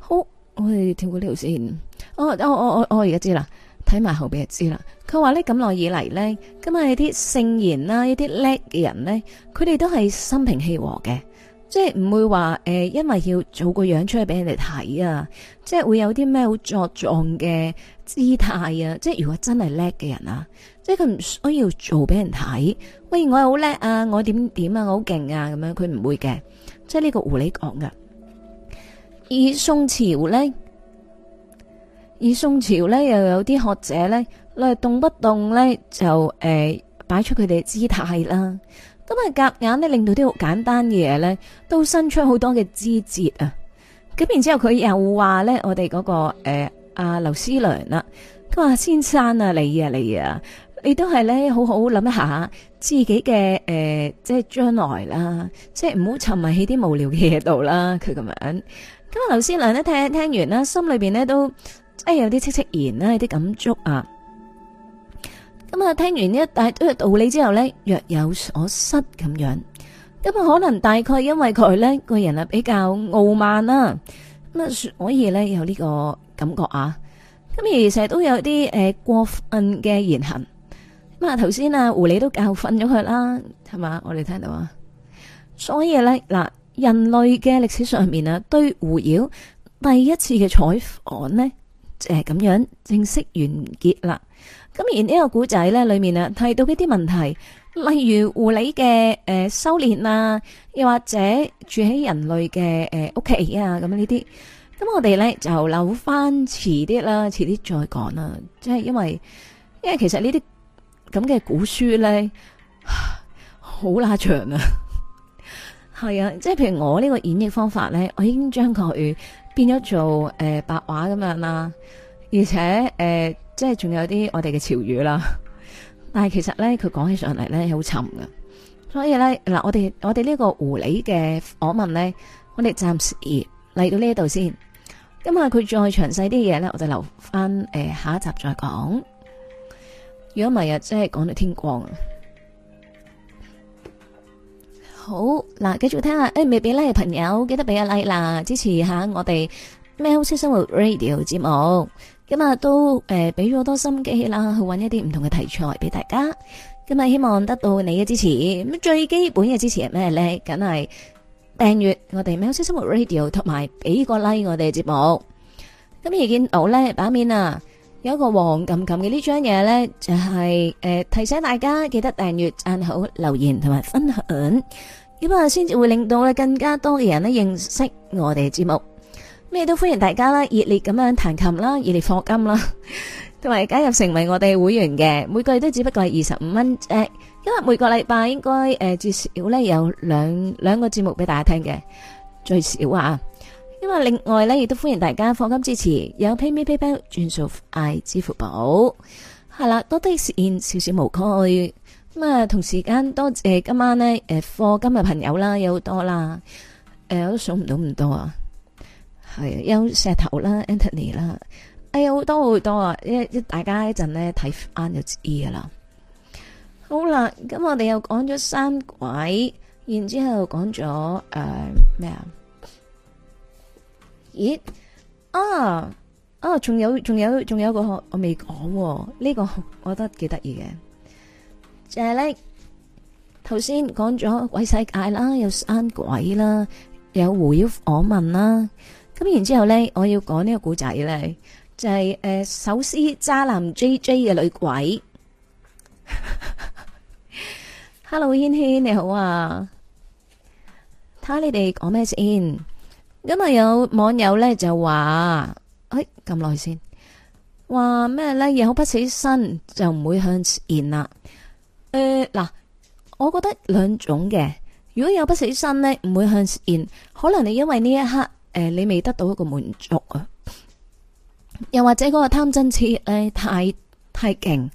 好，我哋跳過呢條先。我我我我我而家知啦，睇埋後邊就知啦。佢話呢，咁耐以嚟呢，今日啲聖賢啦，呢啲叻嘅人呢，佢哋都係心平氣和嘅。即係唔會話誒，因為要做個樣出嚟俾人哋睇啊！即係會有啲咩好作狀嘅姿態啊！即係如果真係叻嘅人啊，即係佢唔需要做俾人睇。喂、哎，我好叻啊！我點點啊！我好勁啊！咁樣佢唔會嘅。即係呢個狐狸講嘅。而宋朝咧，而宋朝咧又有啲學者咧，咧動不動咧就誒擺、呃、出佢哋姿態啦。咁啊，夾硬咧，令到啲好簡單嘅嘢咧，都伸出好多嘅枝節、那個呃、啊！咁然之後佢又話咧，我哋嗰個誒阿劉思良啦，佢話先生啊，你啊你啊，你都係咧好好諗一下自己嘅誒、呃，即係將來啦，即係唔好沉迷喺啲無聊嘅嘢度啦。佢咁樣，咁阿劉思良咧聽聽完啦，心裏邊咧都誒有啲戚戚然啦，有啲感觸啊。咁啊！聽完呢一大堆嘅道理之後呢，若有所失咁樣。咁啊，可能大概因為佢呢個人啊比較傲慢啦，咁啊，所以呢有呢個感覺啊。咁而成日都有啲誒、呃、過分嘅言行。咁啊，頭先啊狐狸都教訓咗佢啦，係嘛？我哋聽到啊，所以呢，嗱，人類嘅歷史上面啊，對狐妖第一次嘅採訪就係咁樣正式完結啦。咁而呢個古仔咧，裏面啊提到呢啲問題，例如狐狸嘅誒修煉啊，又或者住喺人類嘅誒屋企啊，咁呢啲，咁我哋咧就留翻遲啲啦，遲啲再講啦。即係因為，因為其實呢啲咁嘅古書咧，好拉長啊。係 啊，即係譬如我呢個演繹方法咧，我已經將佢變咗做誒白話咁樣啦，而且誒。呃即係仲有啲我哋嘅潮語啦，但係其實咧佢講起上嚟咧，係好沉嘅，所以咧嗱，我哋我哋呢個狐狸嘅訪問咧，我哋暫時嚟到呢一度先，咁啊佢再詳細啲嘢咧，我就留翻誒、欸、下一集再講，如果唔係啊，真係講到天光啊！好嗱，繼續聽下，誒，未俾 like 嘅朋友記得俾個 like 啦，支持下我哋喵式生活 Radio 節目。今日都誒，俾咗好多心機啦，去揾一啲唔同嘅題材俾大家。今日希望得到你嘅支持。咁最基本嘅支持係咩呢？梗係訂閱我哋喵式生活 Radio，同埋俾個 like 我哋嘅節目。今日亦見到呢版面啊，有一個黃冚冚嘅呢張嘢呢，就係、是、誒、呃、提醒大家記得訂閱、讚好、留言同埋分享，咁啊，先至會令到咧更加多嘅人咧認識我哋嘅節目。咩都歡迎大家啦，熱烈咁樣彈琴啦，熱烈課金啦，同埋加入成為我哋會員嘅，每個月都只不過係二十五蚊，啫。因為每個禮拜應該誒至少咧有兩兩個節目俾大家聽嘅，最少啊，因為另外咧亦都歡迎大家課金支持，有 PayMe PayPal 轉數 i 支付寶，係啦，多多益善，少少無拘，咁啊同時間多謝今晚呢誒課金嘅朋友啦，有好多啦，誒我都數唔到咁多啊。係有石頭啦，Anthony 啦，哎，好多好多啊！一一，大家一陣咧睇翻，就知噶啦。好啦，咁我哋又講咗山鬼，然之後講咗誒咩啊？咦，啊啊，仲有仲有仲有個我未講呢個，我覺得幾得意嘅。就係咧，頭先講咗鬼世界啦，有山鬼啦，有狐妖訪問啦。咁然之後咧，我要講呢個古仔咧，就係、是、誒、呃，首詩渣男 J J 嘅女鬼。 Hello，軒軒你好啊，睇下你哋講咩先？今、嗯、日有網友咧就話：誒、哎，咁耐先，話咩咧？有不死身就唔會向前啦。誒、呃，嗱，我覺得兩種嘅，如果有不死身咧，唔會向前，可能你因為呢一刻。誒、呃，你未得到一個滿足啊？又或者嗰個貪嗔痴咧，呃，太太勁，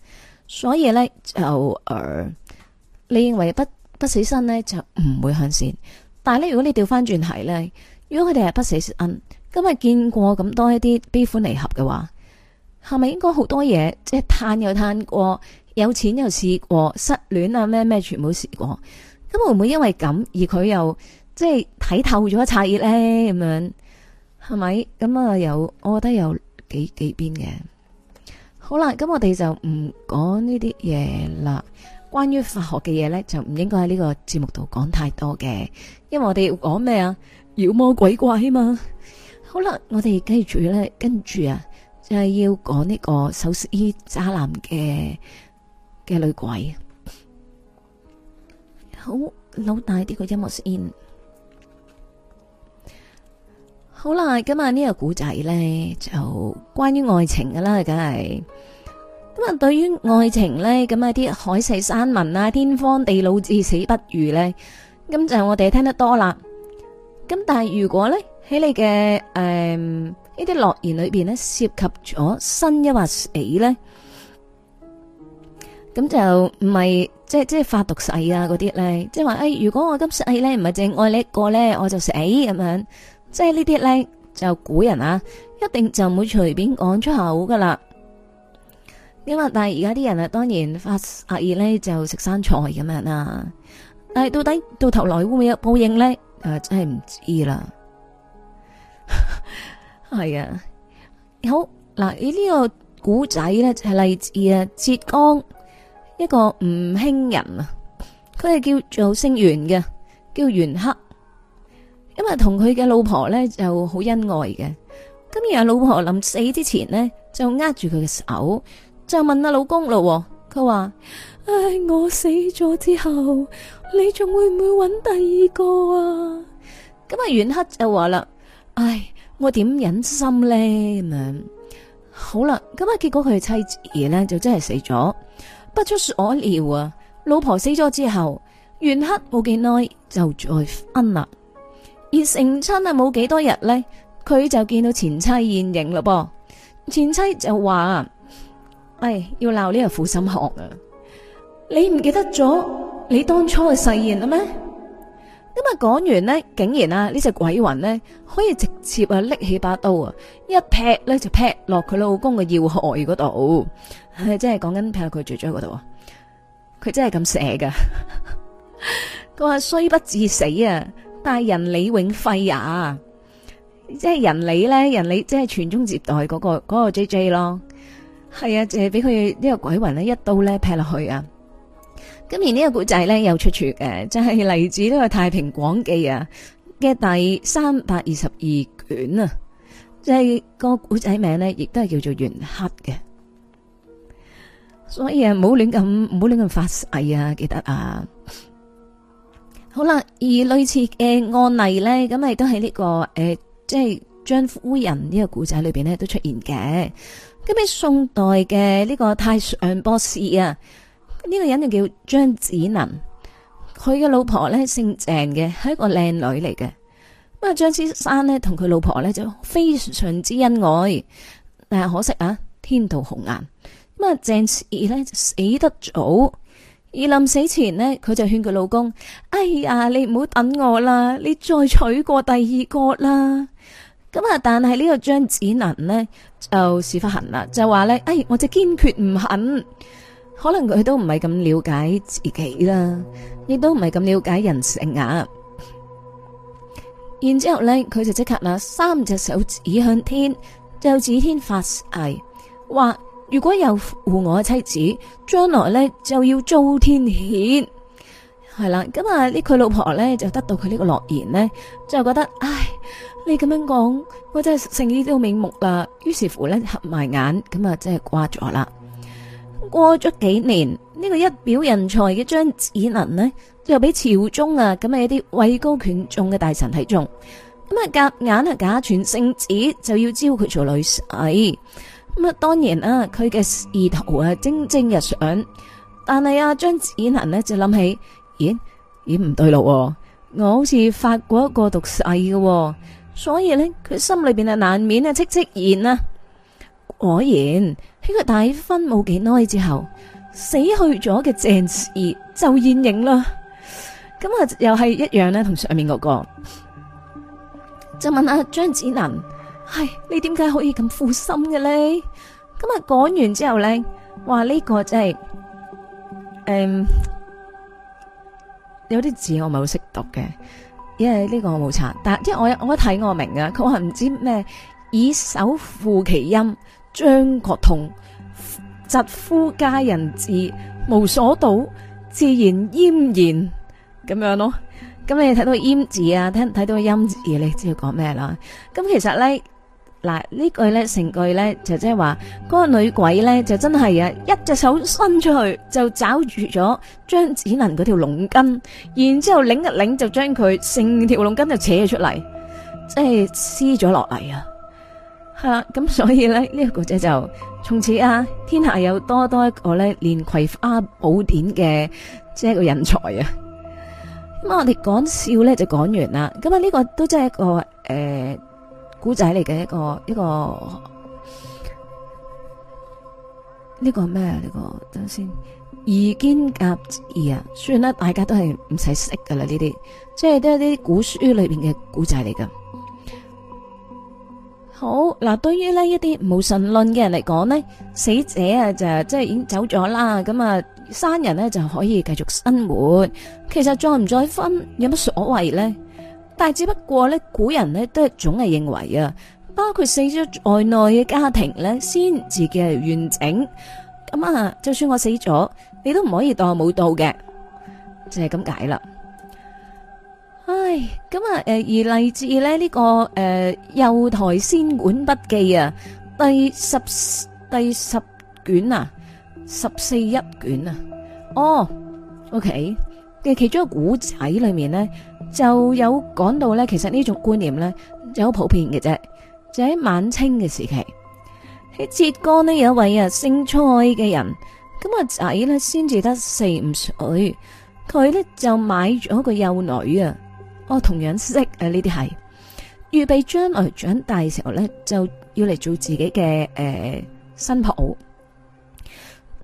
所以咧就誒、呃，你認為不不死身咧就唔會向善？但係咧，如果你調翻轉係咧，如果佢哋係不死身，今日見過咁多一啲悲歡離合嘅話，係咪應該好多嘢，即係嘆又嘆過，有錢又試過，失戀啊咩咩全部試過，咁會唔會因為咁而佢又？即係睇透咗一切咧，咁樣係咪？咁啊有，我覺得有幾幾邊嘅。好啦，咁我哋就唔講呢啲嘢啦。關於法學嘅嘢咧，就唔應該喺呢個節目度講太多嘅，因為我哋要講咩啊？妖魔鬼怪嘛。好啦，我哋跟住咧，跟住啊，就係要講呢個首飾衣渣男嘅嘅女鬼。好，扭大啲個音樂先。好啦，咁啊呢個古仔咧就關於愛情噶啦，梗係咁啊。對於愛情咧，咁啊啲海誓山盟啊，天荒地老至死不渝咧，咁就我哋聽得多啦。咁但係如果咧喺你嘅誒呢啲諾言裏邊咧涉及咗生一或死咧，咁就唔係即係即係發毒誓啊嗰啲咧，即係話誒如果我今世咧唔係淨愛你一個咧，我就死咁樣。即係呢啲咧，就古人啊，一定就唔會隨便講出口噶啦。因為但係而家啲人啊，當然發熱呢，就食生菜咁樣啦。但係到底到頭來會唔會有報應呢？誒、啊，真係唔知啦。係 啊，好嗱，以呢個古仔呢，就係、是、嚟自、啊浙江一個吳興人啊，佢係叫做姓袁嘅，叫袁克。因為同佢嘅老婆咧就好恩愛嘅，咁而阿老婆臨死之前呢，就握住佢嘅手，就問阿老公咯。佢話、啊：唉，我死咗之後，你仲會唔會搵第二個啊？咁啊，袁克就話啦：唉，我點忍心呢？嗯」咁樣好啦，咁啊，結果佢嘅妻子呢就真係死咗，不出所料啊。老婆死咗之後，袁克冇幾耐就再婚啦。而成親啊，冇幾多日咧，佢就見到前妻現形嘞噃。前妻就話：哎，要鬧呢個負心漢啊！你唔記得咗你當初嘅誓言啦咩？咁啊講完呢，竟然啊呢隻鬼魂呢，可以直接啊拎起把刀啊，一劈咧就劈落佢老公嘅要害嗰度，係、嗯、真係講緊劈佢住咗嗰度啊！佢真係咁寫噶，佢話衰不至死啊。大人李永輝啊，即係人李咧，人李即係傳宗接代嗰個嗰個 J J 咯，係啊，就係俾佢呢個鬼魂咧一刀咧劈落去啊！咁而個呢個古仔咧有出處嘅，就係、是、嚟自，呢個《太平廣記》啊嘅第三百二十二卷啊，即係個古仔名咧，亦都係叫做《元黑》嘅，所以啊，唔好亂咁，唔好亂咁發誓啊，記得啊！好啦，而類似嘅案例咧，咁咪都喺呢個、呃、即係張夫人呢、呢個故仔裏面咧都出現嘅。咁喺宋代嘅呢個太常博士啊，呢、呢個人就叫張子能，佢嘅老婆咧姓鄭嘅，係一個靚女嚟嘅。咁啊，張先生咧同佢老婆咧就非常之恩愛，但係可惜啊，天妒紅顏。咁啊，鄭氏咧就死得早。而臨死前呢，佢就勸佢老公，哎呀，你唔好等我啦，你再娶過第二個啦。咁啊，但係呢個張子能呢，就屎忽痕啦，就話呢：「哎，我就堅決唔肯。可能佢都唔係咁了解自己啦，亦都唔係咁了解人性啊。然之後呢，佢就即刻拿三隻手指向天，就指天發誓，話。如果有護我嘅妻子，將來呢就要遭天譴，係啦。咁啊，呢佢老婆呢就得到佢呢個諾言呢，就覺得唉，你咁樣講，我真係誠意都要瞑目啦。於是乎呢，合埋眼，咁啊，真係掛咗啦。過咗幾年，呢個一表人才嘅張子能呢，就俾朝中啊咁啊一啲位高權重嘅大臣睇中，咁啊夾硬啊假傳聖旨，就要招佢做女婿。咁啊，當然啦，佢嘅仕途啊，蒸蒸日上。但係阿張子能呢，就諗起，咦咦唔對路、啊，我好似發過一個毒誓嘅，所以呢，佢心裏邊啊難免啊戚戚然啊。果然，喺佢大婚冇幾耐之後，死去咗嘅鄭業就現影啦。咁啊，又係一樣呢、啊，同上面嗰、那個就問阿、啊、張子能。係你點解可以咁負心嘅咧？今日講完之後咧，話呢個真係，誒,有啲字我唔係好識讀嘅，因為呢個我冇查，但係即係我我一睇我明啊。佢話唔知咩以手負其音，將覺痛疾夫家人至無所睹，自然奄然咁樣咯。咁你睇到奄字啊，聽睇到個音字你知佢講咩啦？咁其實咧。嗱，句呢句咧成句咧就即係話，嗰、嗰個女鬼咧就真係啊，一隻手伸出去就抓住咗張子能嗰條龍根，然之後擰一擰就將佢成條龍根就扯咗出嚟，即係撕咗落嚟啊！係、啊、咁所以咧呢、呢個姐就從此啊，天下有多多一個咧練葵花寶典嘅即係個人才啊！咁、啊、我哋講笑咧就講完啦，咁啊呢個都真係一個誒。呃古仔嚟嘅一個一個呢個咩呢個等先，二堅甲二啊！雖然咧，大家都係唔使識噶啦呢啲，即係都係啲古書裏邊嘅古仔嚟噶。好嗱，啊，對於呢一啲冇神論嘅人嚟講呢，死者啊就即係已經走咗啦，咁啊生人呢就可以繼續生活。其實再唔再婚，有乜所謂呢？但係只不過咧，古人咧都係總係認為啊，包括死咗在內嘅家庭咧，先至叫係完整。咁啊，就算我死咗，你都唔可以當我冇到嘅，就係、是、咁解啦。唉，咁啊，誒，而嚟自咧呢個誒《右、呃、台仙館筆記》啊，第十第十卷啊，十四一卷啊，哦、oh,，OK 嘅其中個古仔裏面呢。就有講到咧，其實呢種觀念咧就好普遍嘅啫，就喺晚清嘅時期，喺浙江呢有一位啊姓蔡嘅人，咁啊仔咧先至得四五歲，佢咧就買咗個幼女啊，哦，同樣識啊呢啲係，預備將來長大時候咧就要嚟做自己嘅誒新抱。呃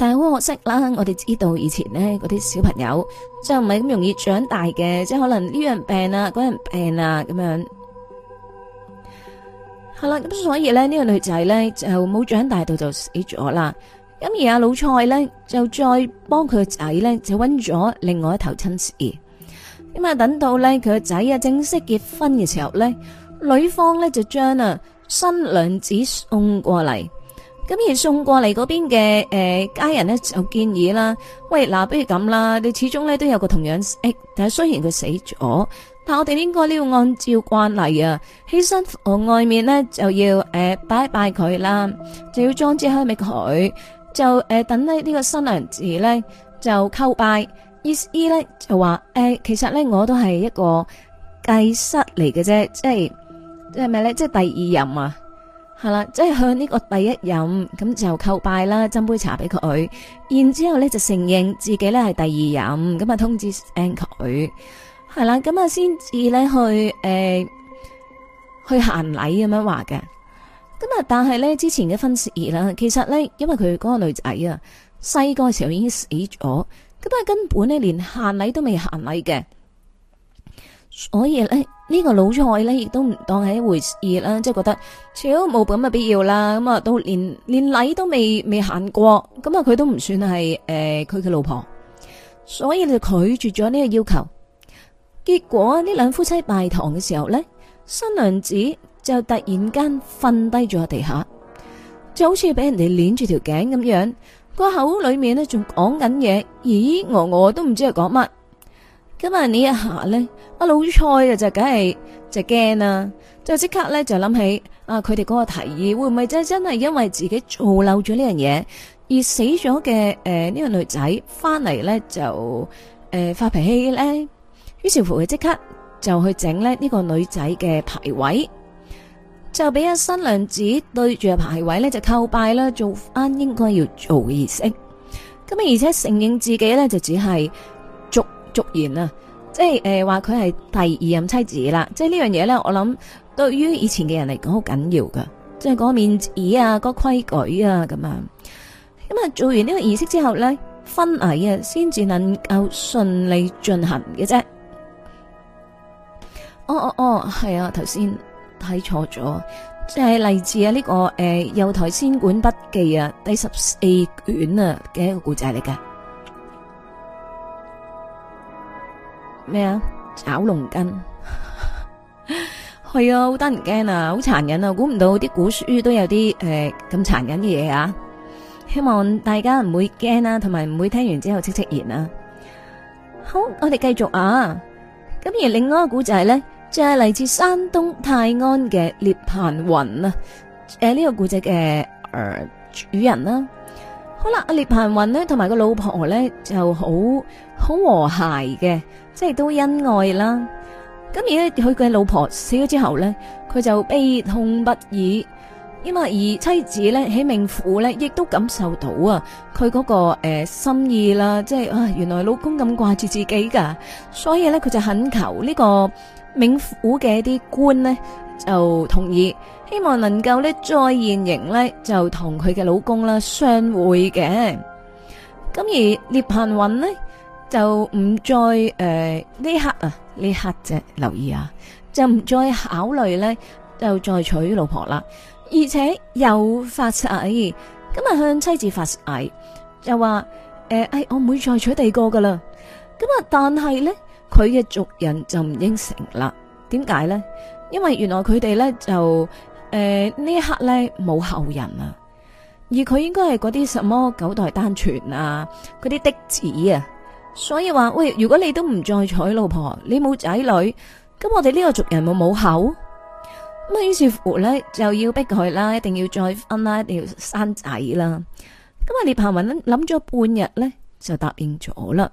但係好可惜啦，我哋知道以前呢嗰啲小朋友就唔係咁容易長大嘅，即係可能呢樣病啊，嗰樣病啊咁樣。係、嗯、啦，咁所以呢，呢個女仔呢就冇長大到就死咗啦。咁而阿老蔡呢，就再幫佢個仔呢，就揾咗另外一頭親事。咁啊等到呢，佢個仔啊正式結婚嘅時候呢，女方呢就將啊新娘子送過嚟。咁而送過嚟嗰邊嘅誒家人咧就建議啦，喂，嗱，不如咁啦，你始終咧都有個同樣誒、欸，但係雖然佢死咗，但我哋應該都要按照慣例啊，起身房外面咧就要誒、呃、拜一拜佢啦，就要裝支香畀佢，就誒、呃、等呢呢個新娘子咧就叩拜，拜，意思咧就話誒、呃，其實咧我都係一個繼室嚟嘅啫，即係係咪咧？即係第二任啊！係啦，即係向呢個第一任咁就叩拜啦，斟杯茶俾佢女，然之後咧就承認自己咧係第二任，咁啊通知誒佢、er，係啦，咁啊先至咧去誒、呃、去行禮咁樣話嘅，咁啊但係咧之前嘅婚事啦，其實咧因為佢嗰個女仔啊，細個時候已經死咗，咁啊根本咧連行禮都未行禮嘅。所以咧，呢個老蔡咧，亦都唔當係一回事啦，即係覺得，超冇咁嘅必要啦。咁啊，到連連禮都未未行過，咁啊，佢都唔算係誒佢嘅老婆，所以就拒絕咗呢個要求。結果呢兩夫妻拜堂嘅時候呢，新娘子就突然間瞓低咗喺地下，就好似俾人哋鏈住條頸咁樣，個口裏面呢，仲講緊嘢，咦，我我都唔知係講乜。今日呢一下呢，阿、啊、老蔡就就梗係就驚啦，就即刻咧就諗起啊，佢哋嗰個提議，會唔會真真係因為自己做漏咗呢樣嘢而死咗嘅？誒、呃，呢、這個女仔翻嚟呢，就誒、呃、發脾氣呢。於是乎佢即刻就去整呢個女仔嘅牌位，就俾阿新娘子對住個牌位呢，就叩拜啦，做翻應該要做嘅儀式。咁啊，而且承認自己呢，就只係。足言啊，即係誒話佢係第二任妻子啦，即係呢樣嘢咧，我諗對於以前嘅人嚟講好緊要噶，即係嗰個面子啊，嗰個規矩啊咁啊，咁啊做完呢個儀式之後咧，婚禮啊先至能夠順利進行嘅啫。哦哦哦，係啊，頭先睇錯咗，即係嚟自啊呢個誒《右台仙館筆記》啊第十四卷啊嘅一個故仔嚟嘅。咩 啊？炒龍筋係啊，好得人驚啊，好殘忍啊！估唔到啲古書都有啲誒咁殘忍嘅嘢啊！希望大家唔會驚啊，同埋唔會聽完之後即即言啊。好，我哋繼續啊。咁而另外一個古仔咧，就係、是、嚟自山東泰安嘅聶盤雲啊。誒、呃、呢、這個古仔嘅誒主人啦、啊，好啦，阿聶盤雲咧，同埋個老婆咧就好好和諧嘅。即係都恩愛啦，咁而佢嘅老婆死咗之後呢，佢就悲痛不已。因為而妻子咧喺冥府咧，亦都感受到啊，佢嗰個誒心意啦，即係啊，原來老公咁掛住自己噶，所以咧佢就懇求呢個冥府嘅一啲官呢，就同意，希望能夠咧再現形呢，就同佢嘅老公啦相會嘅。咁而聶盼雲呢，就唔再誒呢、呃、刻啊呢刻啫，留意啊，就唔再考慮呢，就再娶老婆啦。而且又發誓，今日向妻子發誓，又話誒，我唔會再娶第二個噶啦。咁啊，但係呢，佢嘅族人就唔應承啦。點解呢？因為原來佢哋呢，就誒呢、呃、刻呢，冇後人啊，而佢應該係嗰啲什麼九代單傳啊，嗰啲嫡子啊。所以話喂，如果你都唔再娶老婆，你冇仔女，咁我哋呢個族人冇冇口？咁啊，於是乎咧就要逼佢啦，一定要再婚啦，一定要生仔啦。咁啊，聶鵬雲諗咗半日咧，就答應咗啦。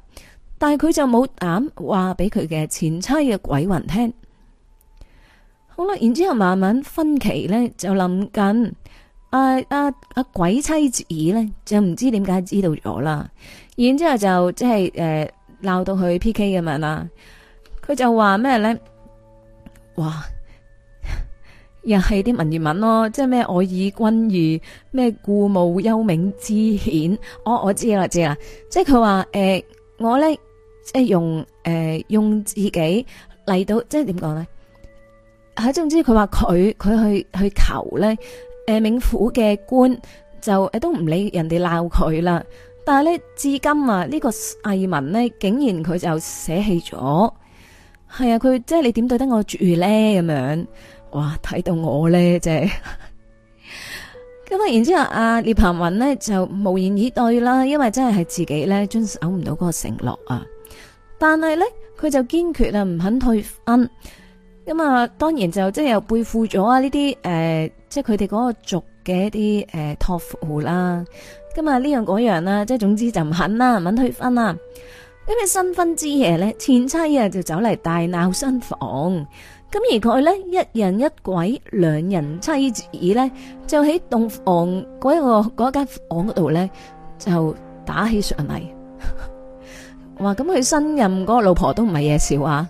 但係佢就冇膽話俾佢嘅前妻嘅鬼魂聽。好啦，然之後慢慢婚期咧就諗緊啊啊誒、啊，鬼妻子兒咧就唔知點解知道咗啦。然之後就即係誒鬧到佢 P K 咁樣啦，佢就話咩咧？哇，又係啲文言文咯，即係咩我以君御咩故慕幽冥之遣，我我知啦知啦，即係佢話誒我咧即係用誒、呃、用自己嚟到即係點講咧？吓總之佢話佢佢去去求咧，誒、呃、冥府嘅官就誒都唔理人哋鬧佢啦。但係咧，至今、這個、啊，呢個藝文咧，竟然佢就捨棄咗，係啊，佢即係你點對得我住咧咁樣，哇，睇到我咧即係，咁 啊，然之後阿聶鵬文咧就無言以對啦，因為真係係自己咧遵守唔到嗰個承諾啊，但係咧佢就堅決啦唔肯退婚，咁啊，當然就即係又背負咗啊，呢啲誒，即係佢哋嗰個族嘅一啲誒、呃、託付啦。今日呢樣嗰樣啦，即係總之就唔肯啦，唔肯退婚啦。咁你新婚之夜呢，前妻啊就走嚟大鬧新房。咁而佢呢，一人一鬼，兩人妻子呢，就喺洞房嗰一個嗰間房嗰度呢，就打起上嚟。話咁佢新任嗰個老婆都唔係嘢少啊，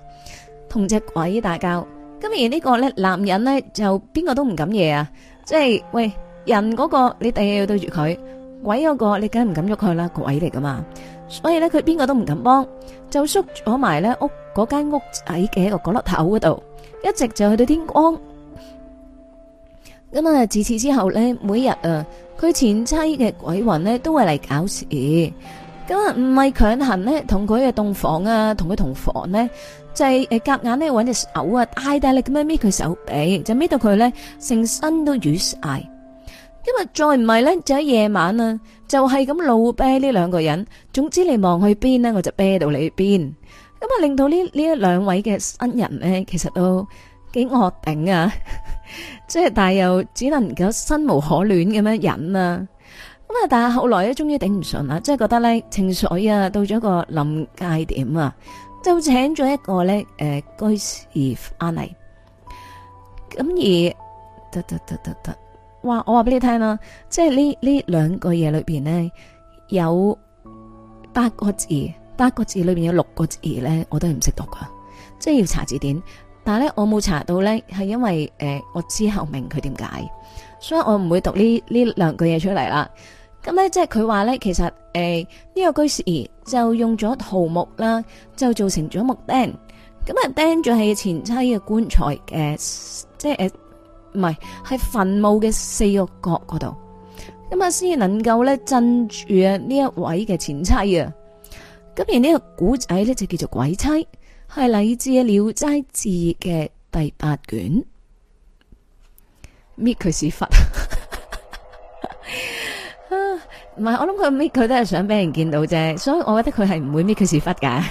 同隻鬼打交。咁而呢個呢男人呢，就邊個都唔敢嘢啊，即係喂人嗰個你哋要對住佢。鬼有、嗰個你梗係唔敢喐佢啦，鬼嚟噶嘛，所以咧佢邊個都唔敢幫，就縮咗埋咧屋嗰間屋仔嘅一個角落頭嗰度，一直就去到天光。咁啊，自此之後咧，每日啊，佢前妻嘅鬼魂咧都會嚟搞事。咁啊，唔係強行咧同佢嘅洞房啊，同佢同房咧，就係、是、夾、呃、硬咧搵隻手啊，大大力咁樣搣佢手臂，就搣到佢咧成身都瘀晒。今日再唔係咧，就喺夜晚啊，就係咁老啤呢兩個人。總之你望去邊呢，我就啤到你邊。咁、嗯、啊，令到呢呢一兩位嘅新人咧，其實都幾惡頂啊！即 係但又只能夠身無可戀咁樣忍啊。咁、嗯、啊，但係後來咧，終於頂唔順啦，即係覺得咧情緒啊，到咗個臨界點啊，就請咗一個咧誒 Grace 阿麗，咁而，得得得得得。得得話我話俾你聽啦，即係呢呢兩句嘢裏邊咧有八個字，八個字裏邊有六個字咧，我都係唔識讀噶，即係要查字典。但係咧我冇查到咧，係因為誒、呃、我之後明佢點解，所以我唔會讀呢呢兩句嘢出嚟啦。咁咧即係佢話咧，其實誒呢、呃呢個句子就用咗桃木啦，就做成咗木釘。咁、嗯、啊釘住係前妻嘅棺材嘅、呃，即係誒。唔係，係墳墓嘅四個角嗰度，咁啊先能夠咧鎮住啊呢一位嘅前妻啊。咁而這個呢個古仔咧就叫做鬼妻，係嚟自啊《聊齋志異》嘅第八卷。搣佢屎忽？唔係，我諗佢搣佢都係想俾人見到啫，所以我覺得佢係唔會搣佢屎忽嘅，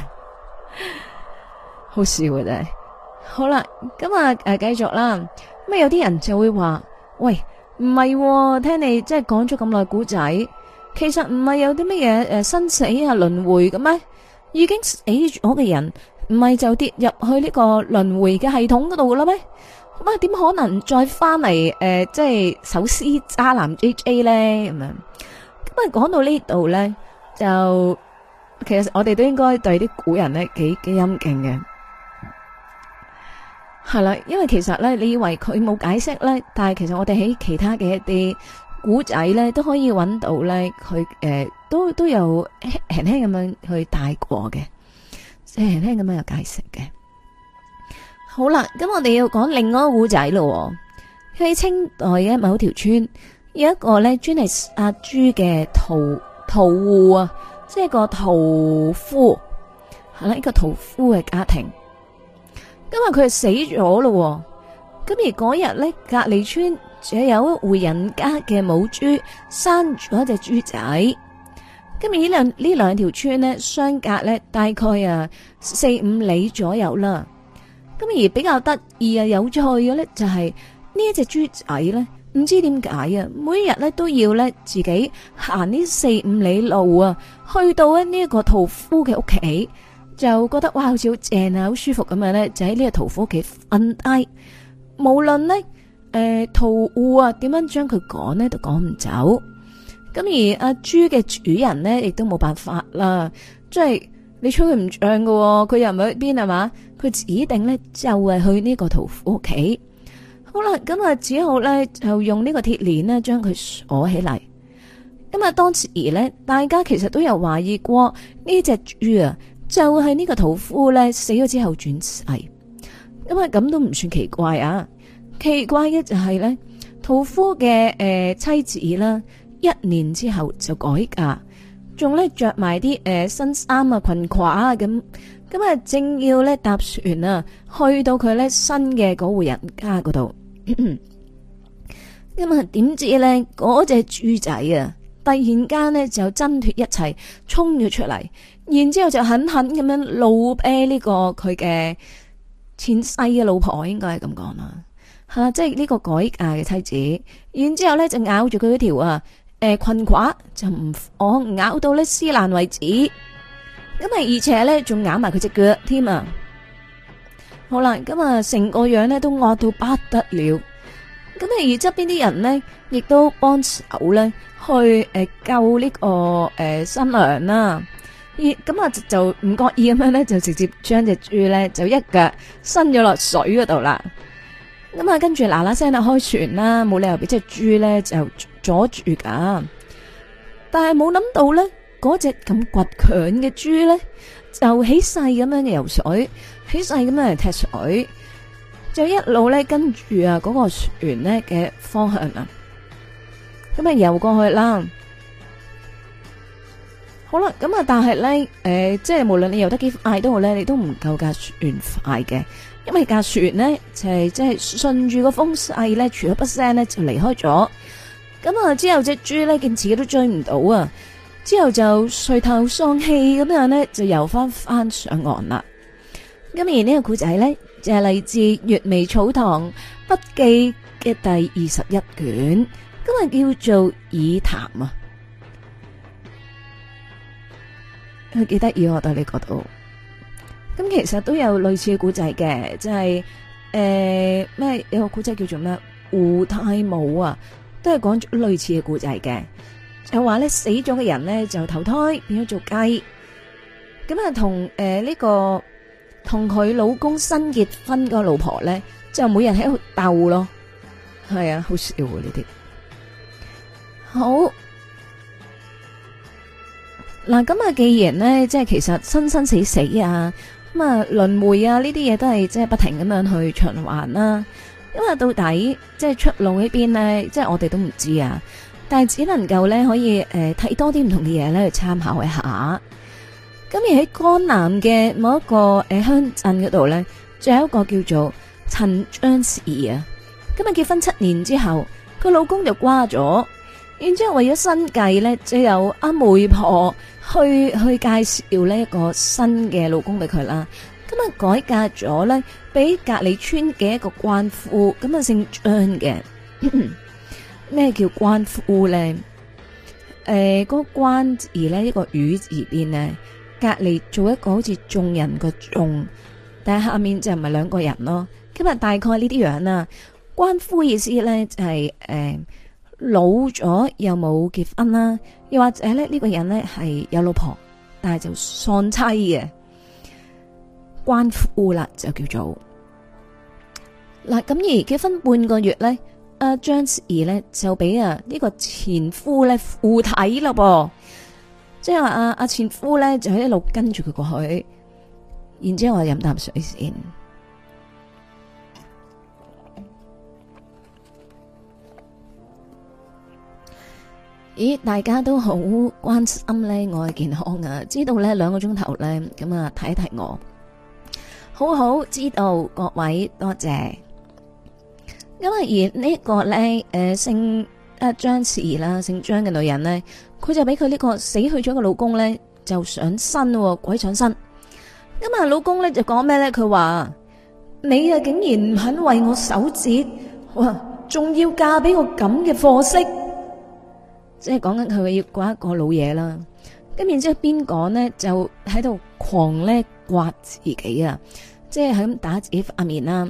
好笑嘅都係。好啦，咁啊，誒繼續啦。咩有啲人就會話喂，唔係、哦、聽你即係講咗咁耐古仔，其實唔係有啲乜嘢，誒生死啊輪迴咁咩？已經死咗嘅人唔係就跌入去呢個輪迴嘅系統嗰度噶啦咩？咁啊點可能再翻嚟誒即係手撕渣男 H A 呢？咁樣？咁啊講到呢度咧，就其實我哋都應該對啲古人咧幾幾欽敬嘅。係啦，因為其實咧，你以為佢冇解釋咧，但係其實我哋喺其他嘅一啲古仔咧，都可以揾到咧，佢、呃、誒都都有輕輕咁樣去帶過嘅，輕輕咁樣有解釋嘅。好啦，咁我哋要講另外一個古仔咯。佢喺清代嘅某條村，有一個咧專係壓豬嘅屠屠戶啊，即係個屠夫。係啦，一個屠夫嘅家庭。因為佢係死咗咯，咁而嗰日呢，隔離村就有戶人家嘅母豬生咗一隻豬仔，咁而呢兩呢兩條村呢，相隔呢大概啊四五里左右啦，咁而比較得意啊有趣嘅啊呢就係呢一隻豬仔呢。唔知點解啊，每日呢都要呢自己行呢四五里路啊，去到呢呢一個屠夫嘅屋企。就覺得哇，好似好正啊，好舒服咁樣咧，就喺呢個屠夫屋企瞓低。無論呢誒，屠戶啊，點樣將佢趕呢，都趕唔走。咁而阿豬嘅主人呢，亦都冇辦法啦，即係你吹佢唔漲噶，佢又唔係去邊係嘛？佢指定呢就係去呢個屠夫屋企。好啦，咁啊，只好咧就用呢個鐵鏈呢將佢鎖起嚟。咁啊，當時而呢，大家其實都有懷疑過呢隻豬啊。就係呢個屠夫呢，死咗之後轉世，因為咁都唔算奇怪啊。奇怪嘅就係呢，屠夫嘅誒、呃、妻子呢，一年之後就改嫁，仲呢着埋啲誒新衫啊裙褂啊咁。咁啊正要呢搭船啊去到佢呢新嘅嗰戶人家嗰度，咁啊點知呢，嗰隻豬仔啊突然間呢就掙脫一切衝咗出嚟。然之後就狠狠咁樣老啤呢個佢嘅前妻嘅老婆，應該係咁講啦吓，即係呢個改嫁嘅妻子。然之後咧就咬住佢嗰條啊誒、呃、裙褂，就唔我、哦、咬到咧撕爛為止。咁啊，而且咧仲咬埋佢隻腳添啊！好啦，咁、嗯、啊，成個樣咧都惡到不得了。咁啊，而側邊啲人呢，亦都幫手咧去誒、呃、救呢、這個誒、呃、新娘啦。咁啊就唔覺意咁樣咧，就直接將隻豬咧就一腳伸咗落水嗰度啦。咁啊，跟住嗱嗱聲啦，開船啦，冇理由俾隻豬咧就阻住噶。但係冇諗到咧，嗰隻咁倔強嘅豬咧，就起勢咁樣嘅游水，起勢咁樣嚟踢水，就一路咧跟住啊嗰個船咧嘅方向啊，咁啊游過去啦。好啦，咁啊，但係咧，誒、呃，即係無論你游得幾快都好咧，你都唔夠架船快嘅，因為架船咧就係即係順住個風勢咧，除咗筆聲咧就離開咗。咁、嗯、啊，之後隻豬咧見自己都追唔到啊，之後就垂頭喪氣咁樣咧，就游翻翻上岸啦。咁、嗯、而個呢個古仔咧就係、是、嚟自《閱微草堂筆記》嘅第二十一卷，今、嗯、日叫做《以談》啊。佢幾得意啊！我喺你嗰度，咁其實都有類似嘅古仔嘅，即係誒咩有個古仔叫做咩《胡太母》啊，都係講類似嘅古仔嘅，又話咧死咗嘅人咧就投胎變咗做雞，咁啊同誒呢個同佢老公新結婚個老婆咧，就每人喺度鬥咯，係啊，好笑啊呢啲，好。嗱，咁啊，既然咧，即係其實生生死死啊，咁啊輪回啊，呢啲嘢都係即係不停咁樣去循環啦、啊。因為到底即係出路邊呢邊咧，即係我哋都唔知啊。但係只能夠咧，可以誒睇、呃、多啲唔同嘅嘢咧去參考一下。咁而喺江南嘅某一個誒鄉鎮嗰度咧，仲、呃、有一個叫做陳張氏啊。咁啊，結婚七年之後，佢老公就瓜咗。然之後為咗生計咧，就有阿媒婆去去介紹呢一個新嘅老公俾佢啦。咁啊改嫁咗咧，俾隔離村嘅一個關夫，咁、這、啊、個、姓張嘅。咩 叫關夫咧？誒、呃，嗰、那個關字咧，一個魚字邊咧，隔籬做一個好似眾人個眾，但係下面就唔係兩個人咯。今日大概呢啲樣啦。關夫意思咧就係、是、誒。呃老咗又冇結婚啦，又或者咧呢個人咧係有老婆，但係就喪妻嘅鰥夫啦，就叫做嗱。咁而結婚半個月咧，阿張怡咧就俾啊呢個前夫咧附體咯噃，即係話啊阿前夫咧就一路跟住佢過去，然之後我飲啖水先。咦，大家都好關心呢，我嘅健康啊！知道呢兩個鐘頭呢，咁啊睇一睇我，好好知道各位多謝。因為而呢一個呢，誒姓阿張氏啦，姓張嘅女人呢，佢就俾佢呢個死去咗嘅老公呢，就上身喎，鬼上身。咁啊，老公呢就講咩呢？佢話你啊，竟然唔肯為我守節，哇，仲要嫁俾個咁嘅貨色！即係講緊佢要刮一個老嘢啦，咁然之後邊講咧，就喺度狂咧刮自己啊，即係喺打自己塊面啦，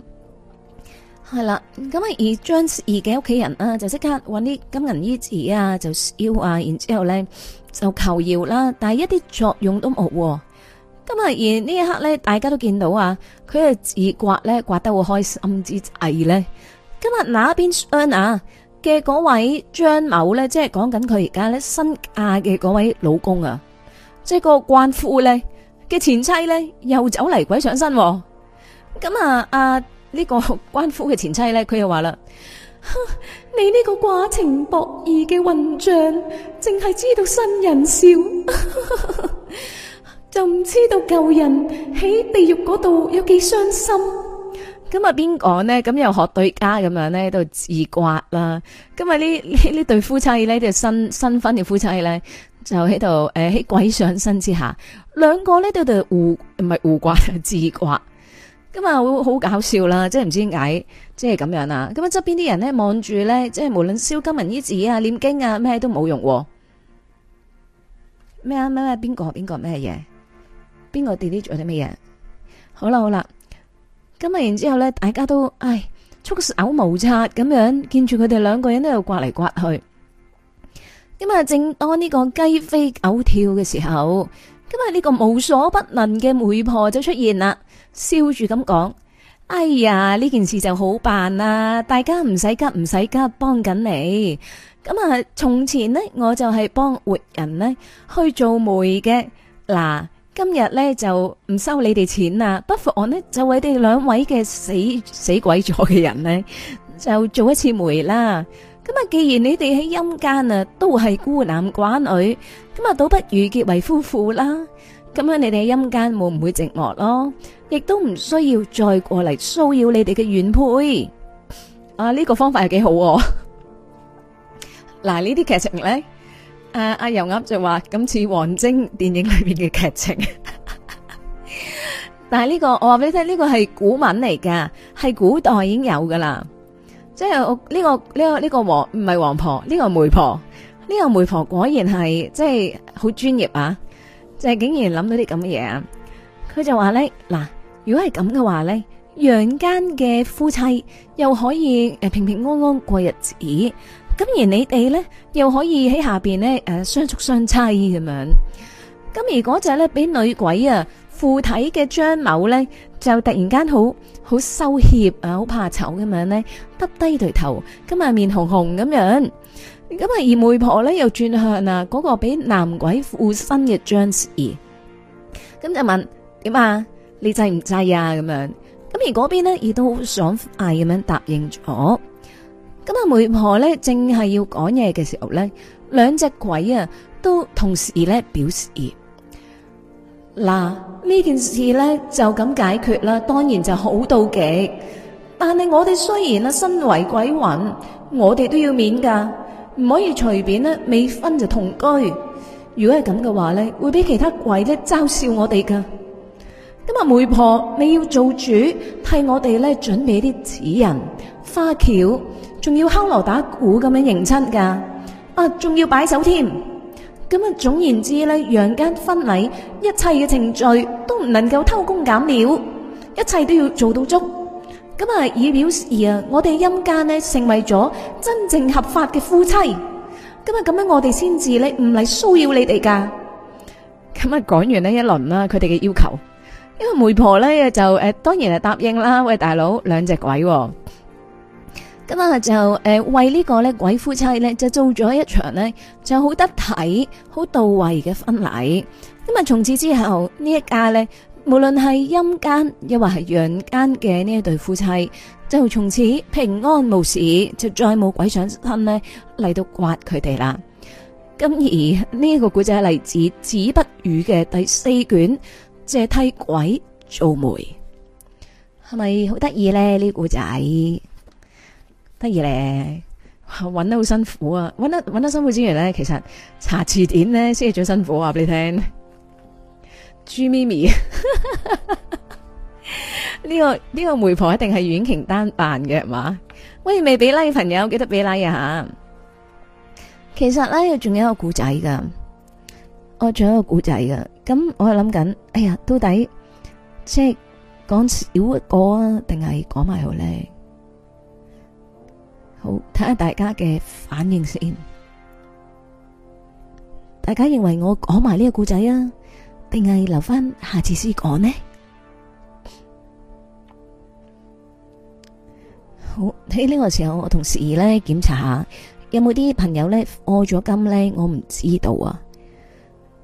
係啦，咁啊而將自己屋企人啊，就即刻揾啲金銀衣紙啊，就燒啊，然之後咧，就求饒啦，但係一啲作用都冇。今日而呢一刻咧，大家都見到啊，佢啊自刮咧刮得好開心之際咧，今日哪邊傷啊？嘅嗰位張某咧，即係講緊佢而家咧新嫁嘅嗰位老公啊，即係個鰥夫咧嘅前妻咧又走嚟鬼上身，咁啊啊呢個鰥夫嘅前妻咧，佢又話啦：你呢個寡情薄義嘅混賬，淨係知道新人笑，就唔知道舊人喺地獄嗰度有幾傷心。咁啊，邊個咧？咁又學對家咁樣咧，喺度自刮啦。今日呢呢呢對夫妻呢即係新新婚嘅夫妻咧，就喺度誒喺鬼上身之下，兩個呢都度互唔係互刮自刮，咁啊好好搞笑啦！即係唔知點解，即係咁樣啊！咁啊，側邊啲人咧望住咧，即係無論燒金銀衣紙啊、念經啊，咩都冇用。咩啊咩咩？邊個邊個咩嘢？邊個地地做啲咩嘢？好啦好啦。咁啊，然之後咧，大家都唉，束手無策咁樣，見住佢哋兩個人都喺度刮嚟刮去。咁啊，正當呢個雞飛狗跳嘅時候，咁啊，呢個無所不能嘅媒婆就出現啦，笑住咁講：，哎呀，呢件事就好辦啦，啊，大家唔使急，唔使急，幫緊你。咁啊，從前呢，我就係幫活人呢去做媒嘅，嗱。今日咧，就唔收你哋錢啦，不妨我呢就為你哋兩位嘅死死鬼咗嘅人呢，就做一次媒啦。咁啊，既然你哋喺陰間啊都係孤男寡女，咁啊倒不如結為夫婦啦。咁樣你哋喺陰間會唔會寂寞咯，亦都唔需要再過嚟騷擾你哋嘅原配。啊，呢個方法係幾好。嗱，呢啲劇情咧。誒，阿、uh, 油鴨就話：咁似王晶電影裏邊嘅劇情 但、這個，但係呢個我話俾你聽，呢個係古文嚟嘅，係古代已經有噶啦。即係我呢個呢、這個呢、這個王唔係王婆，呢、這個是媒婆，呢、這個媒婆果然係即係好專業啊！就係、是、竟然諗到啲咁嘅嘢啊！佢就話咧，嗱，如果係咁嘅話咧，陽間嘅夫妻又可以誒平平安安過日子。咁而你哋呢，又可以喺下邊呢誒，相熟相妻咁樣。咁而嗰隻呢，俾女鬼啊附體嘅張某呢，就突然間好好羞怯啊，好怕醜咁樣呢，耷低對頭，咁啊面紅紅咁樣。咁啊而媒婆呢，又轉向啊，嗰個俾男鬼附身嘅張氏，咁就問點啊，你制唔制啊？咁樣，咁而嗰邊呢，亦都好爽快咁樣答應咗。咁啊，媒婆咧正係要講嘢嘅時候咧，兩隻鬼啊都同時咧表示，嗱呢、啊、件事咧就咁解決啦，當然就好到極。但係我哋雖然啊身為鬼魂，我哋都要面噶，唔可以隨便呢未婚就同居。如果係咁嘅話咧，會俾其他鬼咧嘲笑我哋噶。今日媒婆你要做主，替我哋咧準備啲紙人花轎。仲要敲鑼打鼓咁樣迎親噶，啊，仲要擺手添，咁啊，總言之咧，陽間婚禮一切嘅程序都唔能夠偷工減料，一切都要做到足，咁啊，以表示啊，我哋陰間呢成為咗真正合法嘅夫妻，咁啊，咁樣我哋先至咧唔嚟騷擾你哋噶，咁啊，講完呢一輪啦，佢哋嘅要求，因為媒婆咧就誒，當然係答應啦，喂大，大佬，哦，兩隻鬼。咁啊，就誒為呢個咧鬼夫妻咧，就做咗一場呢就好得體、好到位嘅婚禮。咁啊，從此之後呢一家呢，無論係陰間又或係陽間嘅呢一對夫妻，就從此平安無事，就再冇鬼上身呢嚟到刮佢哋啦。咁而呢個古仔嚟自，子不語嘅第四卷借替鬼做媒，係咪好得意呢？呢古仔？呢得意咧，揾得好辛苦啊！揾得揾得辛苦之餘咧，其實查字典咧先係最辛苦啊！俾你聽，朱咪咪，呢、 這個呢，這個媒婆一定係苑瓊丹扮嘅係嘛？喂，未俾 like 嘅朋友記得俾 like 啊。吓，其實咧，仲有一個故仔噶，我仲有一個故仔噶。咁我係諗緊，哎呀到底即係講少一個啊，定係講埋好呢？好，睇下大家嘅反應先。大家認為我講埋呢個故仔啊，定係留翻下，下次先講呢？好喺呢個時候，我同時呢檢查下有冇啲朋友呢？愛咗金呢？我唔知道啊。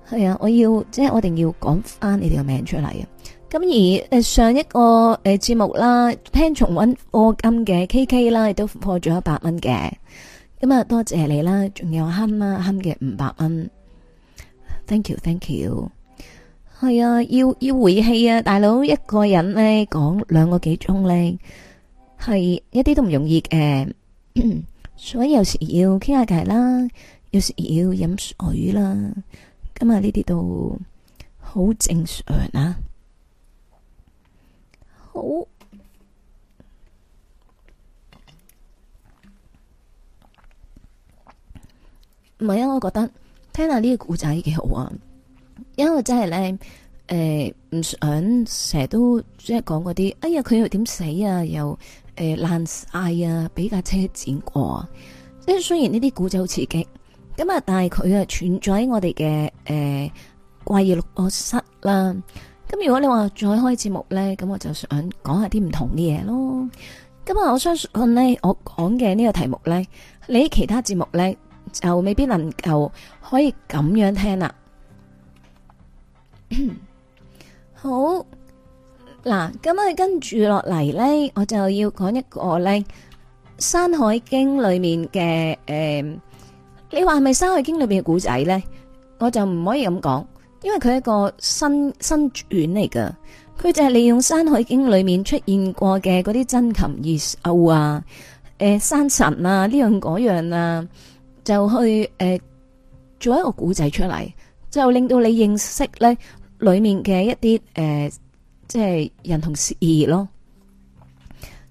係啊，我要即係我一定要講翻你哋個名出嚟啊！咁而誒，上一個誒節目啦，聽重溫課金嘅 K K 啦，亦都破咗一百蚊嘅。咁啊，多謝你啦。仲有慳啊慳嘅五百蚊，Thank you，Thank you，係 thank you 啊，要要回氣啊，大佬一個人咧講兩個幾鐘咧，係一啲都唔容易嘅。所以有時要傾下偈啦，有時要飲水啦。咁啊，呢啲都好正常啊。好，唔係啊！我覺得聽下呢個古仔幾好啊，因為真係咧，誒、呃、唔想成日都即係講嗰啲哎呀佢又點死啊，又誒爛晒啊，俾架車剪過啊！即係雖然呢啲古仔好刺激，咁啊，但係佢啊存在喺我哋嘅誒怪異錄播室啦。咁如果你話再開節目咧，咁我就想講下啲唔同啲嘢咯。咁啊，我相信咧，我講嘅呢個題目咧，你其他節目咧就未必能夠可以咁樣聽啦。好，嗱，咁啊，跟住落嚟咧，我就要講一個咧《山海經》裏面嘅誒，你話係咪《山海經》裏面嘅古仔咧？我就唔可以咁講。因為佢一個新新轉嚟㗎，佢就係利用《山海經》裏面出現過嘅嗰啲珍禽異獸啊，誒、呃、山神啊呢樣嗰樣啊，就去誒、呃、做一個古仔出嚟，就令到你認識咧裏面嘅一啲誒、呃，即係人同事業咯。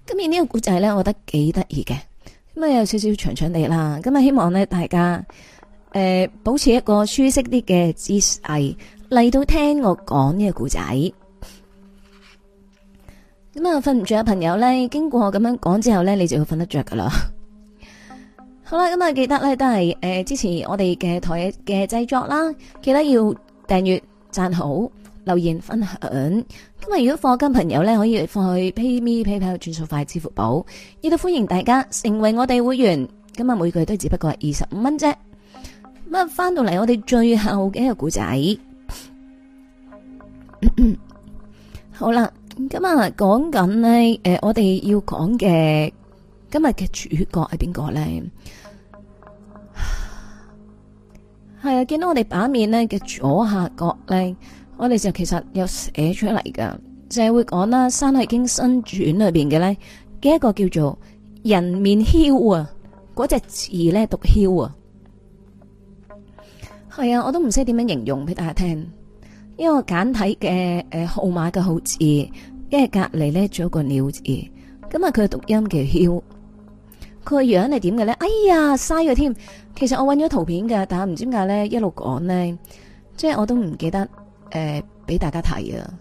今年呢個古仔咧，我覺得幾得意嘅，咁、嗯、啊有少少長長地啦，咁、嗯、啊希望咧大家。誒、呃，保持一個舒適啲嘅姿勢嚟到聽我講呢個故仔。咁啊，瞓唔着嘅朋友咧，經過咁樣講之後咧，你就要瞓得着噶啦。 好啦，咁啊，記得咧都係誒、呃、支持我哋嘅台嘅製作啦。記得要訂閱、讚好、留言、分享。咁啊，如果課金朋友咧，可以放去 PayMe PayPal 轉數快支付寶。亦都歡迎大家成為我哋會員。咁啊，每個月都只不過係二十五蚊啫。咁啊，翻到嚟我哋最後嘅一個故仔咳咳，好啦，咁啊講緊呢，誒、呃，我哋要講嘅今日嘅主角係邊個呢？係啊，見到我哋版面呢嘅左下角呢，我哋就其實有寫出嚟噶，就係、是、會講啦，《山海經新傳》裏邊嘅呢，嘅一個叫做人面梟啊，嗰隻字呢，讀梟啊。係啊，我都唔識點樣形容俾大家聽，因為我簡體嘅誒、呃、號碼嘅號字，即係隔籬咧，仲有個鳥字，咁啊佢嘅讀音叫 u，佢個樣係點嘅咧？哎呀，嘥嘅添！其實我揾咗圖片嘅，但係唔知點解咧，一路講咧，即係我都唔記得誒，俾大家睇啊！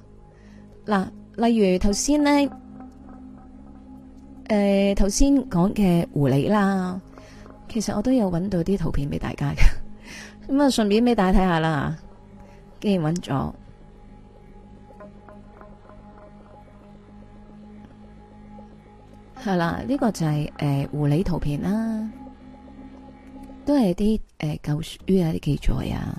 嗱，例如頭先咧，誒頭先講嘅狐狸啦，其實我都有揾到啲圖片俾大家嘅。咁啊，順便俾大家睇下啦。既然揾咗，係啦，呢、這個就係、是、誒、呃、狐狸圖片啦、啊，都係啲誒舊書啊，啲記載啊。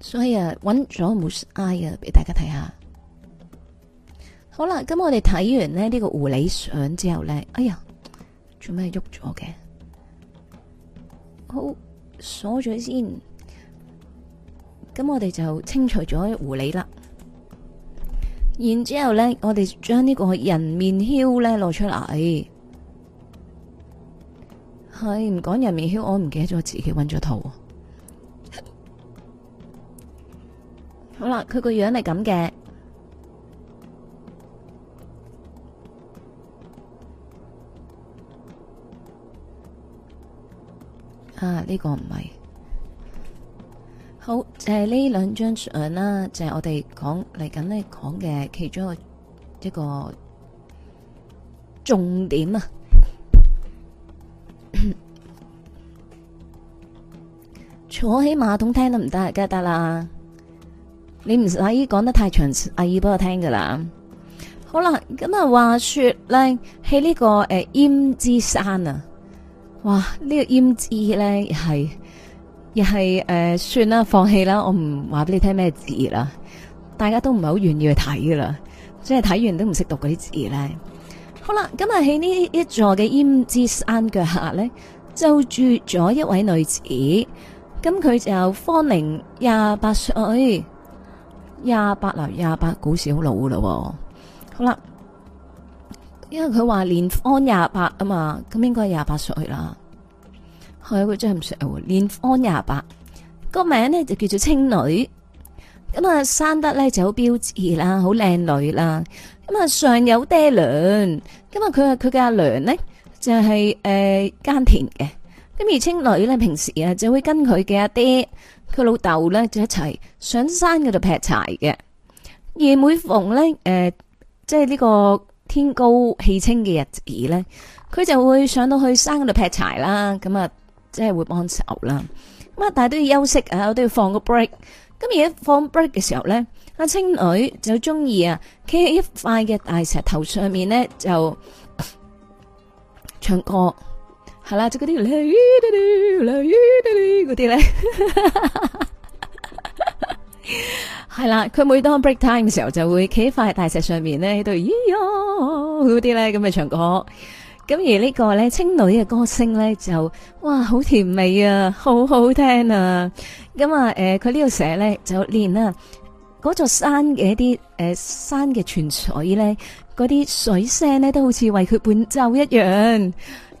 所以啊，揾咗冇 o s t 啊，俾大家睇下。好啦，咁我哋睇完咧呢、這個狐狸相之後咧，哎呀，做咩喐咗嘅？好，鎖咗先，咁我哋就清除咗狐狸啦。然之後呢，我哋將呢個人面梟呢攞出嚟，係唔講人面梟，我唔記得咗自己搵咗圖喎。好啦，佢個樣係咁嘅。啊！呢、這個唔係好就係呢兩張相啦，就係、是就是、我哋講嚟緊呢講嘅其中一個一個重點啊！ 坐喺馬桶聽都唔得，梗係得啦！你唔使阿姨講得太長，阿姨幫我聽噶啦。好啦，咁、這個、啊，話說咧喺呢個誒胭脂山啊。哇！這個、呢個胭脂咧，係亦係誒算啦，放棄啦，我唔話俾你聽咩字啦，大家都唔係好願意去睇噶啦，即係睇完都唔識讀嗰啲字咧。好啦，咁係喺呢一座嘅胭脂山腳下咧，就住咗一位女子，咁佢就芳齡廿八歲，廿八啦，廿八，古時好老噶啦、喔，好啦。因為佢話年方廿八啊嘛，咁應該廿八歲啦。係佢真係唔想。年方廿八個名咧就叫做青女。咁啊，生得咧就好標致啦，好靚女啦。咁啊，上有爹娘，咁啊，佢佢嘅阿娘咧就係誒耕田嘅。咁而青女咧平時啊就會跟佢嘅阿爹，佢老豆咧就一齊上山嗰度劈柴嘅。而每逢咧誒，即係呢個。天高氣清嘅日子呢，咧，佢就會上到去山嗰度劈柴啦，咁啊，即係會幫手啦。咁啊，但係都要休息啊，我都要放個 break。咁而家放 break 嘅時候咧，阿、啊、青女就中意啊，企喺一塊嘅大石頭上面咧，就、呃、唱歌。係啦，就嗰啲嗰啲咧。 係啦，佢每當 break time 嘅時候，就會企喺塊大石上面咧，喺度咿喲嗰啲咧咁嘅唱歌。咁而呢個咧青女嘅歌聲咧，就哇好甜美啊，好好聽啊。咁啊，誒，佢呢度寫咧就連啊嗰座山嘅一啲誒山嘅泉水咧，嗰啲水聲咧都好似為佢伴奏一樣。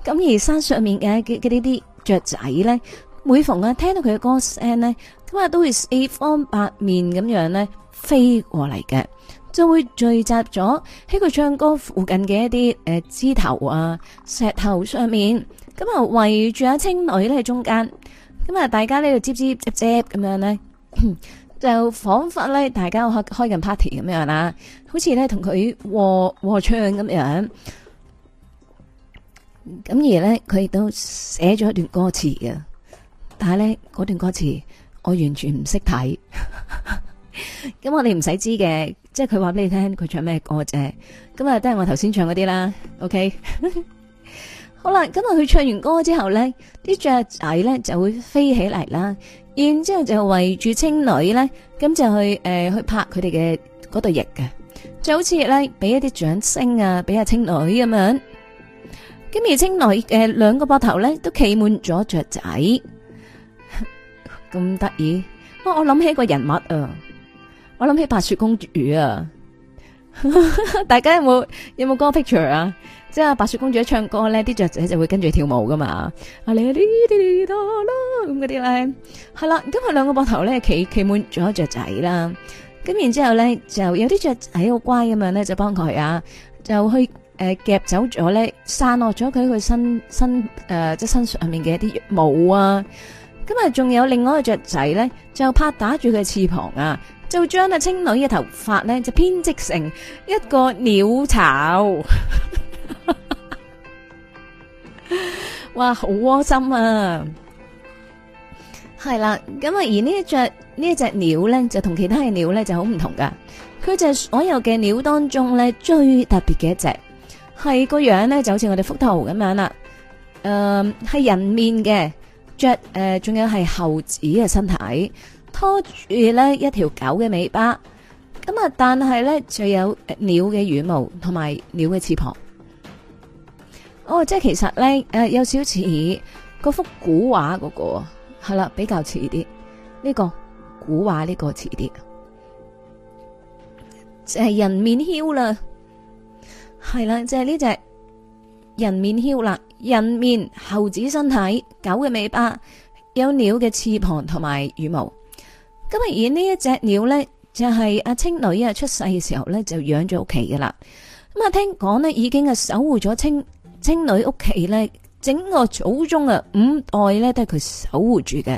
咁而山上面嘅嘅呢啲雀仔咧，每逢啊聽到佢嘅歌聲咧，咁啊，都會四方八面咁樣咧飛過嚟嘅，就會聚集咗喺佢唱歌附近嘅一啲誒枝頭啊、石頭上面，咁啊圍住阿青女咧喺中間，咁啊大家咧就接接接咁樣咧，就仿佛咧大家開開緊 party 咁樣啦，好似咧同佢和和，和，和唱咁樣。咁而咧，佢亦都寫咗一段歌詞嘅，但係咧嗰段歌詞。我完全唔識睇，咁 我哋唔使知嘅，即係佢話俾你聽佢唱咩歌啫。咁啊，都係我頭先唱嗰啲啦。OK， 好啦，咁啊，佢唱完歌之後咧，啲雀仔咧就會飛起嚟啦，然之後就圍住青女咧，咁就去誒、呃、去拍佢哋嘅嗰對翼嘅，就好似咧俾一啲掌聲啊，俾阿青女咁樣。咁而青女誒兩個膊頭咧都企滿咗雀仔。咁得意，我諗起個人物啊，我諗起白雪公主啊， 大家有冇有冇嗰個 picture 啊？即、就、係、是、白雪公主一唱歌咧，啲雀仔就會跟住跳舞噶嘛， 嗯、啊你嚟啲啲哆咁嗰啲咧，係、嗯、啦，咁佢兩個膊頭咧，企企滿咗雀仔啦，咁然之後咧，就有啲雀仔好乖咁樣咧，就幫佢啊，就去誒、呃、夾走咗咧，散落咗佢佢身身誒、呃、即係身上面嘅一啲毛啊。咁今日仲有另外一隻雀仔咧，就拍打住佢嘅翅膀啊，就將阿青女嘅頭髮咧就編織成一個鳥巢。 哇，好窩心啊！係啦，咁啊，而隻隻鳥呢一隻呢一隻鳥咧，就同其他嘅鳥咧就好唔同噶，佢就係所有嘅鳥當中咧最特別嘅一隻，係個樣咧就好似我哋幅圖咁樣啦，誒、呃，係人面嘅。着誒，仲、呃、有係猴子嘅身體，拖住咧一條狗嘅尾巴，咁啊，但係咧就有鳥嘅羽毛同埋鳥嘅翅膀。哦，即係其實咧誒、呃，有少似嗰幅古畫嗰、那個，係啦，比較似啲。呢、這個古畫呢個似啲，就係、是、人面梟啦，係啦，就係呢隻。人面梟啦，人面猴子身體，狗嘅尾巴，有鳥嘅翅膀同埋羽毛。咁啊而呢一隻鳥咧，就係、是、阿青女啊出世嘅時候呢，就養咗屋企噶啦。咁啊聽講呢，已經係守護咗青青女屋企呢，整個祖宗啊五代呢、呃，都係佢守護住嘅。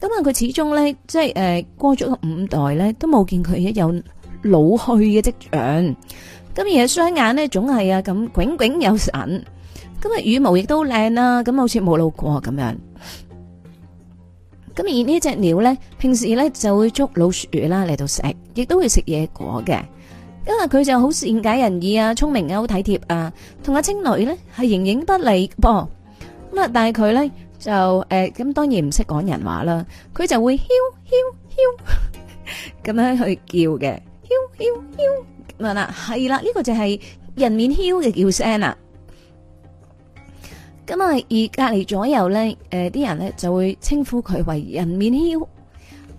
咁啊佢始終呢，即係誒過咗個五代呢，都冇見佢一有老去嘅跡象。咁而隻雙眼咧，總係啊咁炯炯有神。咁佢羽毛亦都靚啦，咁好似冇露過咁樣。咁而呢隻鳥咧，平時咧就會捉老鼠啦嚟到食，亦都會食野果嘅。因為佢就好善解人意啊，聰明啊，好體貼啊。同阿青女咧係形影不離噃。咁啊，但係佢咧就誒，咁當然唔識講人話啦。佢就會咻咻咻咁樣去叫嘅，咻咻咻。咁啊，係啦，呢個就係人面梟嘅叫聲啦。咁啊，而隔離左右咧，誒、呃，啲人咧就會稱呼佢為人面梟。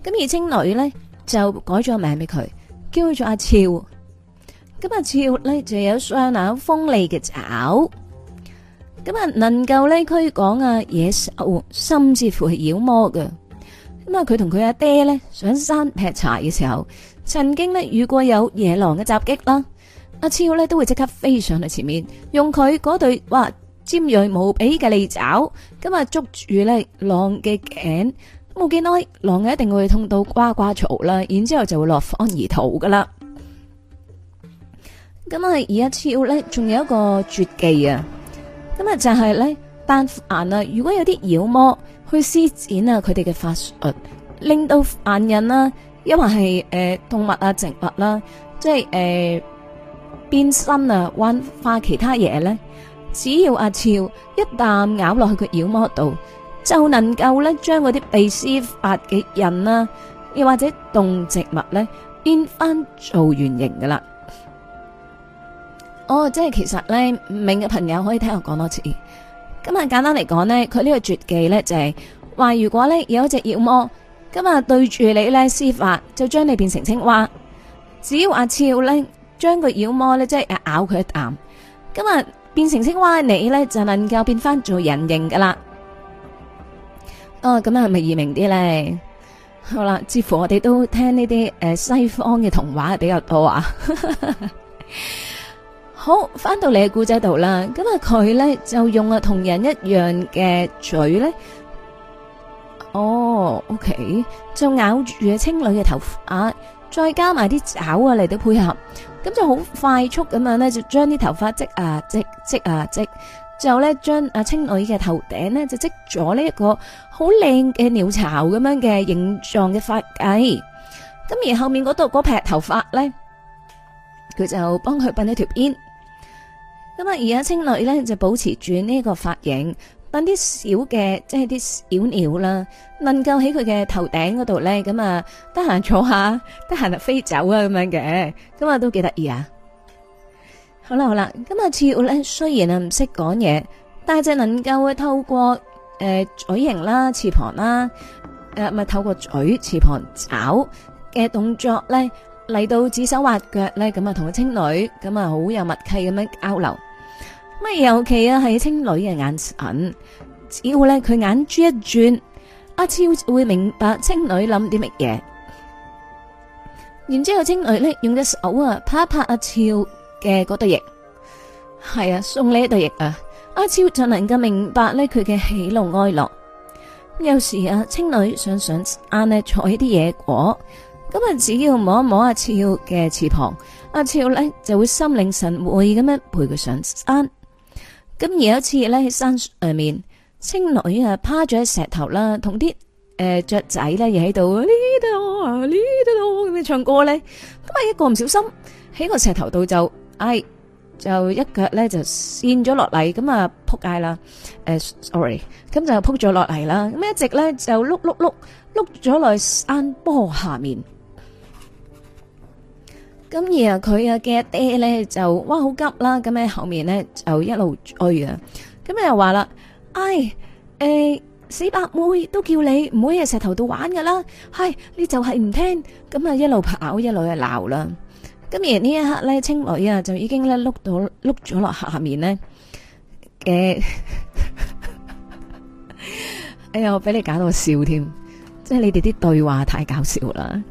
咁而青女咧就改咗名俾佢，叫做阿俏。咁阿俏咧就有雙啊鋒利嘅爪，咁啊，能夠咧驅趕啊野獸，甚至乎係妖魔嘅。咁啊，佢同佢阿爹咧上山劈柴嘅時候。曾經咧，遇過有野狼嘅襲擊啦，阿超咧都會即刻飛上嚟前面，用佢嗰對哇尖銳無比嘅利爪，今日捉住咧狼嘅頸，冇幾耐，狼一定會痛到呱呱嘈啦，然之後就會落荒而逃噶啦。咁啊，而阿超咧仲有一個絕技啊，咁啊就係、是、呢但凡啊，如果有啲妖魔去施展啊佢哋嘅法術，令到眼人啦。因為係誒動物啊植物啦、啊，即係誒、呃、變身啊，幻化其他嘢咧。只要阿、啊、俏一啖咬落去佢妖魔度，就能夠咧將嗰啲被施法嘅人啦、啊，又或者動植物咧變翻做原形噶啦。哦，即係其實咧，唔明嘅朋友可以聽我講多次。今日簡單嚟講呢，佢呢個絕技咧就係、是、話，如果咧有一隻妖魔。今日對住你咧施法，就將你變成青蛙。只要阿俏咧，將個妖魔咧即係咬佢一啖。今日變成青蛙，你咧就能夠變翻做人形噶啦。哦，咁啊係咪易明啲咧？好啦，似乎我哋都聽呢啲誒西方嘅童話係比較多啊。好，翻到你嘅故仔度啦。咁啊，佢咧就用啊同人一樣嘅嘴咧。哦、oh，OK，就咬住青女嘅頭髮，再加埋啲爪啊嚟到配合，咁就好快速咁樣呢，就將啲頭髮織啊織織啊織，最咧、啊啊、將阿青女嘅頭頂呢，就織咗呢一個好靚嘅鳥巢咁樣嘅形狀嘅髮髻，咁而後面嗰度嗰撇頭髮呢，佢就幫佢扮咗條辮。咁啊而家青女呢，就保持住呢個髮型。但啲小嘅，即係啲小鳥啦，能夠喺佢嘅頭頂嗰度咧，咁啊，得閒坐下，得閒就飛走啊，咁樣嘅，咁啊都幾得意啊！好啦好啦，咁啊，鳥咧雖然啊唔識講嘢，但係只能夠透過誒、呃、嘴型啦、翅膀啦，誒、呃、咪透過嘴、翅膀、爪嘅動作咧嚟到指手畫腳咧，咁啊同個青女，咁啊好有默契咁樣交流。乜尤其啊，係青女嘅眼神，只要咧佢眼珠一轉，阿超就會明白青女諗啲乜嘢。然之後青女呢用隻手啊拍一拍阿超嘅嗰對翼，係啊，送你一對翼啊，阿超就能夠明白呢佢嘅喜怒哀樂。有時啊，青女想上山呢採啲野果，咁啊只要摸一摸阿超嘅翅膀，阿超呢就會心領神會咁樣陪佢上山。咁有一次咧喺山上面，青女啊趴咗喺石頭啦，同啲誒雀仔咧又喺度呢度呢度，咁樣唱歌咧。咁啊一個唔小心喺個石頭度就哎就一腳咧就跣咗落嚟，咁啊扑街啦！誒，sorry，咁就扑咗落嚟啦。咁啊一直咧就碌碌碌碌咗落山坡下面。咁而啊，佢啊嘅阿爹咧就哇好急啦，咁喺後面咧就一路追啊，咁樣又話啦，唉誒死八妹都叫你唔好喺石頭度玩噶啦，係你就係唔聽，咁啊一路跑一路啊鬧啦，咁而呢一刻咧，青女啊就已經咧碌到碌咗落下面咧嘅，哎呀我俾你搞到笑添，即係你哋啲對話太搞笑啦。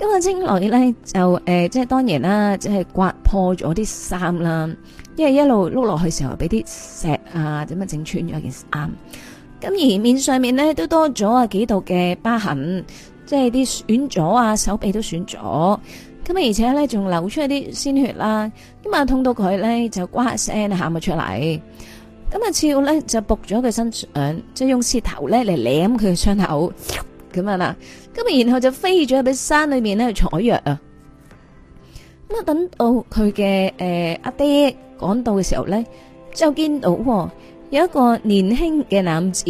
咁啊！清落嚟咧就誒、呃，即係當然啦，即係刮破咗啲衫啦，因為一路碌落去時候，俾啲石啊點樣整穿咗件衫。咁而面上面咧都多咗啊幾度嘅疤痕，即係啲損咗啊手臂都損咗。咁啊而且咧仲流出一啲鮮血啦，咁啊痛到佢咧就呱聲喊咗出嚟。咁啊俏咧就撲咗佢身上，上即係用舌頭咧嚟舐佢嘅傷口。咁啊啦，咁啊然後就飛咗去俾山裏面咧去採藥啊。咁啊等到佢嘅誒阿爹趕到嘅時候咧，就見到有一個年輕嘅男子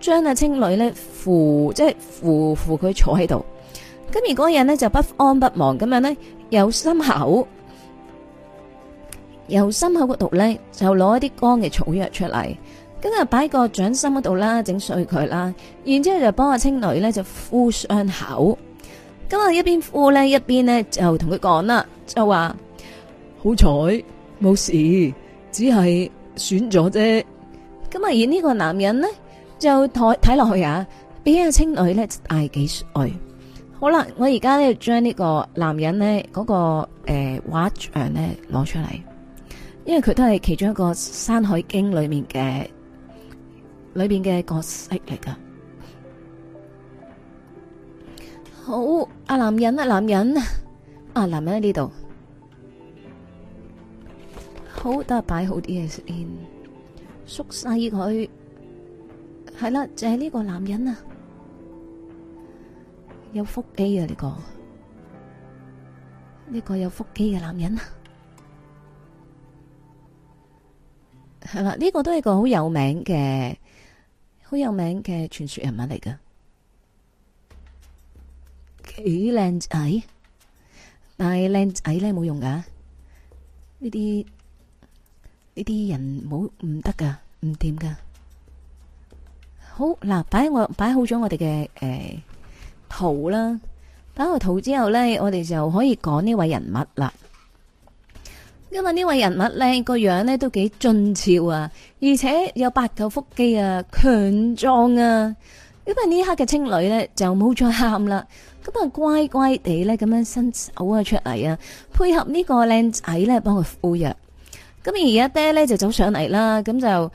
將阿青女咧扶，即係扶扶佢坐喺度。咁而嗰人咧就不安不忙，咁樣咧由心口由心口嗰度咧就攞一啲乾嘅草藥出嚟。今日擺個掌心嗰度啦，整碎佢啦，然之後就幫阿青女咧就敷傷口。咁啊，一邊敷咧，一邊咧就同佢講啦，就話好彩冇事，只係損咗啫。咁啊，而呢個男人咧就睇睇落去啊，比起呢個青女咧大幾歲。好啦，我而家咧將呢個男人咧嗰個誒畫像咧攞出嚟，因為佢都係其中一個山海經裏面嘅。裏邊嘅角色嚟㗎，好啊，男人啊，男人啊，啊男人喺呢度，好都係擺好啲嘢先，縮晒佢，係啦，就係呢個男人啊，有腹肌啊呢個，呢個有腹肌嘅男人，係啦，呢個都係個好有名嘅，好有名嘅傳說人物嚟噶，幾靚仔，但係靚仔咧冇用噶，呢啲呢啲人冇唔得噶，唔掂噶。好嗱，擺我擺好咗我哋嘅誒圖啦，擺好圖之後咧，我哋就可以講呢位人物啦。因為呢位人物咧個樣咧都幾俊俏啊，而且有八嚿腹肌啊，強壯啊。因為呢刻嘅青女咧就冇再喊啦，咁啊乖乖地咧咁樣伸手啊出嚟啊，配合呢個靚仔咧幫佢敷藥。咁而家爹咧就走上嚟啦，咁就誒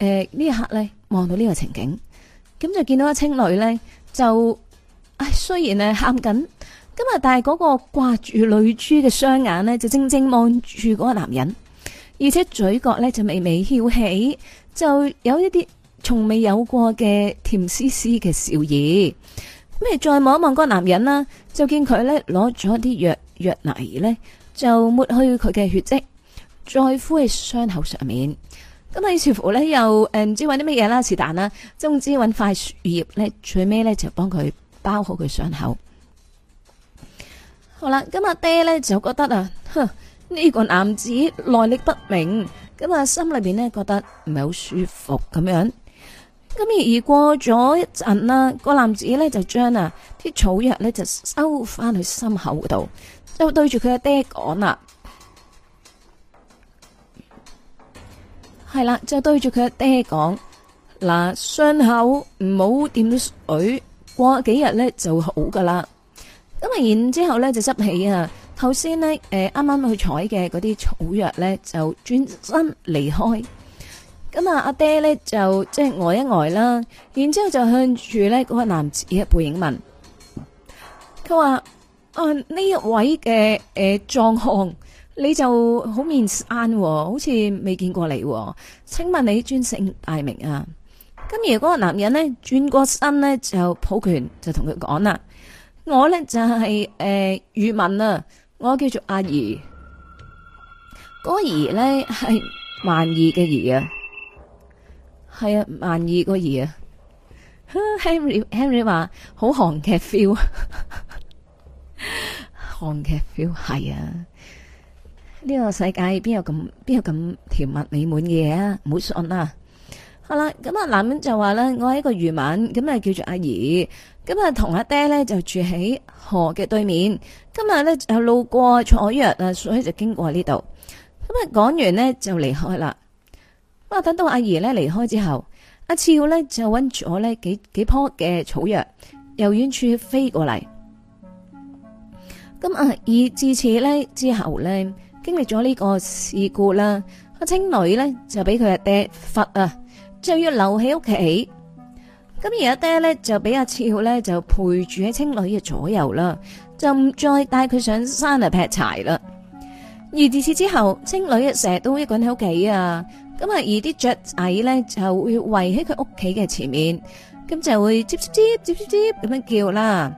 呢一刻咧望到呢個情景，咁就見到阿青女咧就唉，雖然咧喊緊。咁啊！但係嗰個掛住女豬嘅雙眼咧，就正正望住嗰個男人，而且嘴角咧就微微翹起，就有一啲從未有過嘅甜絲絲嘅笑意。咁再望一望嗰個男人啦，就見佢咧攞咗一啲藥藥泥咧，就抹去佢嘅血跡，再敷喺傷口上面。咁啊，似乎咧又誒唔知搵啲乜嘢啦，是但啦，總之搵塊樹葉咧，最尾咧就幫佢包好佢傷口。好啦，咁阿爹咧就覺得啊，哼，呢、這個男子來歷不明，咁啊心裏邊呢覺得唔係好舒服咁樣。咁而過咗一陣啦，個男子呢就將啊啲草藥呢就收翻去心口度，就對住佢阿爹講啦，係啦，就對住佢阿爹講，嗱，傷口唔好掂到水，過幾日呢就好噶啦。咁啊！然之後咧就執起啊，頭先呢，誒，啱啱去採嘅嗰啲草藥咧就轉身離開。咁啊，阿爹咧就即係呆一呆啦。然之後就向住咧嗰個男子嘅背影問：佢話：，啊呢一位嘅誒壯漢，你就好面生，好似未見過你。請問你尊姓大名啊？咁而嗰個男人呢，轉過身呢，就抱拳就同佢講啦。我呢就係、是、誒、呃、語文啊，我叫做阿儀。嗰個儀呢係萬儀嘅儀啊，係啊萬儀個儀啊 ，Henry Henry 話好韓劇 feel，韓劇 feel 係啊，呢、呢個世界邊有咁邊有咁甜蜜美滿嘅嘢啊，唔好信啦，啊。好啦，咁啊，男人就話咧，我係一個漁民，咁啊，叫做阿姨咁啊，同阿爹咧就住喺河嘅對面。今日咧，就路過採藥啊，所以就經過呢度。咁啊，講完咧就離開啦。咁啊，等到阿姨咧離開之後，阿俏咧就搵住呢幾幾棵嘅草藥，由遠處飛過嚟。咁啊，而自此咧之後咧，經歷咗呢個事故啦，阿青女咧就俾佢阿爹罰啊。就要留喺屋企，咁而阿爹咧就俾阿俏咧就陪住喺青女嘅左右啦，就唔再帶佢上山嚟劈柴啦。而自此之後，青女啊成日都一個人喺屋企啊，咁啊而啲雀仔咧就會圍喺佢屋企嘅前面，咁就會吱吱吱吱吱吱咁樣叫啦。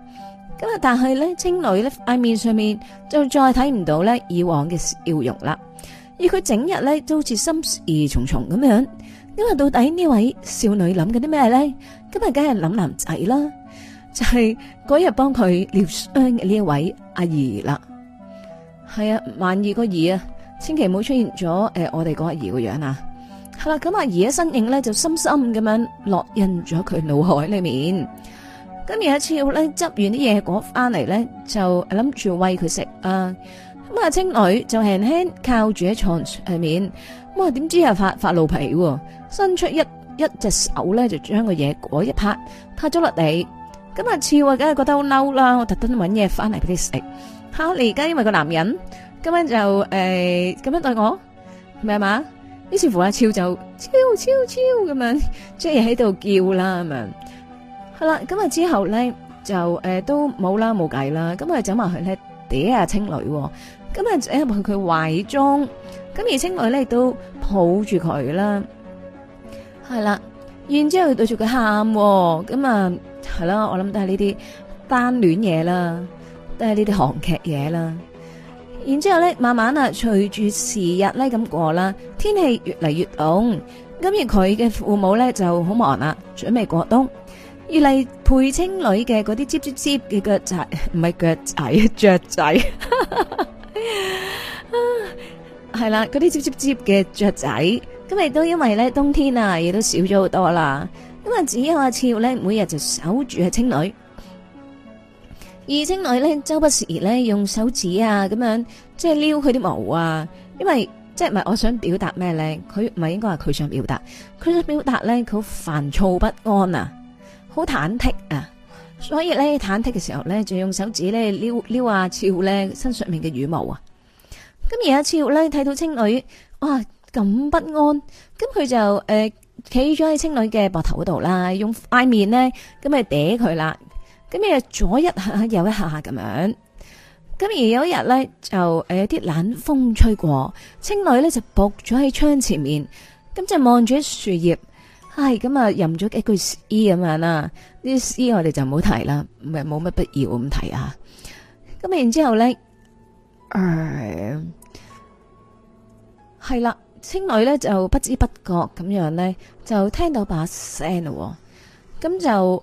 咁啊，但係咧，青女咧塊面上面就再睇唔到咧以往嘅笑容啦，而佢整日咧都好似心事重重咁樣。因為到底呢位少女諗緊啲咩咧？今日梗係諗男仔啦，就係嗰日幫佢療傷嘅呢一位阿姨啦。係啊，萬二個姨啊，千祈唔好出現咗誒、呃，我哋嗰阿姨個樣啊。係啦，咁阿姨嘅身影咧就深深咁樣烙印咗佢腦海裏面。咁有一次超咧執完啲嘢果翻嚟咧，就諗住餵佢食。啊、呃，咁啊，青女就輕輕靠住喺床上面。咁啊，點知又發發露皮皮？伸出一一隻手咧，就將個嘢嗰一拍拍咗落地。咁阿俏啊，梗係覺得好嬲啦。我特登揾嘢翻嚟俾你食吓。你而家因為個男人咁樣就誒咁樣對我，明嘛？於是乎，阿俏就超超超咁樣即係喺度叫啦咁樣。係啦，咁啊之後咧就誒都冇啦，冇計啦。咁啊走埋去咧，嗲阿青女。咁啊，誒入去佢懷中，咁而青女咧亦都抱住佢啦。係啦，然之後對住佢喊，咁啊係啦，我諗都係呢啲單戀嘢啦，都係呢啲韓劇嘢啦。然之後咧，慢慢啊，隨住時日咧、啊、咁過啦，天氣越嚟越凍，咁而佢嘅父母咧就好忙啦、啊，準備過冬。越嚟配青女嘅嗰啲尖尖尖嘅腳仔，唔係腳仔，雀仔，係 啦， 嗰啲尖尖尖嘅雀仔。咁亦都因為咧冬天啊，亦都少咗好多啦。因啊，只有阿俏咧每日就守住阿青女，而青女咧周不時咧用手指啊咁樣，即係撩佢啲毛啊。因為即係唔係我想表達咩咧？佢唔係應該係佢想表達，佢想表達咧佢好煩躁不安啊，好忐忑啊。所以咧忐忑嘅時候咧，就用手指咧撩撩阿俏咧身上面嘅羽毛啊。咁而阿俏咧睇到青女，哇！咁不安，咁佢就誒企咗喺青女嘅膊頭度啦，用塊面呢咁啊嗲佢啦，咁啊左一下右一下下咁樣，咁而有一日呢，就誒有啲、呃、冷風吹過，青女呢就伏咗喺窗前面，咁就望住啲樹葉，唉，咁啊吟咗幾句詩咁樣啦，呢詩我哋就唔好提啦，唔係冇乜必要咁提啊，咁然之後呢誒係啦。呃青女咧就不知不覺咁樣呢，就聽到把聲喎。咁就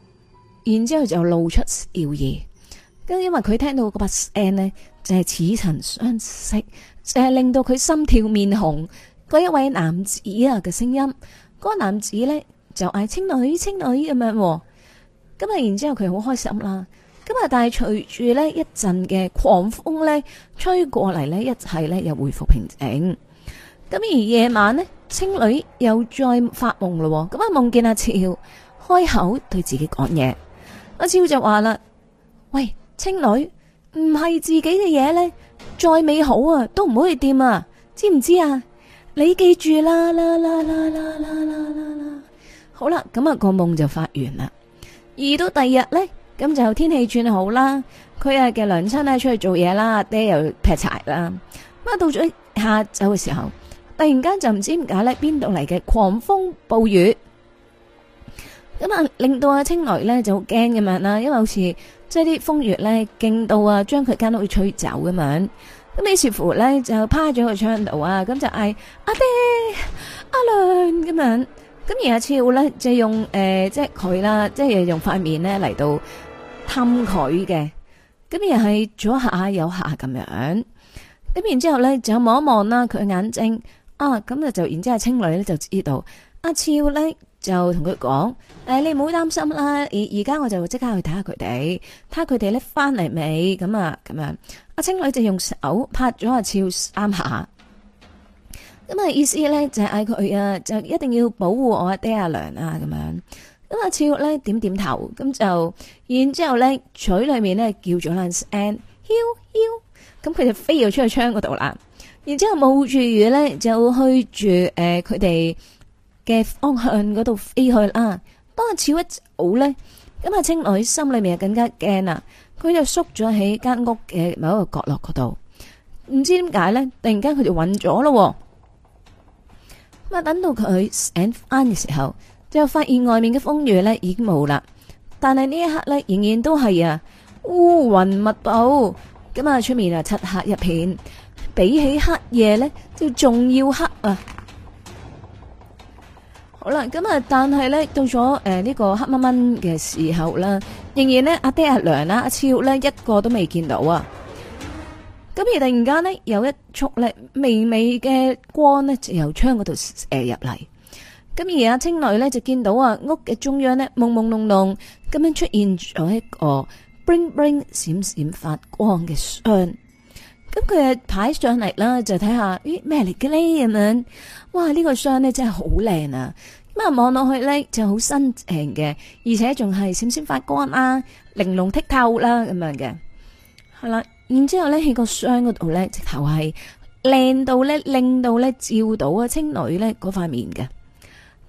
然之後就露出笑意。咁因為佢聽到嗰把聲呢，就係似曾相識，就係令到佢心跳面紅。嗰一位男子啊嘅聲音，嗰、嗰個男子呢，就嗌青女，青女咁樣。咁啊然之後佢好開心啦。咁啊但係隨住呢一陣嘅狂風呢，吹過嚟呢，一切呢又恢復平靜。咁而夜晚呢，青女又再發夢咯，咁啊夢見阿俏開口對自己講嘢，阿俏就話啦，喂，青女，唔係自己嘅嘢呢，再美好啊，都唔可以掂啊，知唔知啊？你記住啦啦啦啦啦啦啦啦啦，好啦，咁、那、啊個夢就發完啦。而到第二日呢，咁就天氣轉好啦，佢啊嘅娘親呀出去做嘢啦，爹又劈柴啦，咁啊到咗下晝嘅時候。突然間就唔知點解咧，邊度嚟嘅狂風暴雨，咁啊令到阿青雷咧就好驚咁樣啦，因為好似即係啲風雨咧勁到啊，將佢間屋吹走咁樣。咁於是乎咧就趴咗個窗度啊，咁就嗌阿爹阿娘咁樣。咁而阿超咧就用誒即係佢啦，即係用塊面咧嚟到氹佢嘅。咁又係左下右下咁樣。咁然之後咧就望一望啦，佢眼睛。啊，咁啊就然之後青女咧就知道，阿超咧就同佢講，誒、哎、你唔好擔心啦，而而家我就即刻去睇下佢哋，睇下佢哋咧翻嚟未，咁啊咁樣，阿、啊、青女就用手拍咗阿超三，啱下，咁啊意思咧就係嗌佢啊，就一定要保護我阿爹阿娘啊咁樣，咁、啊、阿超咧點點頭，咁就然之後咧嘴裏面咧叫咗一聲，咻咻，咁佢就飛咗出去窗嗰度啦。然之後冒住雨咧，就去住誒佢哋嘅方向嗰度飛去啦。當係朝一早咧，咁啊青女心裏面更加驚啦，佢就縮咗喺間屋嘅某一個角落嗰度。唔知點解咧，突然間佢就暈咗咯。咁啊等到佢醒翻嘅時候，就發現外面嘅風雨咧已經冇啦，但係呢一刻咧仍然都係啊烏雲密布，咁啊出面啊漆黑一片。比起黑夜咧，都仲要黑啊！好啦，咁啊，但係咧，到咗誒呢個黑掹掹嘅時候啦，仍然咧阿爹阿娘啦阿超咧一個都未見到啊！咁而突然間咧有一束咧微微嘅光咧就由窗嗰度射入嚟，咁而阿青女咧就見到啊屋嘅中央咧朦朦朧朧咁樣出現咗一個 bling bling 閃閃發光嘅箱。咁佢啊，排上嚟啦，就睇下咦咩嚟嘅咧？咁樣哇，呢個箱咧真係好靚啊！咁啊，望落去咧就好新淨嘅，而且仲係閃閃發光啊，玲瓏剔透啦，咁樣嘅係啦。然之後咧，喺個箱嗰度咧，直頭係靚到咧，令到咧照到啊青女咧嗰塊面嘅。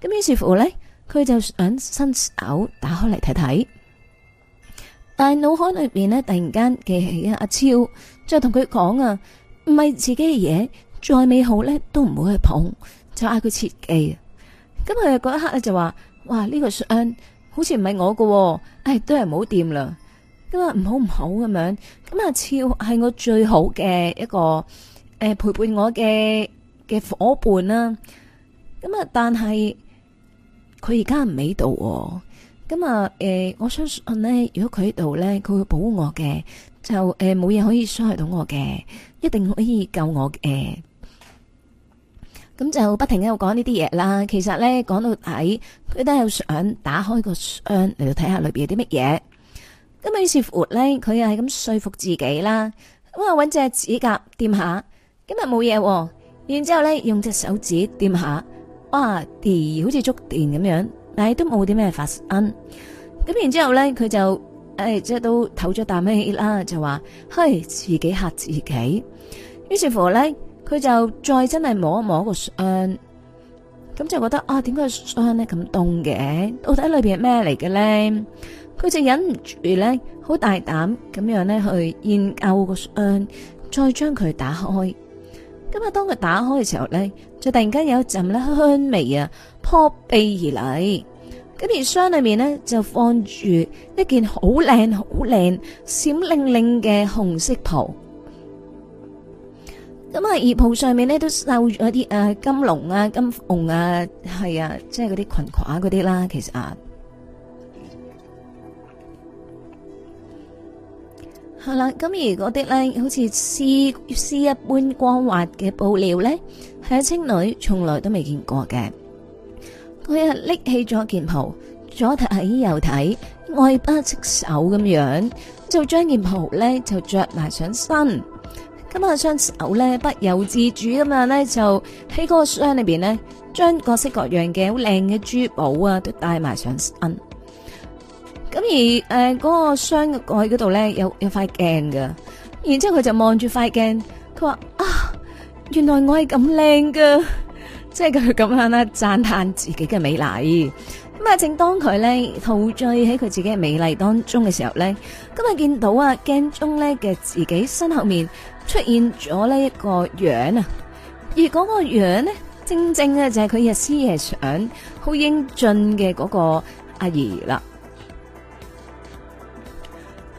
咁於是乎咧，佢就想伸手打開嚟睇睇，但係腦海裏邊咧突然間記起阿阿超。就同佢講啊，唔係自己嘅嘢，再美好咧都唔好去碰，就嗌佢切記。咁佢嗰一刻咧就話：哇，呢、這個傷好似唔係我嘅、哦，唉、哎，都係唔、嗯、好掂啦。咁、嗯、啊，唔好唔好咁樣。咁阿超係我最好嘅一個誒、呃，陪伴我嘅嘅伙伴啦。咁啊，嗯、但係佢而家唔喺度。咁、哦嗯、啊，誒、呃，我相信咧，如果佢喺度咧，佢會保護我嘅。就誒，冇、呃、嘢可以傷害到我嘅，一定可以救我嘅。咁、呃、就不停喺度講呢啲嘢啦。其實咧，講到底佢都有想打開個箱嚟到睇下裏邊有啲乜嘢。咁於是乎咧，佢又係咁說服自己啦。咁啊，搵隻指甲掂下，今日冇嘢。然之後咧，用隻手指掂下，哇，好似觸電咁樣，但係都冇啲咩發生。咁然之後咧，佢就。誒，即係都唞咗啖氣啦，就話係自己吓自己。於是乎咧，佢就再真係摸一摸個箱，咁就覺得啊，點解個箱咧咁凍嘅？到底裏邊係咩嚟嘅咧？佢就忍唔住咧，好大膽咁樣咧去研究個箱，再將佢打開。咁啊，當佢打開嘅時候咧，就突然間有一陣咧香味啊，撲鼻而嚟。咁而箱裏面咧就放住一件好靚好靚閃亮亮嘅紅色袍，咁啊而袍上面咧都繡住一啲啊金龍啊金鳳啊係啊，即係嗰啲裙褂嗰啲啦，其實啊，係啦，咁而嗰啲咧好似絲絲一般光滑嘅布料咧，係青女從來都未見過嘅。佢啊拎起咗件袍，左睇右睇，愛不釋手咁樣，就將件袍咧就着埋上身。咁啊雙手咧不由自主咁樣咧，就喺嗰個箱裏邊咧，將各式各樣嘅好靚嘅珠寶啊都戴埋上身。咁而誒嗰個箱蓋嗰度咧有有塊鏡噶，然之後佢就望住塊鏡，佢話啊，原來我係咁靚噶。即係佢咁樣咧讚嘆自己嘅美麗，咁啊！正當佢咧陶醉喺佢自己嘅美麗當中嘅時候咧，今日見到啊鏡中咧嘅自己身後面出現咗呢一個樣啊，而嗰個樣咧正正咧就係佢日思夜想、好英俊嘅嗰個阿姨啦，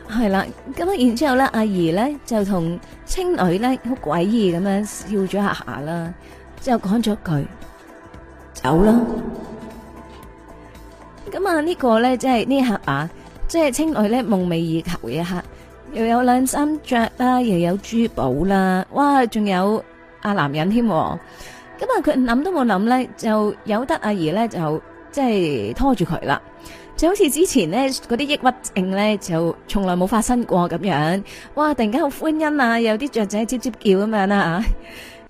係啦。咁啊，然之後咧，阿姨咧就同青女咧好詭異咁樣笑咗一下下啦。之後講咗句走啦，咁啊、這個、呢個咧即係呢一刻，啊，即係青女咧夢寐以求嘅一刻，又有兩身着啦，又有珠寶啦，啊，哇，仲有阿、啊、男人添，咁啊佢諗都冇諗咧，就有得阿姨咧就即係拖住佢啦，就好似之前咧嗰啲抑鬱症咧就從來冇發生過咁樣，哇，突然間好歡欣啊，有啲雀仔嘰嘰叫咁樣啦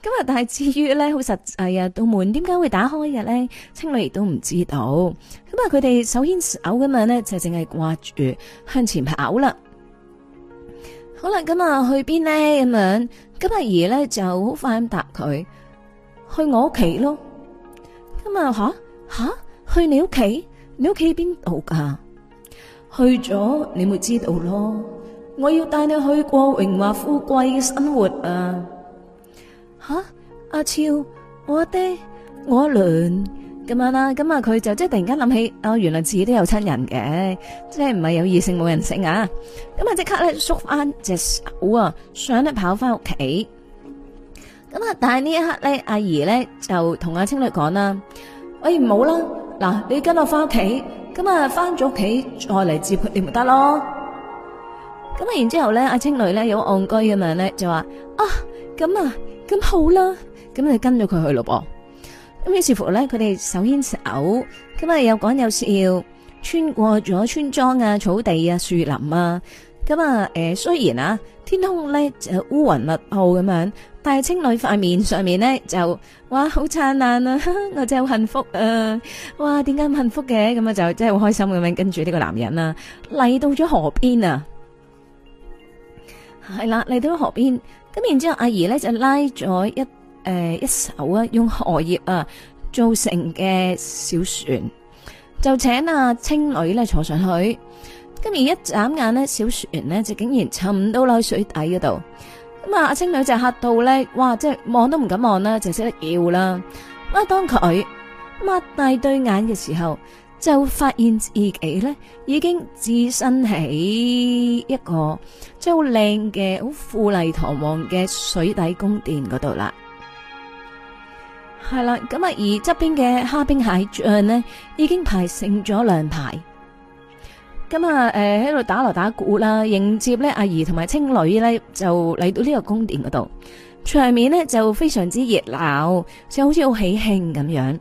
今日但係至於咧，好實際呀，道門點解會打開嘅咧？青女亦都唔知道。咁啊，佢哋手牽手咁樣咧，就淨係掛住向前跑啦。好啦，咁啊去邊呢？咁樣，今日爺咧就好快咁答佢：去我屋企咯。咁啊吓吓，啊，去你屋企？你屋企邊度噶？去咗你咪知道咯。我要帶你去過榮華富貴嘅生活啊！吓！阿超，我爹，我娘咁樣啦，咁啊佢就即係突然間諗起，啊、哦、原來自己都有親人嘅，即係唔係有異性冇人性啊！咁啊即刻咧縮翻隻手啊，想咧跑翻屋企。咁啊，但係呢一刻咧，阿姨咧就同阿青女講啦，喂，唔好啦，嗱你跟我翻屋企，咁啊翻咗屋企再嚟接你咪得咯。咁啊，然之後咧，阿青女咧有戇居咁樣咧就話，啊咁啊！咁好啦，咁你跟咗佢去咯噃，咁於是乎咧，佢哋手牽手，咁啊又講又笑，穿過咗村莊啊、草地啊、樹林啊，咁啊誒、呃，雖然啊天空咧誒烏雲密布咁樣，但係青女塊面上面咧就哇好燦爛啊哈哈，我真係好幸福啊！哇，點解咁幸福嘅？咁啊就真係好開心咁樣跟住呢個男人、啊來啊、啦，嚟到咗河邊啊，係啦嚟到河邊。咁然之後，阿姨咧就拉咗一誒、呃、一艘啊，用荷葉啊做成嘅小船，就請阿青女咧坐上去。咁而一眨眼咧，小船咧就竟然沉到落去水底嗰度。咁啊，阿青女就嚇到咧，哇！即係望都唔敢望啦，就識得叫啦。啊，當佢擘大對眼嘅時候。就發現自己呢已經置身喺一個即係好靚嘅、好富麗堂皇嘅水底宮殿嗰度啦。係啦，咁啊，而側邊嘅蝦兵蟹將呢已經排成咗兩排。咁、嗯、啊，誒喺度打鑼打鼓啦，迎接呢阿怡同埋青女呢就嚟到呢個宮殿嗰度，場面呢就非常之熱鬧，就好似好喜慶咁樣。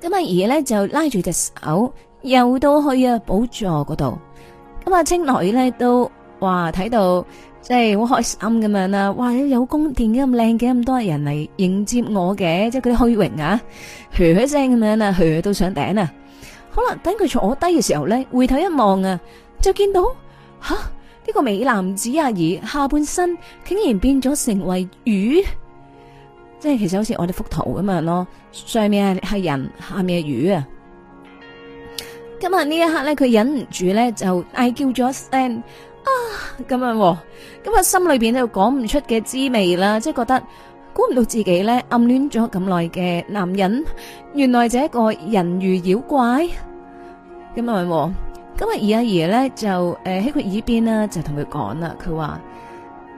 咁阿兒咧就拉住隻手游到去啊寶座嗰度，咁阿青女咧都話睇到即係好開心咁樣啦，哇，有有宮殿嘅咁靚嘅咁多人嚟迎接我嘅，即係佢啲虛榮啊，噓噓聲咁樣啊，噓到都想頂啊！好啦，等佢坐低嘅時候咧，回頭一望啊，就見到吓呢個美男子阿兒下半身竟然變咗成為魚。即係其實好似我哋幅圖咁樣咯，上面係人，下面係魚啊。今日呢一刻咧，佢忍唔住咧就嗌叫咗一聲啊！咁樣，咁啊心裏邊就講唔出嘅滋味啦，即係覺得估唔到自己咧暗戀咗咁耐嘅男人，原來就一個人魚妖怪咁樣。咁啊二阿爺咧就誒喺佢耳邊咧就同佢講啦，佢話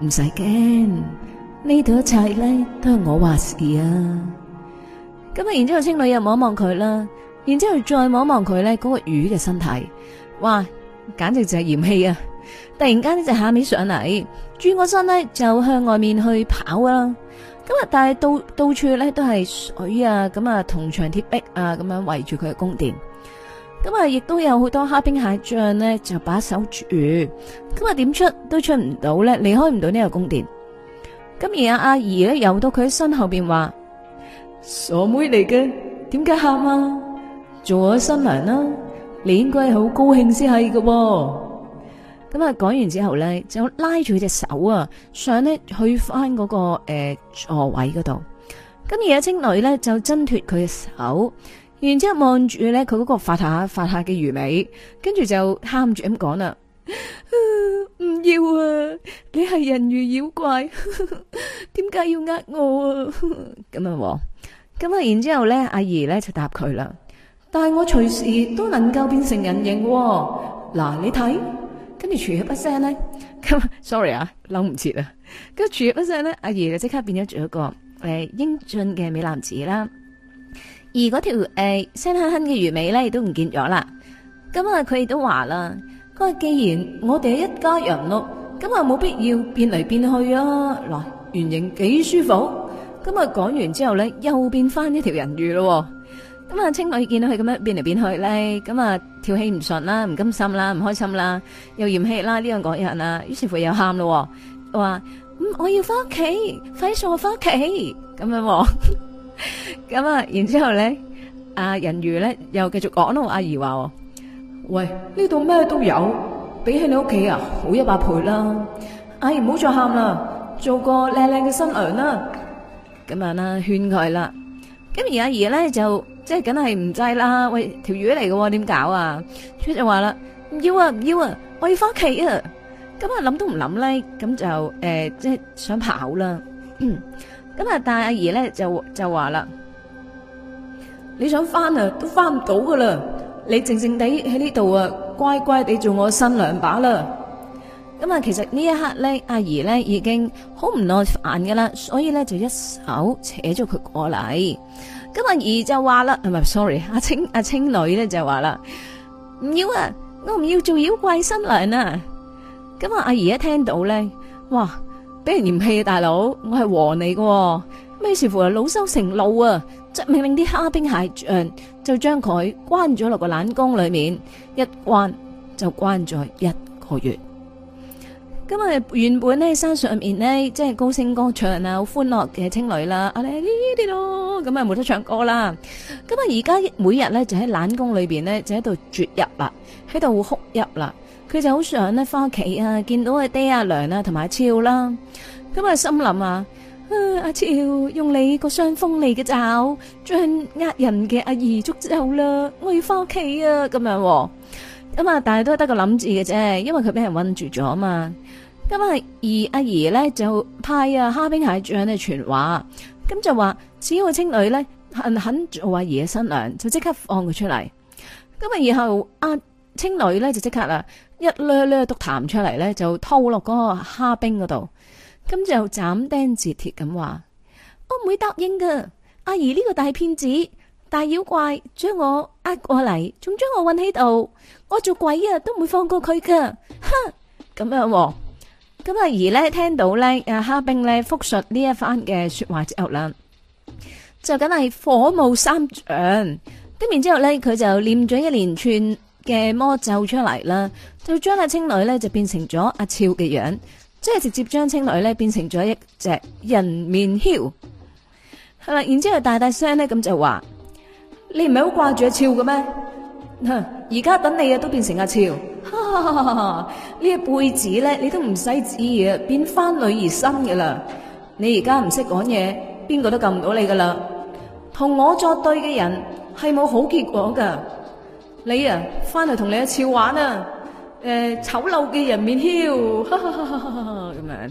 唔使驚。這呢度一切咧都係我話事啊！咁啊，然之後青女又望望佢啦，然之後再望望佢咧，嗰個魚嘅身體，哇，簡直就係嫌棄啊！突然間呢隻蝦面上嚟，轉個身咧就向外面去跑啊。咁啊，但係到到處咧都係水啊，咁啊，銅牆鐵壁啊，咁樣圍住佢嘅宮殿。咁啊，亦都有好多蝦兵蟹將咧，就把守住。咁啊，點出都出唔到咧，離開唔到呢個宮殿。咁而阿阿姨咧又到佢身後邊話「傻妹嚟嘅，點解喊啊？做我新娘啦，啊，你應該係好高興先係喎。」咁啊講完之後咧，就拉住佢隻手啊，上咧去翻、那、嗰個誒、呃、座位嗰度。咁而阿青女咧就掙脫佢嘅手，然之後望住咧佢嗰個發下發下嘅魚尾，跟住就喊住咁講啦。唔要啊！你係人魚妖怪，點 解要呃我啊？咁啊話，咁啊，然之後咧，阿爺咧就答佢啦。 但係我隨時都能夠變成人形嗱，哦，你睇，跟住除咗一聲咧，咁 sorry 啊，諗唔切啊，跟住除咗一聲咧，阿爺就即刻變咗做一個誒英俊嘅美男子啦。而嗰條聲哼哼嘅魚尾咧，亦都唔見咗啦。咁啊，佢亦都話啦。不過既然我哋係一家人咯，咁啊冇必要變嚟變去啊！來原形幾舒服，咁啊講完之後咧又變翻一條人魚咯。咁啊，青女見到佢咁樣變嚟變去咧，咁啊條氣唔順啦，唔甘心啦，唔開心啦，又嫌棄啦呢樣嗰樣啦，於是乎又喊咯，話嗯我要翻屋企，快啲送我翻屋企咁樣。咁啊，然之後咧，阿人魚咧又繼續講咯，阿姨話。喂，呢度咩都有，比起你屋企啊好一百倍啦！阿姨唔好再喊啦，做個靚靚嘅新娘啦。咁樣啦、啊，勸佢啦。咁而阿爺咧就即係梗係唔制啦。喂，條魚嚟嘅，點搞啊？佢就話啦，唔要啊唔要啊，我要翻屋企啊！咁啊諗都唔諗咧，咁就誒、呃、即係想跑啦。咁、嗯、啊，但阿爺咧就就話啦，你想翻啊都翻唔到噶啦。你靜靜地喺呢度啊，乖乖地做我新娘把啦。咁啊，其實呢一刻咧，阿姨咧已經好唔耐煩噶啦，所以咧就一手扯咗佢過嚟。咁阿姨就話啦，唔係，sorry，阿青阿青女咧就話啦，唔要啊，我唔要做妖怪新娘啊。咁啊，阿姨一聽到咧，哇，俾人嫌棄大佬，我係和你噶，咩？似乎係惱羞成怒啊！命令啲蝦兵蟹將就將佢關咗落個冷宮裏面，一關就關咗一個月。咁啊，原本呢，山上面呢，即係高聲歌唱啊，好歡樂嘅青女啦，阿呢啲咯，咁啊冇得唱歌啦。咁啊，而家每日呢，就喺冷宮裏邊呢，就喺度啜泣啦，喺度哭泣啦。佢就好想呢，翻屋企啊，見到阿爹阿娘啊，同埋阿超啦。咁啊，心諗啊。阿超、啊、用你個雙鋒利嘅爪，將呃人嘅阿兒捉走啦！我要翻屋企啊！咁樣咁啊，但係都係得個諗字嘅啫，因為佢俾人韞住咗啊嘛。咁啊，而阿兒咧就派啊蝦兵蟹將咧傳話，咁就話只要青女咧肯肯做阿兒嘅新娘，就即刻放佢出嚟。咁啊，然後阿、啊、青女咧就即刻啦，一咧咧督痰出嚟咧，就偷落嗰個蝦兵嗰度。咁就斬釘截鐵咁話：我唔會答應噶，阿姨呢個大騙子、大妖怪將將我呃過嚟，仲將我韞喺度，我做鬼啊都唔會放過佢噶！哼，咁樣、哦，咁阿姨咧聽到咧阿哈冰咧複述呢一番嘅說話之後啦，就梗係火冒三丈，跟住之後咧佢就念咗一連串嘅魔咒出嚟啦，就將阿青女咧就變成咗阿俏嘅樣。即係直接將青女咧變成咗一隻人面梟，係啦，然之後大大聲咧咁就話：你唔係好掛住阿俏嘅咩？而家等你啊都變成阿俏，哈哈哈哈，呢一輩子咧你都唔使指意啊，變翻女兒身嘅啦。你而家唔識講嘢，邊個都救唔到你噶啦。同我作對嘅人係冇好結果噶。你啊，翻嚟同你阿俏玩啊！誒、呃，醜陋嘅人面梟，咁樣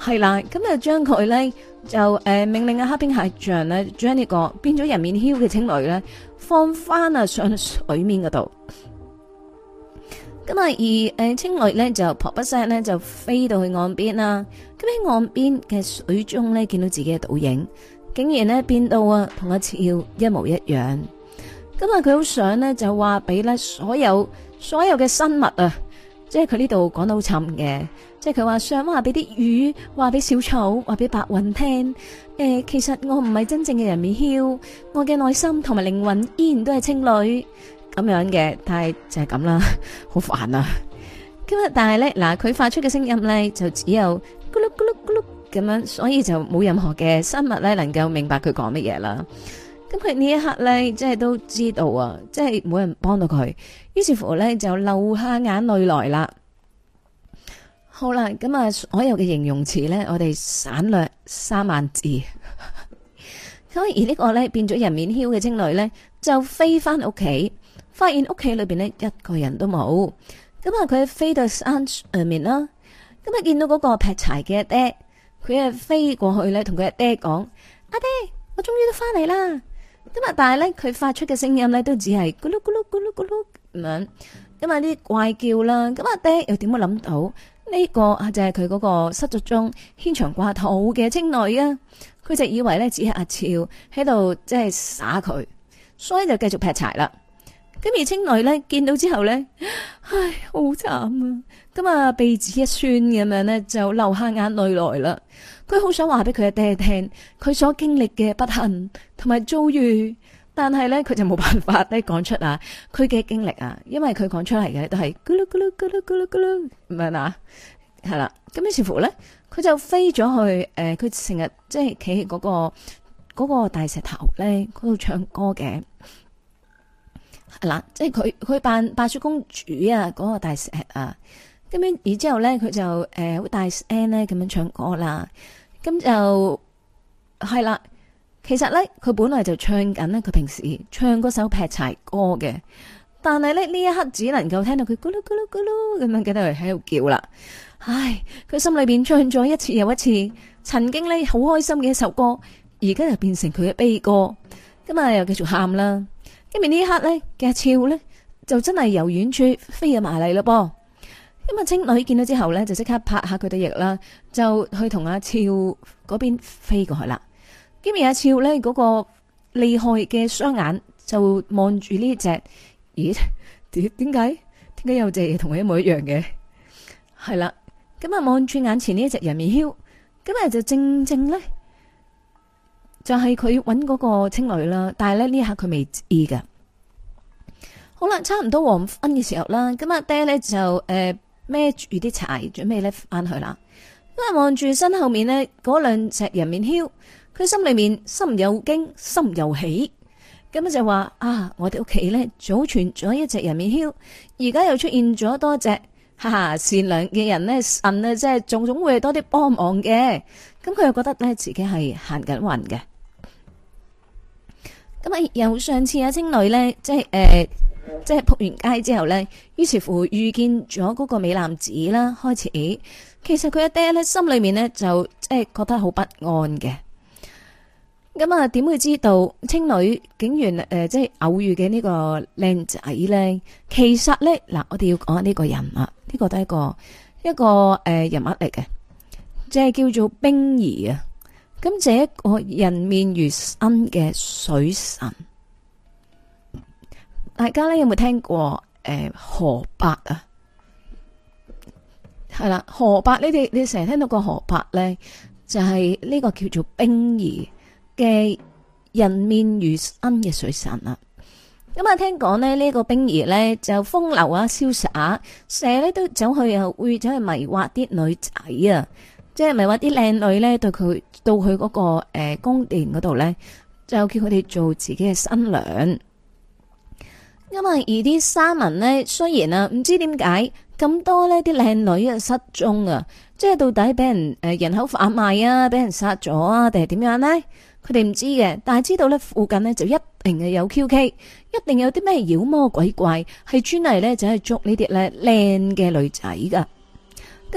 係啦。咁、 嗯、就將佢咧就誒命令啊，黑邊蟹將咧，將呢個變咗人面梟嘅青雷咧，放翻啊上水面嗰度。咁啊，而誒青雷咧就撲不聲咧，就飛到去岸邊啦。咁喺岸邊嘅水中咧，見到自己嘅倒影，竟然咧變到啊同阿要一模一樣。咁啊，佢好想咧就話俾咧所有。所有嘅生物啊，即係佢呢度講到沉嘅，即係佢話想話俾啲魚，話俾小草，話俾白雲聽誒、呃。其實我唔係真正嘅人面梟，我嘅內心同埋靈魂依然都係青女咁樣嘅。但係就係咁啦，好煩啊。咁但係咧嗱，佢發出嘅聲音咧就只有咕嚕咕嚕咕嚕咁樣，所以就冇任何嘅生物咧能夠明白佢講乜嘢啦。咁佢呢一刻咧，即係都知道啊，即係冇人幫到佢。於是乎咧，就流下眼淚來啦。好啦，咁啊，所有嘅形容詞咧，我哋省略三萬字。咁 而呢個咧，變咗人面梟嘅青女咧，就飛翻屋企，發現屋企裏邊咧一個人都冇。咁啊，佢飛到山上面啦。咁啊，見到嗰個劈柴嘅阿爹，佢係飛過去咧，同佢阿爹講：阿爹，我終於都翻嚟啦。咁啊，但係咧，佢發出嘅聲音咧，都只係咕嚕咕嚕咕嚕咕嚕。咁樣，咁啊，啲怪叫啦，咁阿爹又點會諗到呢個啊？就係佢嗰個失蹤中牽腸掛肚嘅青女啊！佢就以為咧只係阿俏喺度即係耍佢，所以就繼續劈柴啦。咁而青女咧見到之後咧，唉，好慘啊！咁啊鼻子一酸咁樣咧，就流下眼淚來啦。佢好想話俾佢阿爹聽，佢所經歷嘅不幸同埋遭遇。但係咧，佢就冇辦法咧講出啊，佢嘅經歷啊，因為佢講出嚟嘅都係咕嚕咕嚕咕嚕咕嚕咕嚕咁樣啊，係啦。咁樣似乎咧，佢就飛咗去誒，佢成日即係企喺嗰個嗰、嗰個大石頭咧嗰度唱歌嘅。啦即係佢佢扮白雪公主啊，嗰、嗰個大石啊。咁樣，然之後咧，佢就誒好、呃、大聲咧咁樣唱歌啦。咁就係啦。其實咧，佢本來就唱緊呢。佢平時唱嗰首劈柴歌嘅，但係咧呢一刻只能夠聽到佢咕嚕咕嚕咕嚕咁樣嘅，喺度喺度叫啦。唉，佢心裏邊唱咗一次又一次，曾經呢好開心嘅一首歌，而家又變成佢嘅悲歌，咁啊又繼續喊啦。今面呢一刻呢嘅 阿超呢就真係由遠處飛入埋嚟咯噃。咁啊，青女見到之後呢，就即刻拍下佢對翼啦，就去同阿超嗰邊飛過去啦。今日阿俏咧，嗰個厲害嘅雙眼就望住呢隻，咦？點解？點解有隻同佢一模一樣嘅？係啦，咁啊，望住眼前呢一隻人面梟，咁啊就正正咧，就係佢揾嗰個青女啦。但係咧呢一刻佢未知噶。好啦，差唔多黃昏嘅時候啦，咁阿爹咧就誒孭住啲柴，準備咧翻去啦。咁啊，望住身後面呢嗰兩隻人面梟。佢心裏面心有驚心又喜，咁就話啊，我哋屋企呢，祖傳咗一隻人面梟，而家又出現咗多隻，哈哈，善良嘅人呢，神呢、啊，即係總總會多啲幫忙嘅。咁佢又覺得呢，自己係行緊運嘅。咁啊，由上次阿青女呢，即係誒，即係扑完街之後呢，於是乎遇見咗嗰個美男子啦，開始其實佢阿爹呢，心裏面呢，就即係覺得好不安嘅。咁啊？點、嗯、會知道青女警然誒、呃，即係偶遇嘅呢個靚仔咧？其實咧嗱，我哋要講呢個人啊，呢、這個第一個一個誒、呃、人物嚟嘅，即係叫做冰兒啊。咁這一個人面如新嘅水神，大家咧有冇聽過誒、呃？河伯啊，係啦，河伯，你哋你成日聽到個河伯咧，就係、是、呢個叫做冰兒。嘅人面如新嘅水神啊。咁啊，聽講咧呢個冰兒呢，就風流啊，瀟灑，成日咧都走去又會走去迷惑啲女仔啊，即係迷惑啲靚女呢，對佢到去嗰、那個誒宮、呃、殿嗰度呢，就叫佢哋做自己嘅新娘。咁啊，而啲沙文呢，雖然啊，唔知點解咁多呢啲靚女啊失蹤啊，即係到底俾人誒、呃、人口販賣啊，俾人殺咗啊，定係點樣呢？佢哋唔知嘅，但係知道咧，附近呢就一定係有 QK，一定有啲咩妖魔鬼怪係專嚟咧，就係捉呢啲咧靚嘅女仔噶。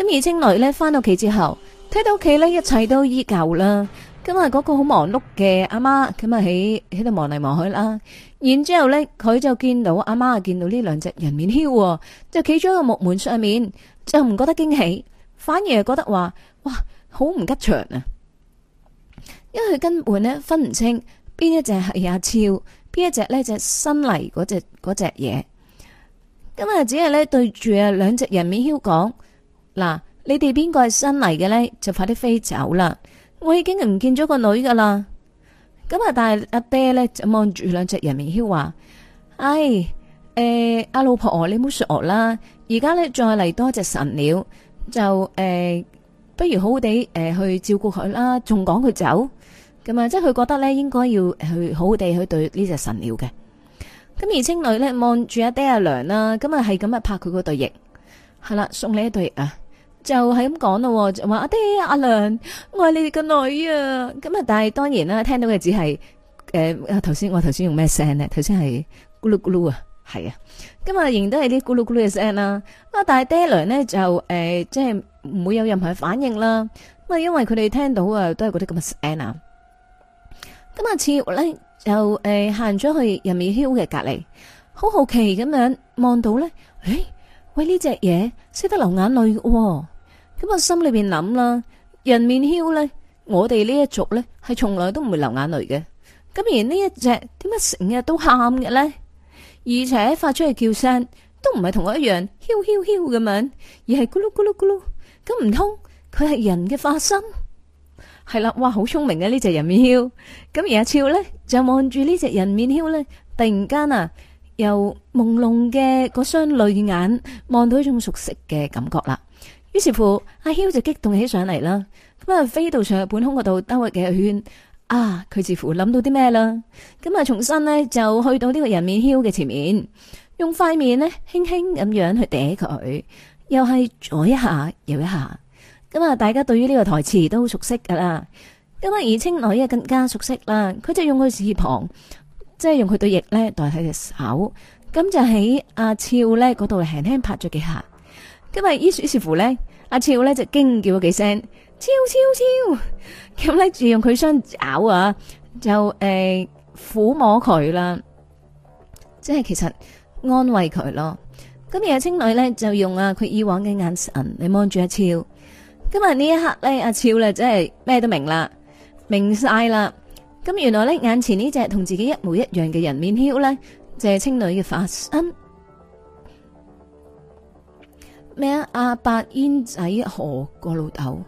咁而青女咧翻到屋企之後，睇到屋企咧一切都依舊啦。今日嗰個好忙碌嘅阿媽，咁啊喺喺度忙嚟忙去啦。然之後咧，佢就見到阿媽見到呢兩隻人面梟，就企咗喺個木門上面，就唔覺得驚喜，反而係覺得話哇，好唔吉祥啊！因為佢根本呢分唔清邊一隻係阿超，邊一隻呢就新嚟嗰隻嗰隻嘢。咁啊，只係呢對住啊兩隻人面梟講：嗱，你哋邊個係新嚟嘅呢？就快啲飛走啦！我已經唔見咗個女噶啦。咁啊，但係阿爹呢就望住兩隻人面梟話：哎，誒、呃，阿老婆，你唔好傻啦！而家呢，再嚟多一隻神鳥，就誒、呃，不如好好地誒、呃、去照顧佢啦，仲講佢走？咁啊，即係佢覺得咧，應該要去好好地去對呢隻神鳥嘅。咁而青女咧，望住阿爹阿娘啦，咁啊係咁啊拍佢嗰對翼，係啦，送你一對啊，就係咁講咯，就話阿爹阿娘我係你哋個女啊。咁啊，但係當然啦，聽到嘅只係，誒，頭先我頭先用咩聲咧？頭先係咕嚕咕嚕啊，係啊。咁啊，仍然都係啲咕嚕咕嚕嘅聲啦。啊，但係爹娘咧就誒，即係唔會有任何反應啦。咁啊，因為佢哋聽到啊，都係嗰啲咁嘅聲啊。今次咧就誒行咗去人面梟嘅隔籬，好好奇咁樣望到咧，誒、哎、喂呢隻嘢，識得流眼淚喎，哦？咁我心裏邊諗啦，人面梟咧，我哋呢一族咧係從來都唔會流眼淚嘅，咁而一隻呢一隻，點解成日都喊嘅咧？而且發出嚟叫聲都唔係同我一樣，囂囂囂咁樣，而係咕嚕咕嚕咕嚕，咁唔通佢係人嘅化身？係啦，哇，好聰明嘅呢隻人面梟，咁而阿超呢，就望住呢隻人面梟呢，突然間啊，由朦朧嘅嗰雙淚眼望到一種熟悉嘅感覺啦。於是乎，阿囂就激動起上嚟啦，咁啊飛到上日本空嗰度兜咗幾個圈，啊，佢似乎諗到啲咩啦，咁啊重新呢，就去到呢個人面梟嘅前面，用塊面呢，輕輕咁樣去嗲佢，又係左一下右一下。咁啊，大家對於呢個台詞都好熟悉噶啦。咁啊、呃，而青女啊更加熟悉啦。佢就用佢翅膀，即係用佢對翼咧代替隻手，咁就喺阿俏咧嗰度輕輕拍咗幾下。咁啊，於是乎咧，阿俏咧就驚叫咗幾聲，「超超超」，咁咧就用佢雙爪啊，就誒撫摸佢啦，即係其實安慰佢咯。咁而阿青女咧就用啊佢以往嘅眼神嚟望住阿俏。今日呢一刻咧，阿超咧真係咩都明啦，明晒啦。咁原來咧，眼前呢隻同自己一模一樣嘅人面梟咧，就係青女嘅化身。咩阿伯煙仔何個老豆？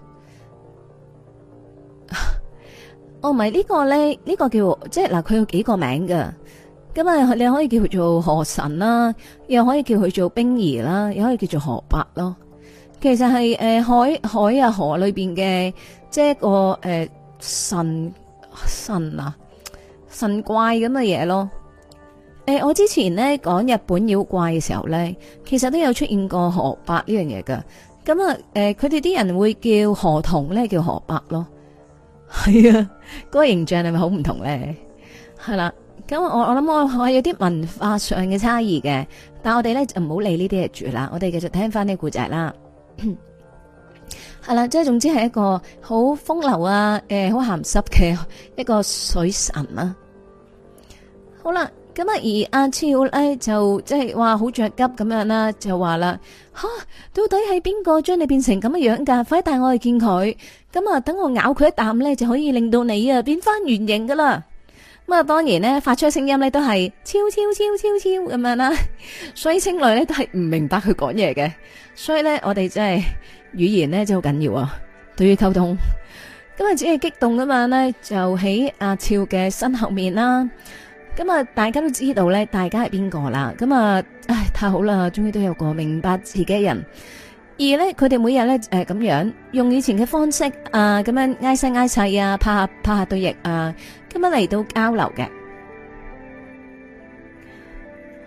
哦，唔係呢個咧，呢個叫即係嗱，佢有幾個名噶。咁啊，你可以叫佢做河神啦，又可以叫佢做冰兒啦，又可以叫做河伯咯。其實係誒、呃、海海啊河裏邊嘅即係個誒、呃、神神啊神怪咁嘅嘢咯誒、呃、我之前咧講日本妖怪嘅時候咧其實都有出現過河伯呢樣嘢噶。咁啊，誒，佢哋啲人會叫河童咧，叫河伯咯。係啊嗰個形象係咪好唔同咧？係啦。咁我我諗我係有啲文化上嘅差異嘅，但係我哋咧就唔好理呢啲嘢住啦，我哋繼續聽翻啲故仔啦。係啦，即係總之係一個好風流啊，誒，好咸濕嘅一個水神啊。好啦，咁啊，而阿超咧就即係話，好着急咁樣啦，就話啦，吓，到底係邊個將你變成咁嘅樣噶？快帶我去見佢。咁啊，等我咬佢一啖咧，就可以令到你啊變翻原形噶啦。咁啊，當然咧，發出嘅聲音咧都係超超超超超咁樣啦， 所以青女咧都係唔明白佢講嘢嘅，所以咧我哋真係語言咧真係好緊要啊，對於溝通。咁 日只係激動啊嘛，咧就喺阿超嘅身後面啦。咁啊，大家都知道咧，大家係邊個啦？咁啊，唉，太好啦，終於都有個明白自己嘅人。而咧，佢哋每日咧誒咁樣用以前嘅方式啊，咁、呃、樣嗌聲嗌砌啊，拍下拍下對弈啊。呃今日嚟到交流嘅，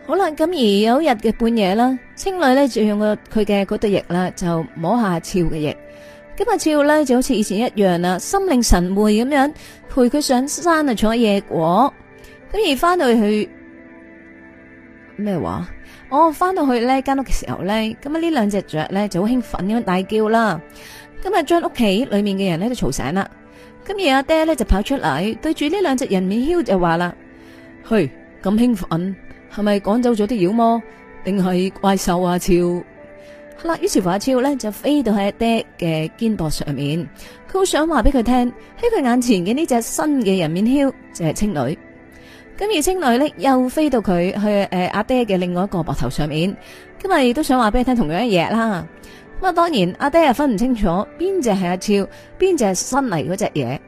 好啦，咁而有一日嘅半夜啦，青女咧就用佢嘅嗰對翼啦，就摸下俏嘅翼。咁啊俏咧就好似以前一樣啦、啊，心領神會咁樣陪佢上山啊，採野果。咁而翻到去咩話？我、哦、翻到去呢間屋嘅時候咧，咁啊呢兩隻雀咧就好興奮咁大叫啦。咁啊將屋企裏面嘅人咧就嘈醒啦。咁而阿爹咧就跑出嚟，對住呢兩隻人面梟就話啦，嘿，咁興奮，係咪趕走咗啲妖魔，定係怪獸阿超？係啦，於是乎阿超咧就飛到喺阿爹嘅肩膊上面，佢好想話俾佢聽，喺佢眼前嘅呢隻新嘅人面梟就係青女。咁而青女咧又飛到佢去誒阿爹嘅另外一個膊頭上面，今日亦都想話俾佢聽同樣嘅嘢啦。咁啊，當然阿爹又分唔清楚邊隻係阿超，邊隻係新嚟嗰隻嘢。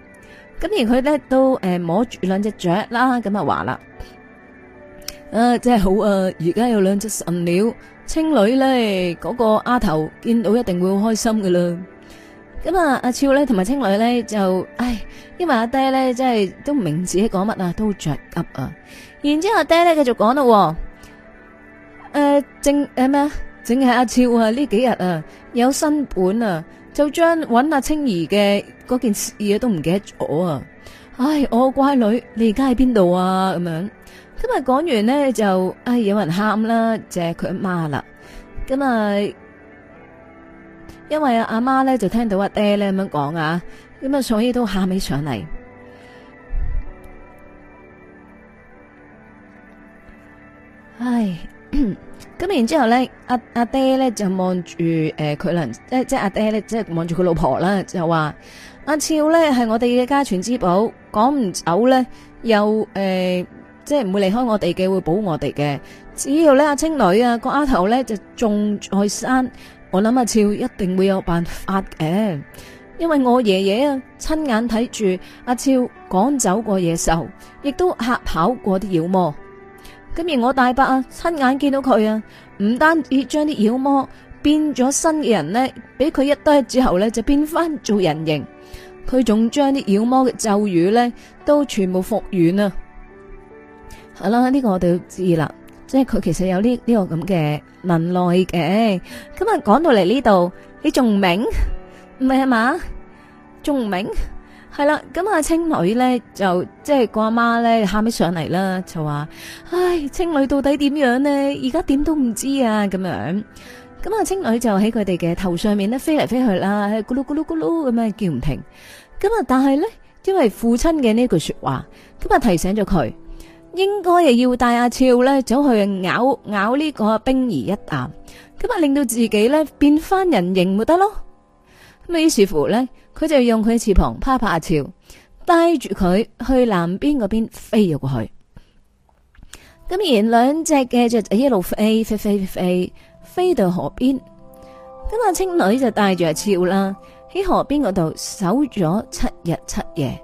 咁而佢咧都誒摸住兩隻雀啦，咁啊話啦，誒真係好啊！而家有兩隻神鳥青女咧，嗰、那個阿頭見到一定會好開心噶啦。咁、嗯、啊，阿超咧同埋青女咧就，唉，因為阿爹咧真係都唔明自己講乜啊，都着急啊。然之後阿爹咧繼續講咯，誒、啊，正誒咩啊？正係阿超啊！呢幾日啊，有新本啊，就將揾阿青兒嘅嗰件事嘢都唔記得咗啊！唉，我個乖女，你而家喺邊度啊？咁樣今日講完呢，就唉有人喊啦，就係佢阿媽啦。咁啊，因為阿阿媽咧就聽到阿爹咧咁樣講啊，咁啊所以都喊起上嚟。唉。 咁然之後咧、啊呃啊，阿阿爹咧就望住誒佢能即即阿爹咧即望住佢老婆啦，就話阿超咧係我哋嘅家傳之寶，趕唔走咧又誒、呃、即唔會離開我哋嘅，會保我哋嘅。只要咧阿青女啊個丫頭咧就仲在山，我諗阿超一定會有辦法嘅，因為我爺爺啊親眼睇住阿超趕走過野獸，亦都嚇跑過啲妖魔。咁而我大伯啊，親眼見到佢啊，唔單止將啲妖魔變咗身嘅人呢，俾佢一堆之後呢，就變翻做人形，佢仲將啲妖魔嘅咒語呢，都全部復原啊！好啦，呢、呢個我哋要知啦，即係佢其實有呢、呢、呢個咁嘅、呢個、能耐嘅。咁啊，講到嚟呢度，你仲唔明？唔係啊嘛，仲唔明？係啦，咁啊青女咧就即係個阿媽咧喊起上嚟啦，就話唉，青女到底點樣呢？而家點都唔知啊咁樣。咁啊青女就喺佢哋嘅頭上面咧飛嚟飛去啦，咕嚕咕嚕咕嚕咁樣叫唔停。咁啊但係咧，因為父親嘅呢句說話，咁啊提醒咗佢，應該又要帶阿俏咧走去咬咬呢個冰兒一啖，咁啊令到自己咧變翻人形咪得咯。咁啊於是乎咧。佢就用佢翅膀拍一拍阿喬，帶住佢去南邊嗰邊飛咗過去。咁然兩隻嘅雀仔就一路飛，飛飛飛飛飛到河邊。咁阿青女就帶住阿喬啦，喺河邊嗰度守咗七日七夜。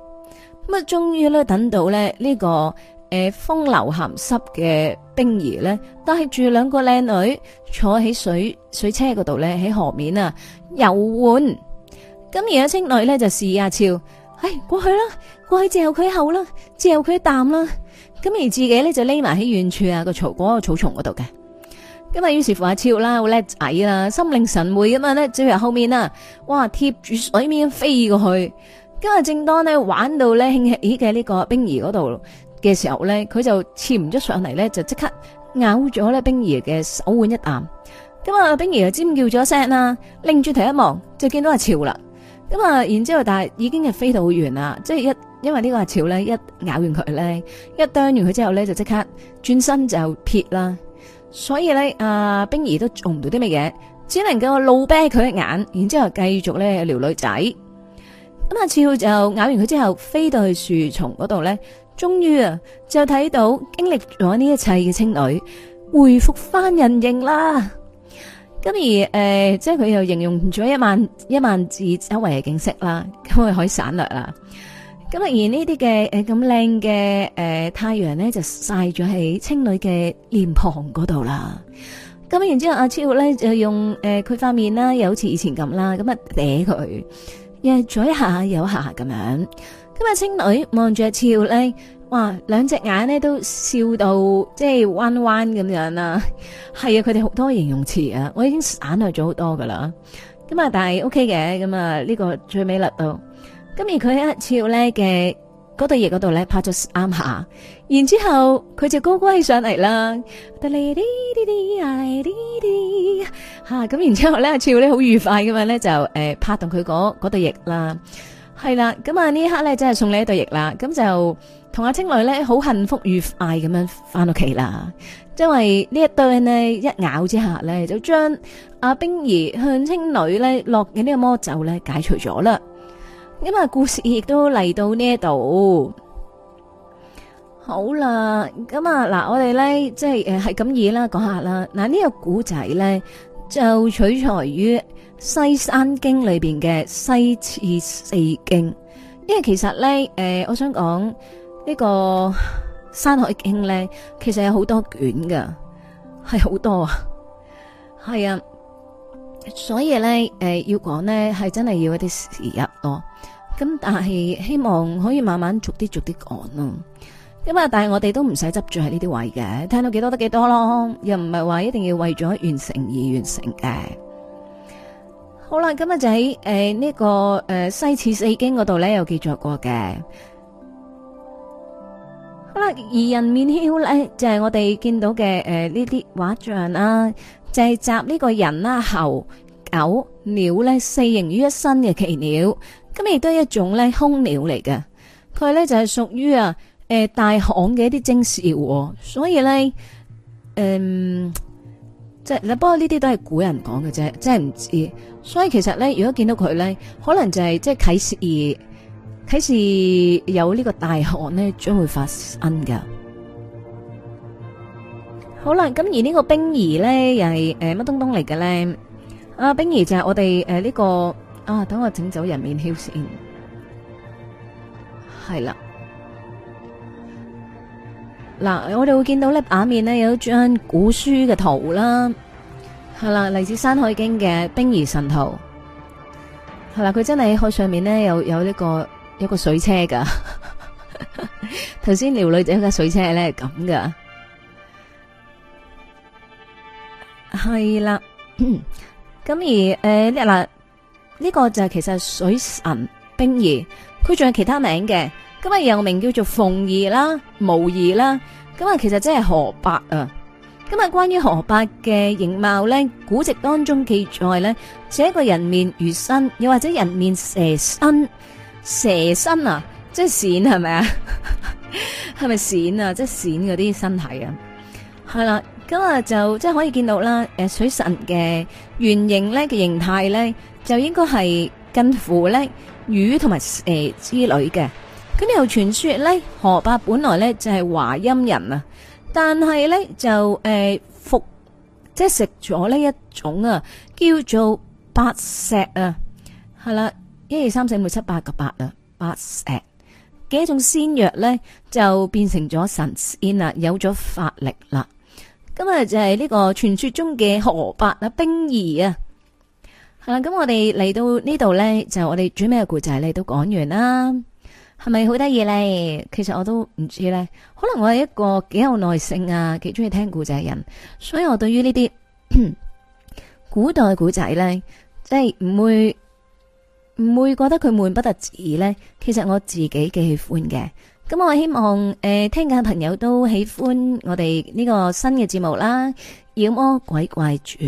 咁啊，終於咧等到咧呢、呢個誒、呃、風流鹹濕嘅冰夷咧，帶住兩個靚女坐喺水水車嗰度咧喺河面啊遊玩。咁而家青女咧就試阿超，唉，過去啦，過去後佢後啦，後佢啖啦。咁而自己咧就匿埋喺遠處啊、嗰個草嗰個草叢嗰度嘅。咁啊，於是乎阿超啦好叻仔啦，心領神會咁樣咧，走入後面啊，哇貼住水面飛過去。咁日正當咧玩到咧興起嘅呢個冰兒嗰度嘅時候咧，佢就潛咗上嚟咧，就即刻咬咗咧冰兒嘅手腕一啖。咁啊，冰兒就尖叫咗聲啦，擰轉頭一望就見到阿超啦。咁啊，然之後但係已經係飛到好遠啦，即係一因為呢個阿俏咧一咬完佢咧一啄完佢之後咧就即刻轉身就撇啦，所以咧阿、啊、冰兒都做唔到啲乜嘢，只能夠怒啤佢一眼，然之後繼續咧撩女仔。咁阿俏就咬完佢之後飛到去樹叢嗰度咧，終於啊就睇到經歷咗呢一切嘅青女回復翻人形啦。咁而誒、呃，即係佢又形容咗一萬一萬字周圍嘅景色啦，咁我可以省略啦。咁啊，而、呃、呢啲嘅誒咁靚嘅誒太陽咧，就曬咗喺青女嘅臉龐嗰度啦。咁然之後阿、啊、超咧就用誒佢塊面啦，又好似以前咁啦，咁啊嗲佢，日咗一下又一下咁樣。咁啊，青女望住阿超咧。哇，兩隻眼咧都笑到即係彎彎咁樣啦，係 啊，佢哋好多形容詞啊，我已經省略咗好多噶啦。咁啊，但係 OK 嘅，咁啊呢個最尾甩到，咁而佢喺一次咧嘅嗰對翼嗰度咧拍咗啱下，然之後佢就高高起上嚟啦，吓咁 然之後咧跳咧好愉快咁樣咧就誒拍動佢嗰嗰對翼啦，係啦，咁啊呢一刻咧真係送你一對翼啦，咁就。同阿青女咧好幸福愉快咁樣翻到屋企啦，因為呢一對咧一咬之下咧就將阿冰兒向青女咧落嘅呢個魔咒咧解除咗啦。咁啊，故事亦都嚟到呢一度好啦。咁啊嗱，我哋咧即係誒係咁意啦，講下啦嗱。呢個古仔咧就取材於《西山經》裏邊嘅西次四經，因為其實咧誒，我想講。呢個山海經咧，其實有好多卷噶，係好多啊，係 啊，所以咧，誒、呃，要講呢，係真係要一啲時日咯。咁但係希望可以慢慢逐啲逐啲講咯。咁啊但係我哋都唔使執住喺呢啲位嘅，聽到幾多得幾多咯，又唔係話一定要為咗完成而完成嘅。好啦，今日就喺誒呢個誒、呃、西次四經嗰度咧，有記著過嘅。咁啦，而人面鳥咧，就係、是、我哋見到嘅誒呢啲畫像啦、啊，就係、是、集呢個人啦、啊、猴、狗、鳥咧四形於一身嘅奇鳥，咁亦都係一種咧凶鳥嚟嘅。佢咧就係、是、屬於啊誒、呃、大巷嘅一啲徵兆喎、哦。所以咧誒即係，不過呢啲都係古人講嘅啫，即係唔知。所以其實咧，如果見到佢咧，可能就係、是、即係啟示而。睇時有呢個大旱呢，將會發生嘅。好啦，咁而呢個冰兒呢，又係誒乜東東嚟嘅呢？啊，冰兒就係我哋誒呢個啊，等我整走人面丘先。係啦，嗱，我哋會見到呢板面呢，有一張古書嘅圖啦。係啦，嚟自《山海經》嘅冰兒神圖。係啦，佢真係喺上面呢，有有呢個。有個水車噶，頭先撩女仔嘅水車咧，係咁噶，係啦。咁而誒，嗱、這、呢個就係其實是水神冰兒，佢仲有其他名嘅。今又名叫做鳳兒啦、無兒啦。咁啊，其實即係河伯啊。今日關於河伯嘅形貌咧，古籍當中記載咧，寫一個人面魚身，又或者人面蛇身。蛇身啊，即係鱔係咪啊？係咪鱔啊？即係鱔嗰啲身體啊？係啦，咁啊就即係可以見到啦。誒，水神嘅圓形咧嘅形態咧，就應該係近乎咧魚同埋蛇之類嘅。咁又傳說咧，河伯本來咧就係、是、華陰人啊，但係咧就誒服，即係食咗呢一種啊，叫做白石啊，係啦。一二三四五六七八個八啊，八石嘅一種仙藥咧，就變成咗神仙啦，有咗法力啦。咁啊就係呢個傳說中嘅河伯啊，冰兒啊，係啦。咁我哋嚟到呢度咧，就我哋最尾嘅故仔咧都講完啦。係咪好得意咧？其實我都唔知咧。可能我係一個幾有耐性啊，幾中意聽故仔嘅人，所以我對於呢啲古代故仔咧，即係唔會。唔會覺得佢悶不得止。呢其實我自己幾喜歡嘅。咁我希望誒、呃，聽緊朋友都喜歡我哋呢個新嘅節目啦，《妖魔鬼怪傳》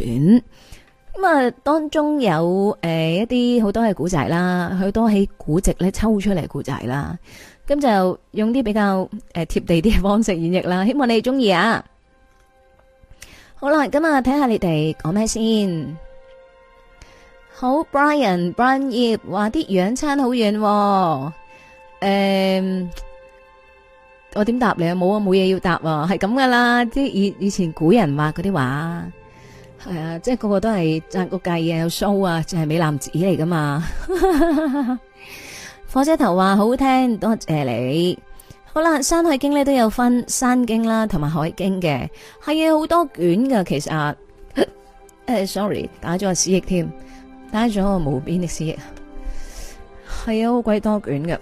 咁啊，當中有誒一啲好多嘅古仔啦，好多喺古籍咧抽出嚟古仔啦，咁就用啲比較誒貼、呃、地啲嘅方式演繹啦。希望你哋中意啊！好啦，咁啊，睇下你哋講咩先。好，Brian，Brian 葉話啲樣差好遠，誒，樣啊 um, 我點答你啊？冇啊，冇嘢要答啊，係咁噶啦，啲以以前古人話嗰啲話，係、嗯、啊，即係個個都係賺個計啊，有數啊，就係、是、美男子嚟噶嘛。 火車頭話好,好聽，多謝你。好啦，《山海經》咧都有分山經啦，同埋海經嘅，係啊，好多卷噶，其實誒、啊、 ，sorry，打咗個思噎添。帶咗個無邊的思係，係啊，好鬼多卷㗎。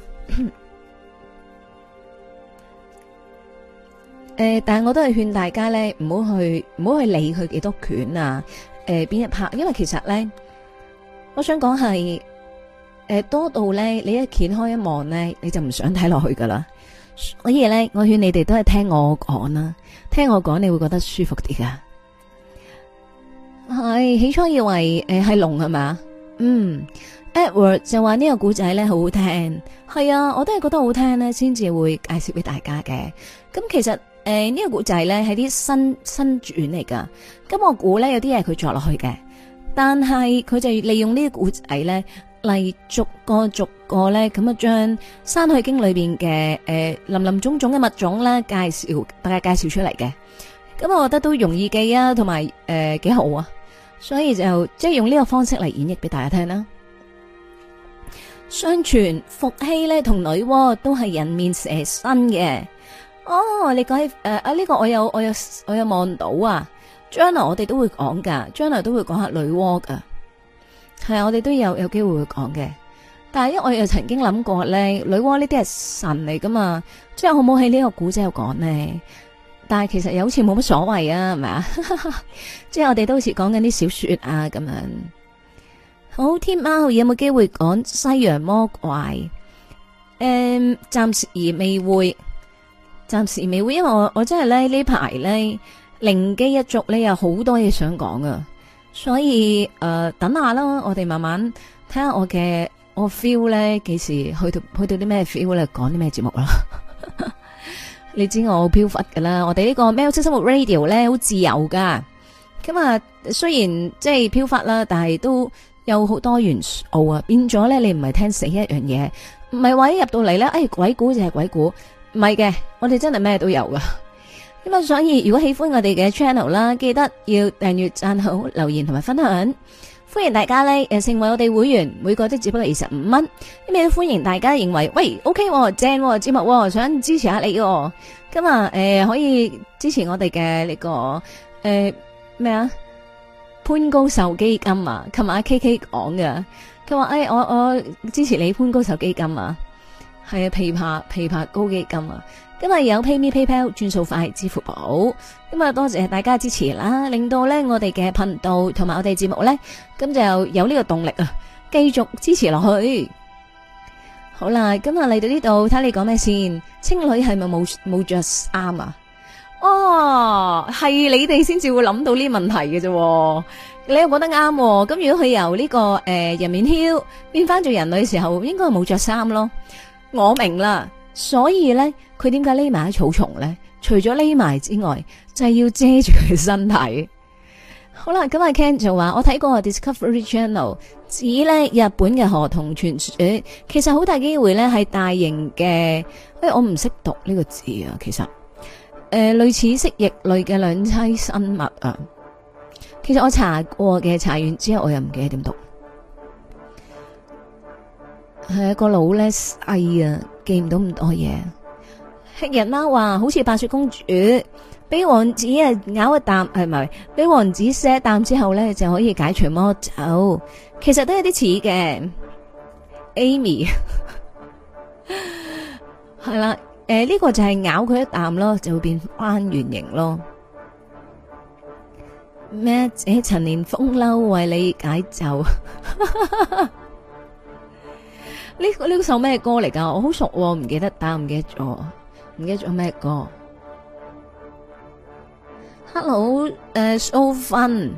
誒、 呃，但係我都係勸大家咧，唔好去，唔好去理佢幾多卷啊。誒、呃，邊一拍，因為其實咧，我想講係，誒、呃、多到咧，你一揭開一望咧，你就唔想睇落去噶啦。所以咧，我勸你哋都係聽我講啦，聽我講你會覺得舒服啲噶。係起初以為誒係、呃、龍係嘛，嗯，Edward 就話呢個古仔咧好好聽，係啊，我都係覺得好聽咧，先至會介紹俾大家嘅。咁、嗯、其實誒、呃這個、呢個古仔咧係啲新新轉嚟噶，咁、嗯、我估咧有啲嘢佢作落去嘅，但係佢就利用呢個古仔咧，嚟逐個逐個咧咁啊將山海經裏邊嘅誒林林種種嘅物種啦介紹，大家介紹出嚟嘅。咁、嗯、我覺得都容易記啊，同埋誒幾好啊。所以就即係用呢個方式嚟演繹俾大家聽啦。相傳伏羲咧同女媧都係人面蛇身嘅。哦，你講起誒啊呢個我有我有我有望到啊。將來我哋都會講噶，將來都會講下女媧噶。係啊，我哋都有有機會會講嘅。但係因為我又曾經諗過咧，女媧呢啲係神嚟噶嘛，即係好唔好喺呢個古仔度講呢？但係其實又好似冇乜所謂啊，係咪啊？ 即係我哋都好似講緊啲小說啊咁樣。好，天喵有冇機會講西洋魔怪？誒、嗯，暫時而未會，暫時未會，因為我我真係咧呢排咧靈機一族咧有好多嘢想講啊，所以誒、呃、等下啦，我哋慢慢睇下我嘅我 feel 咧幾時去到去到啲咩 feel 咧，講啲咩節目啦。 你知我好漂忽噶啦，我哋呢個喵式生活 Radio 咧好自由噶，咁啊雖然即係漂忽啦，但係都有好多元素啊，變咗咧你唔係聽死一樣嘢，唔係話一入到嚟咧，誒、哎、鬼故就係鬼故，唔係嘅，我哋真係咩都有噶，咁啊所以如果喜歡我哋嘅 channel 啦，記得要訂閱、贊好、留言同埋分享。歡迎大家咧，誒，成為我哋會員，每個都只不過二十五蚊，咁樣歡迎大家認為，喂，OK 喎，正喎，節目喎，想支持下你喎。今日誒、呃，可以支持我哋嘅呢個誒咩啊？潘高壽基金啊，琴日阿 K K 講嘅，佢話誒，我我支持你潘高壽基金啊，係啊，琵琶琵琶高基金啊。今日有 PayMe、PayPal、轉數快、支付寶，咁啊多謝大家支持啦，令到咧我哋嘅頻道同埋我哋節目咧，咁就有呢個動力啊，繼續支持落去。好啦，今日嚟到呢度，睇你講咩先？青女係咪冇冇着衫啊？哦，係你哋先至會諗到呢問題嘅啫，你又講得啱。咁如果佢由呢個誒人面梟變翻做人類時候，應該冇着衫咯。我明啦。所以咧，佢點解匿埋喺草叢咧？除咗匿埋之外，就係、是、要遮住佢身體。好啦，咁阿 Ken 就話：我睇過 Discovery Channel 指咧日本嘅河童傳說、欸，其實好大機會咧係大型嘅。喂、欸，我唔識讀呢個字啊，其實誒、呃，類似蜥，蜥蜴類嘅兩棲生物啊。其實我查過嘅查完之後，我又唔記得點讀。係、呃、一個老咧細啊。記唔到咁多嘢，聽日啦話好似白雪公主，俾王子啊咬一啖係咪？俾王子錫一啖之後呢，就可以解除魔咒，其實都有啲似嘅。Amy 係 啦，誒、呃、呢、這個就係咬佢一啖咯，就會變翻原形咯。咩？誒、欸，陳年風褸為你解咒。 呢個呢個首咩歌嚟噶？我好熟，唔記得打唔記得咗，唔記得咗咩歌？Hello，誒，Sophin，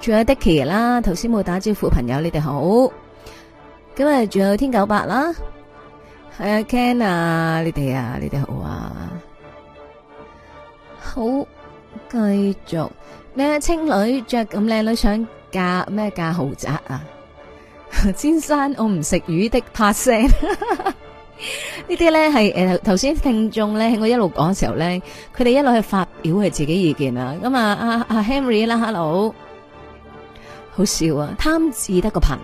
仲有 Dicky 啦，頭先冇打招呼嘅朋友，你哋好。今日仲有天九八啦，係啊，Ken 啊，你哋啊，你哋好啊，好，繼續咩青女着咁靚女，想嫁咩嫁豪宅啊？先生，我唔食魚的拍聲，呢啲咧係誒頭先聽眾咧喺我一路講嘅時候咧，佢哋一路係發表係自己意見啊。咁啊阿阿 Henry 啦，Hello，好笑啊，貪字得個貧，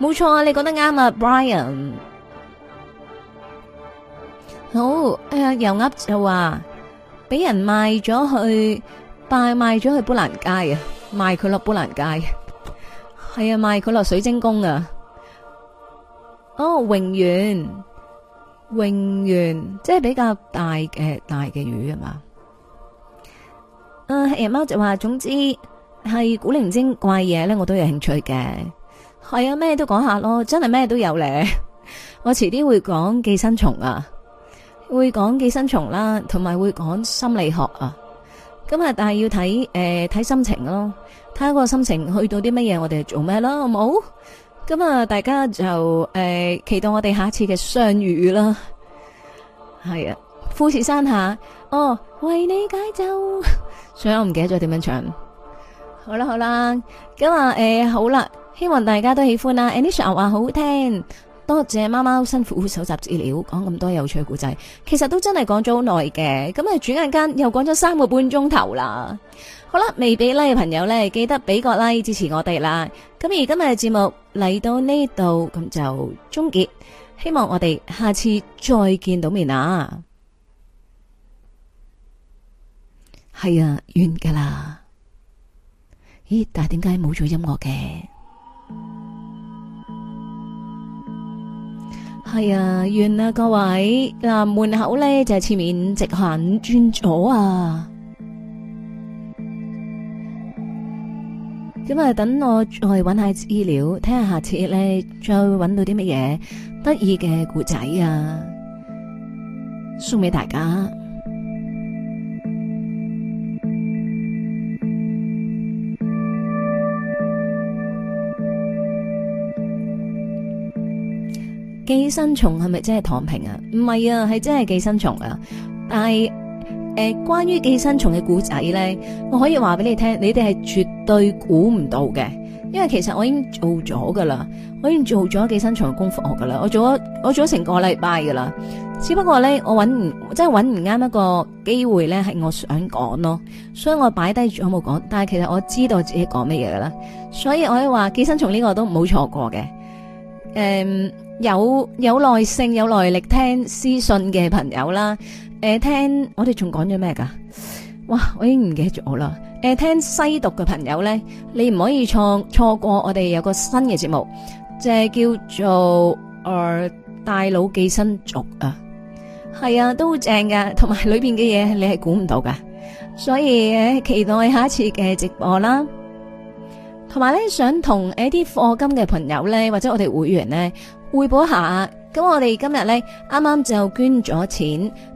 冇錯啊，你講得啱啊，Brian。好，阿又噏就話俾人賣咗去，但係賣咗去波蘭街啊，賣佢落波蘭街，係啊，賣佢落水晶宮啊。哦，蠑螈，蠑螈，即係比較大嘅大嘅魚啊嘛。啊，黑夜貓就話，總之係古靈精怪嘢咧，我都有興趣嘅。係啊，咩都講下咯，真係咩都有咧。我遲啲會講寄生蟲啊，會講寄生蟲啦，同埋會講心理學啊。咁啊但係要睇誒睇心情咯，睇下個心情去到啲乜嘢，我哋就做咩咯，好唔好？咁啊，大家就誒、呃，期待我哋下次嘅相遇啦。係啊，富士山下，哦，為你解咒，所以我唔記得咗點樣唱。好啦好啦，咁啊誒，好啦，希望大家都喜歡啦。Anisha 話好好聽，多謝貓貓辛苦搜集資料，講咁多有趣故仔，其實都真係講咗好耐嘅。咁啊，轉眼間又講咗三個半鐘頭啦。好啦，未俾 like 嘅朋友呢，記得俾個 like 支持我哋啦。咁而今日嘅節目嚟到呢度咁就終結，希望我哋下次再見到面啊！係啊，完噶啦！咦，但係點解冇咗音樂嘅？係啊，完啦，各位嗱，門口呢就係前面直行轉左啊！咁啊，等我再搵下資料，睇下下次咧再搵到啲乜嘢得意嘅故仔啊，送俾大家。寄生蟲係咪真係躺平啊？唔係啊，係真係寄生蟲啊！但係。誒，關於寄生蟲嘅故仔咧，我可以話俾你聽，你哋係絕對估唔到嘅，因為其實我已經做咗噶啦，我已經做咗寄生蟲嘅功課學噶啦，我做咗我做咗成個禮拜噶啦，只不過咧我搵唔即係搵唔啱一個機會咧，係我想講咯，所以我擺低住冇講，但係其實我知道自己講乜嘢噶啦，所以我係話寄生蟲呢個都冇錯過嘅，誒、嗯，有有耐性有耐力聽私信嘅朋友啦。誒，聽我哋仲講咗咩噶？哇，我已經唔記得咗啦。誒，聽西毒嘅朋友咧，你唔可以錯錯過。我哋有個新嘅節目，就係叫做《呃、大佬寄生族》啊，係啊，都好正噶。同埋裏邊嘅嘢，你係估唔到噶，所以誒，期待下一次嘅直播啦。同埋咧，想同誒啲課金嘅朋友咧，或者我哋會員咧匯報一下。咁我哋今日咧，啱啱就捐咗錢。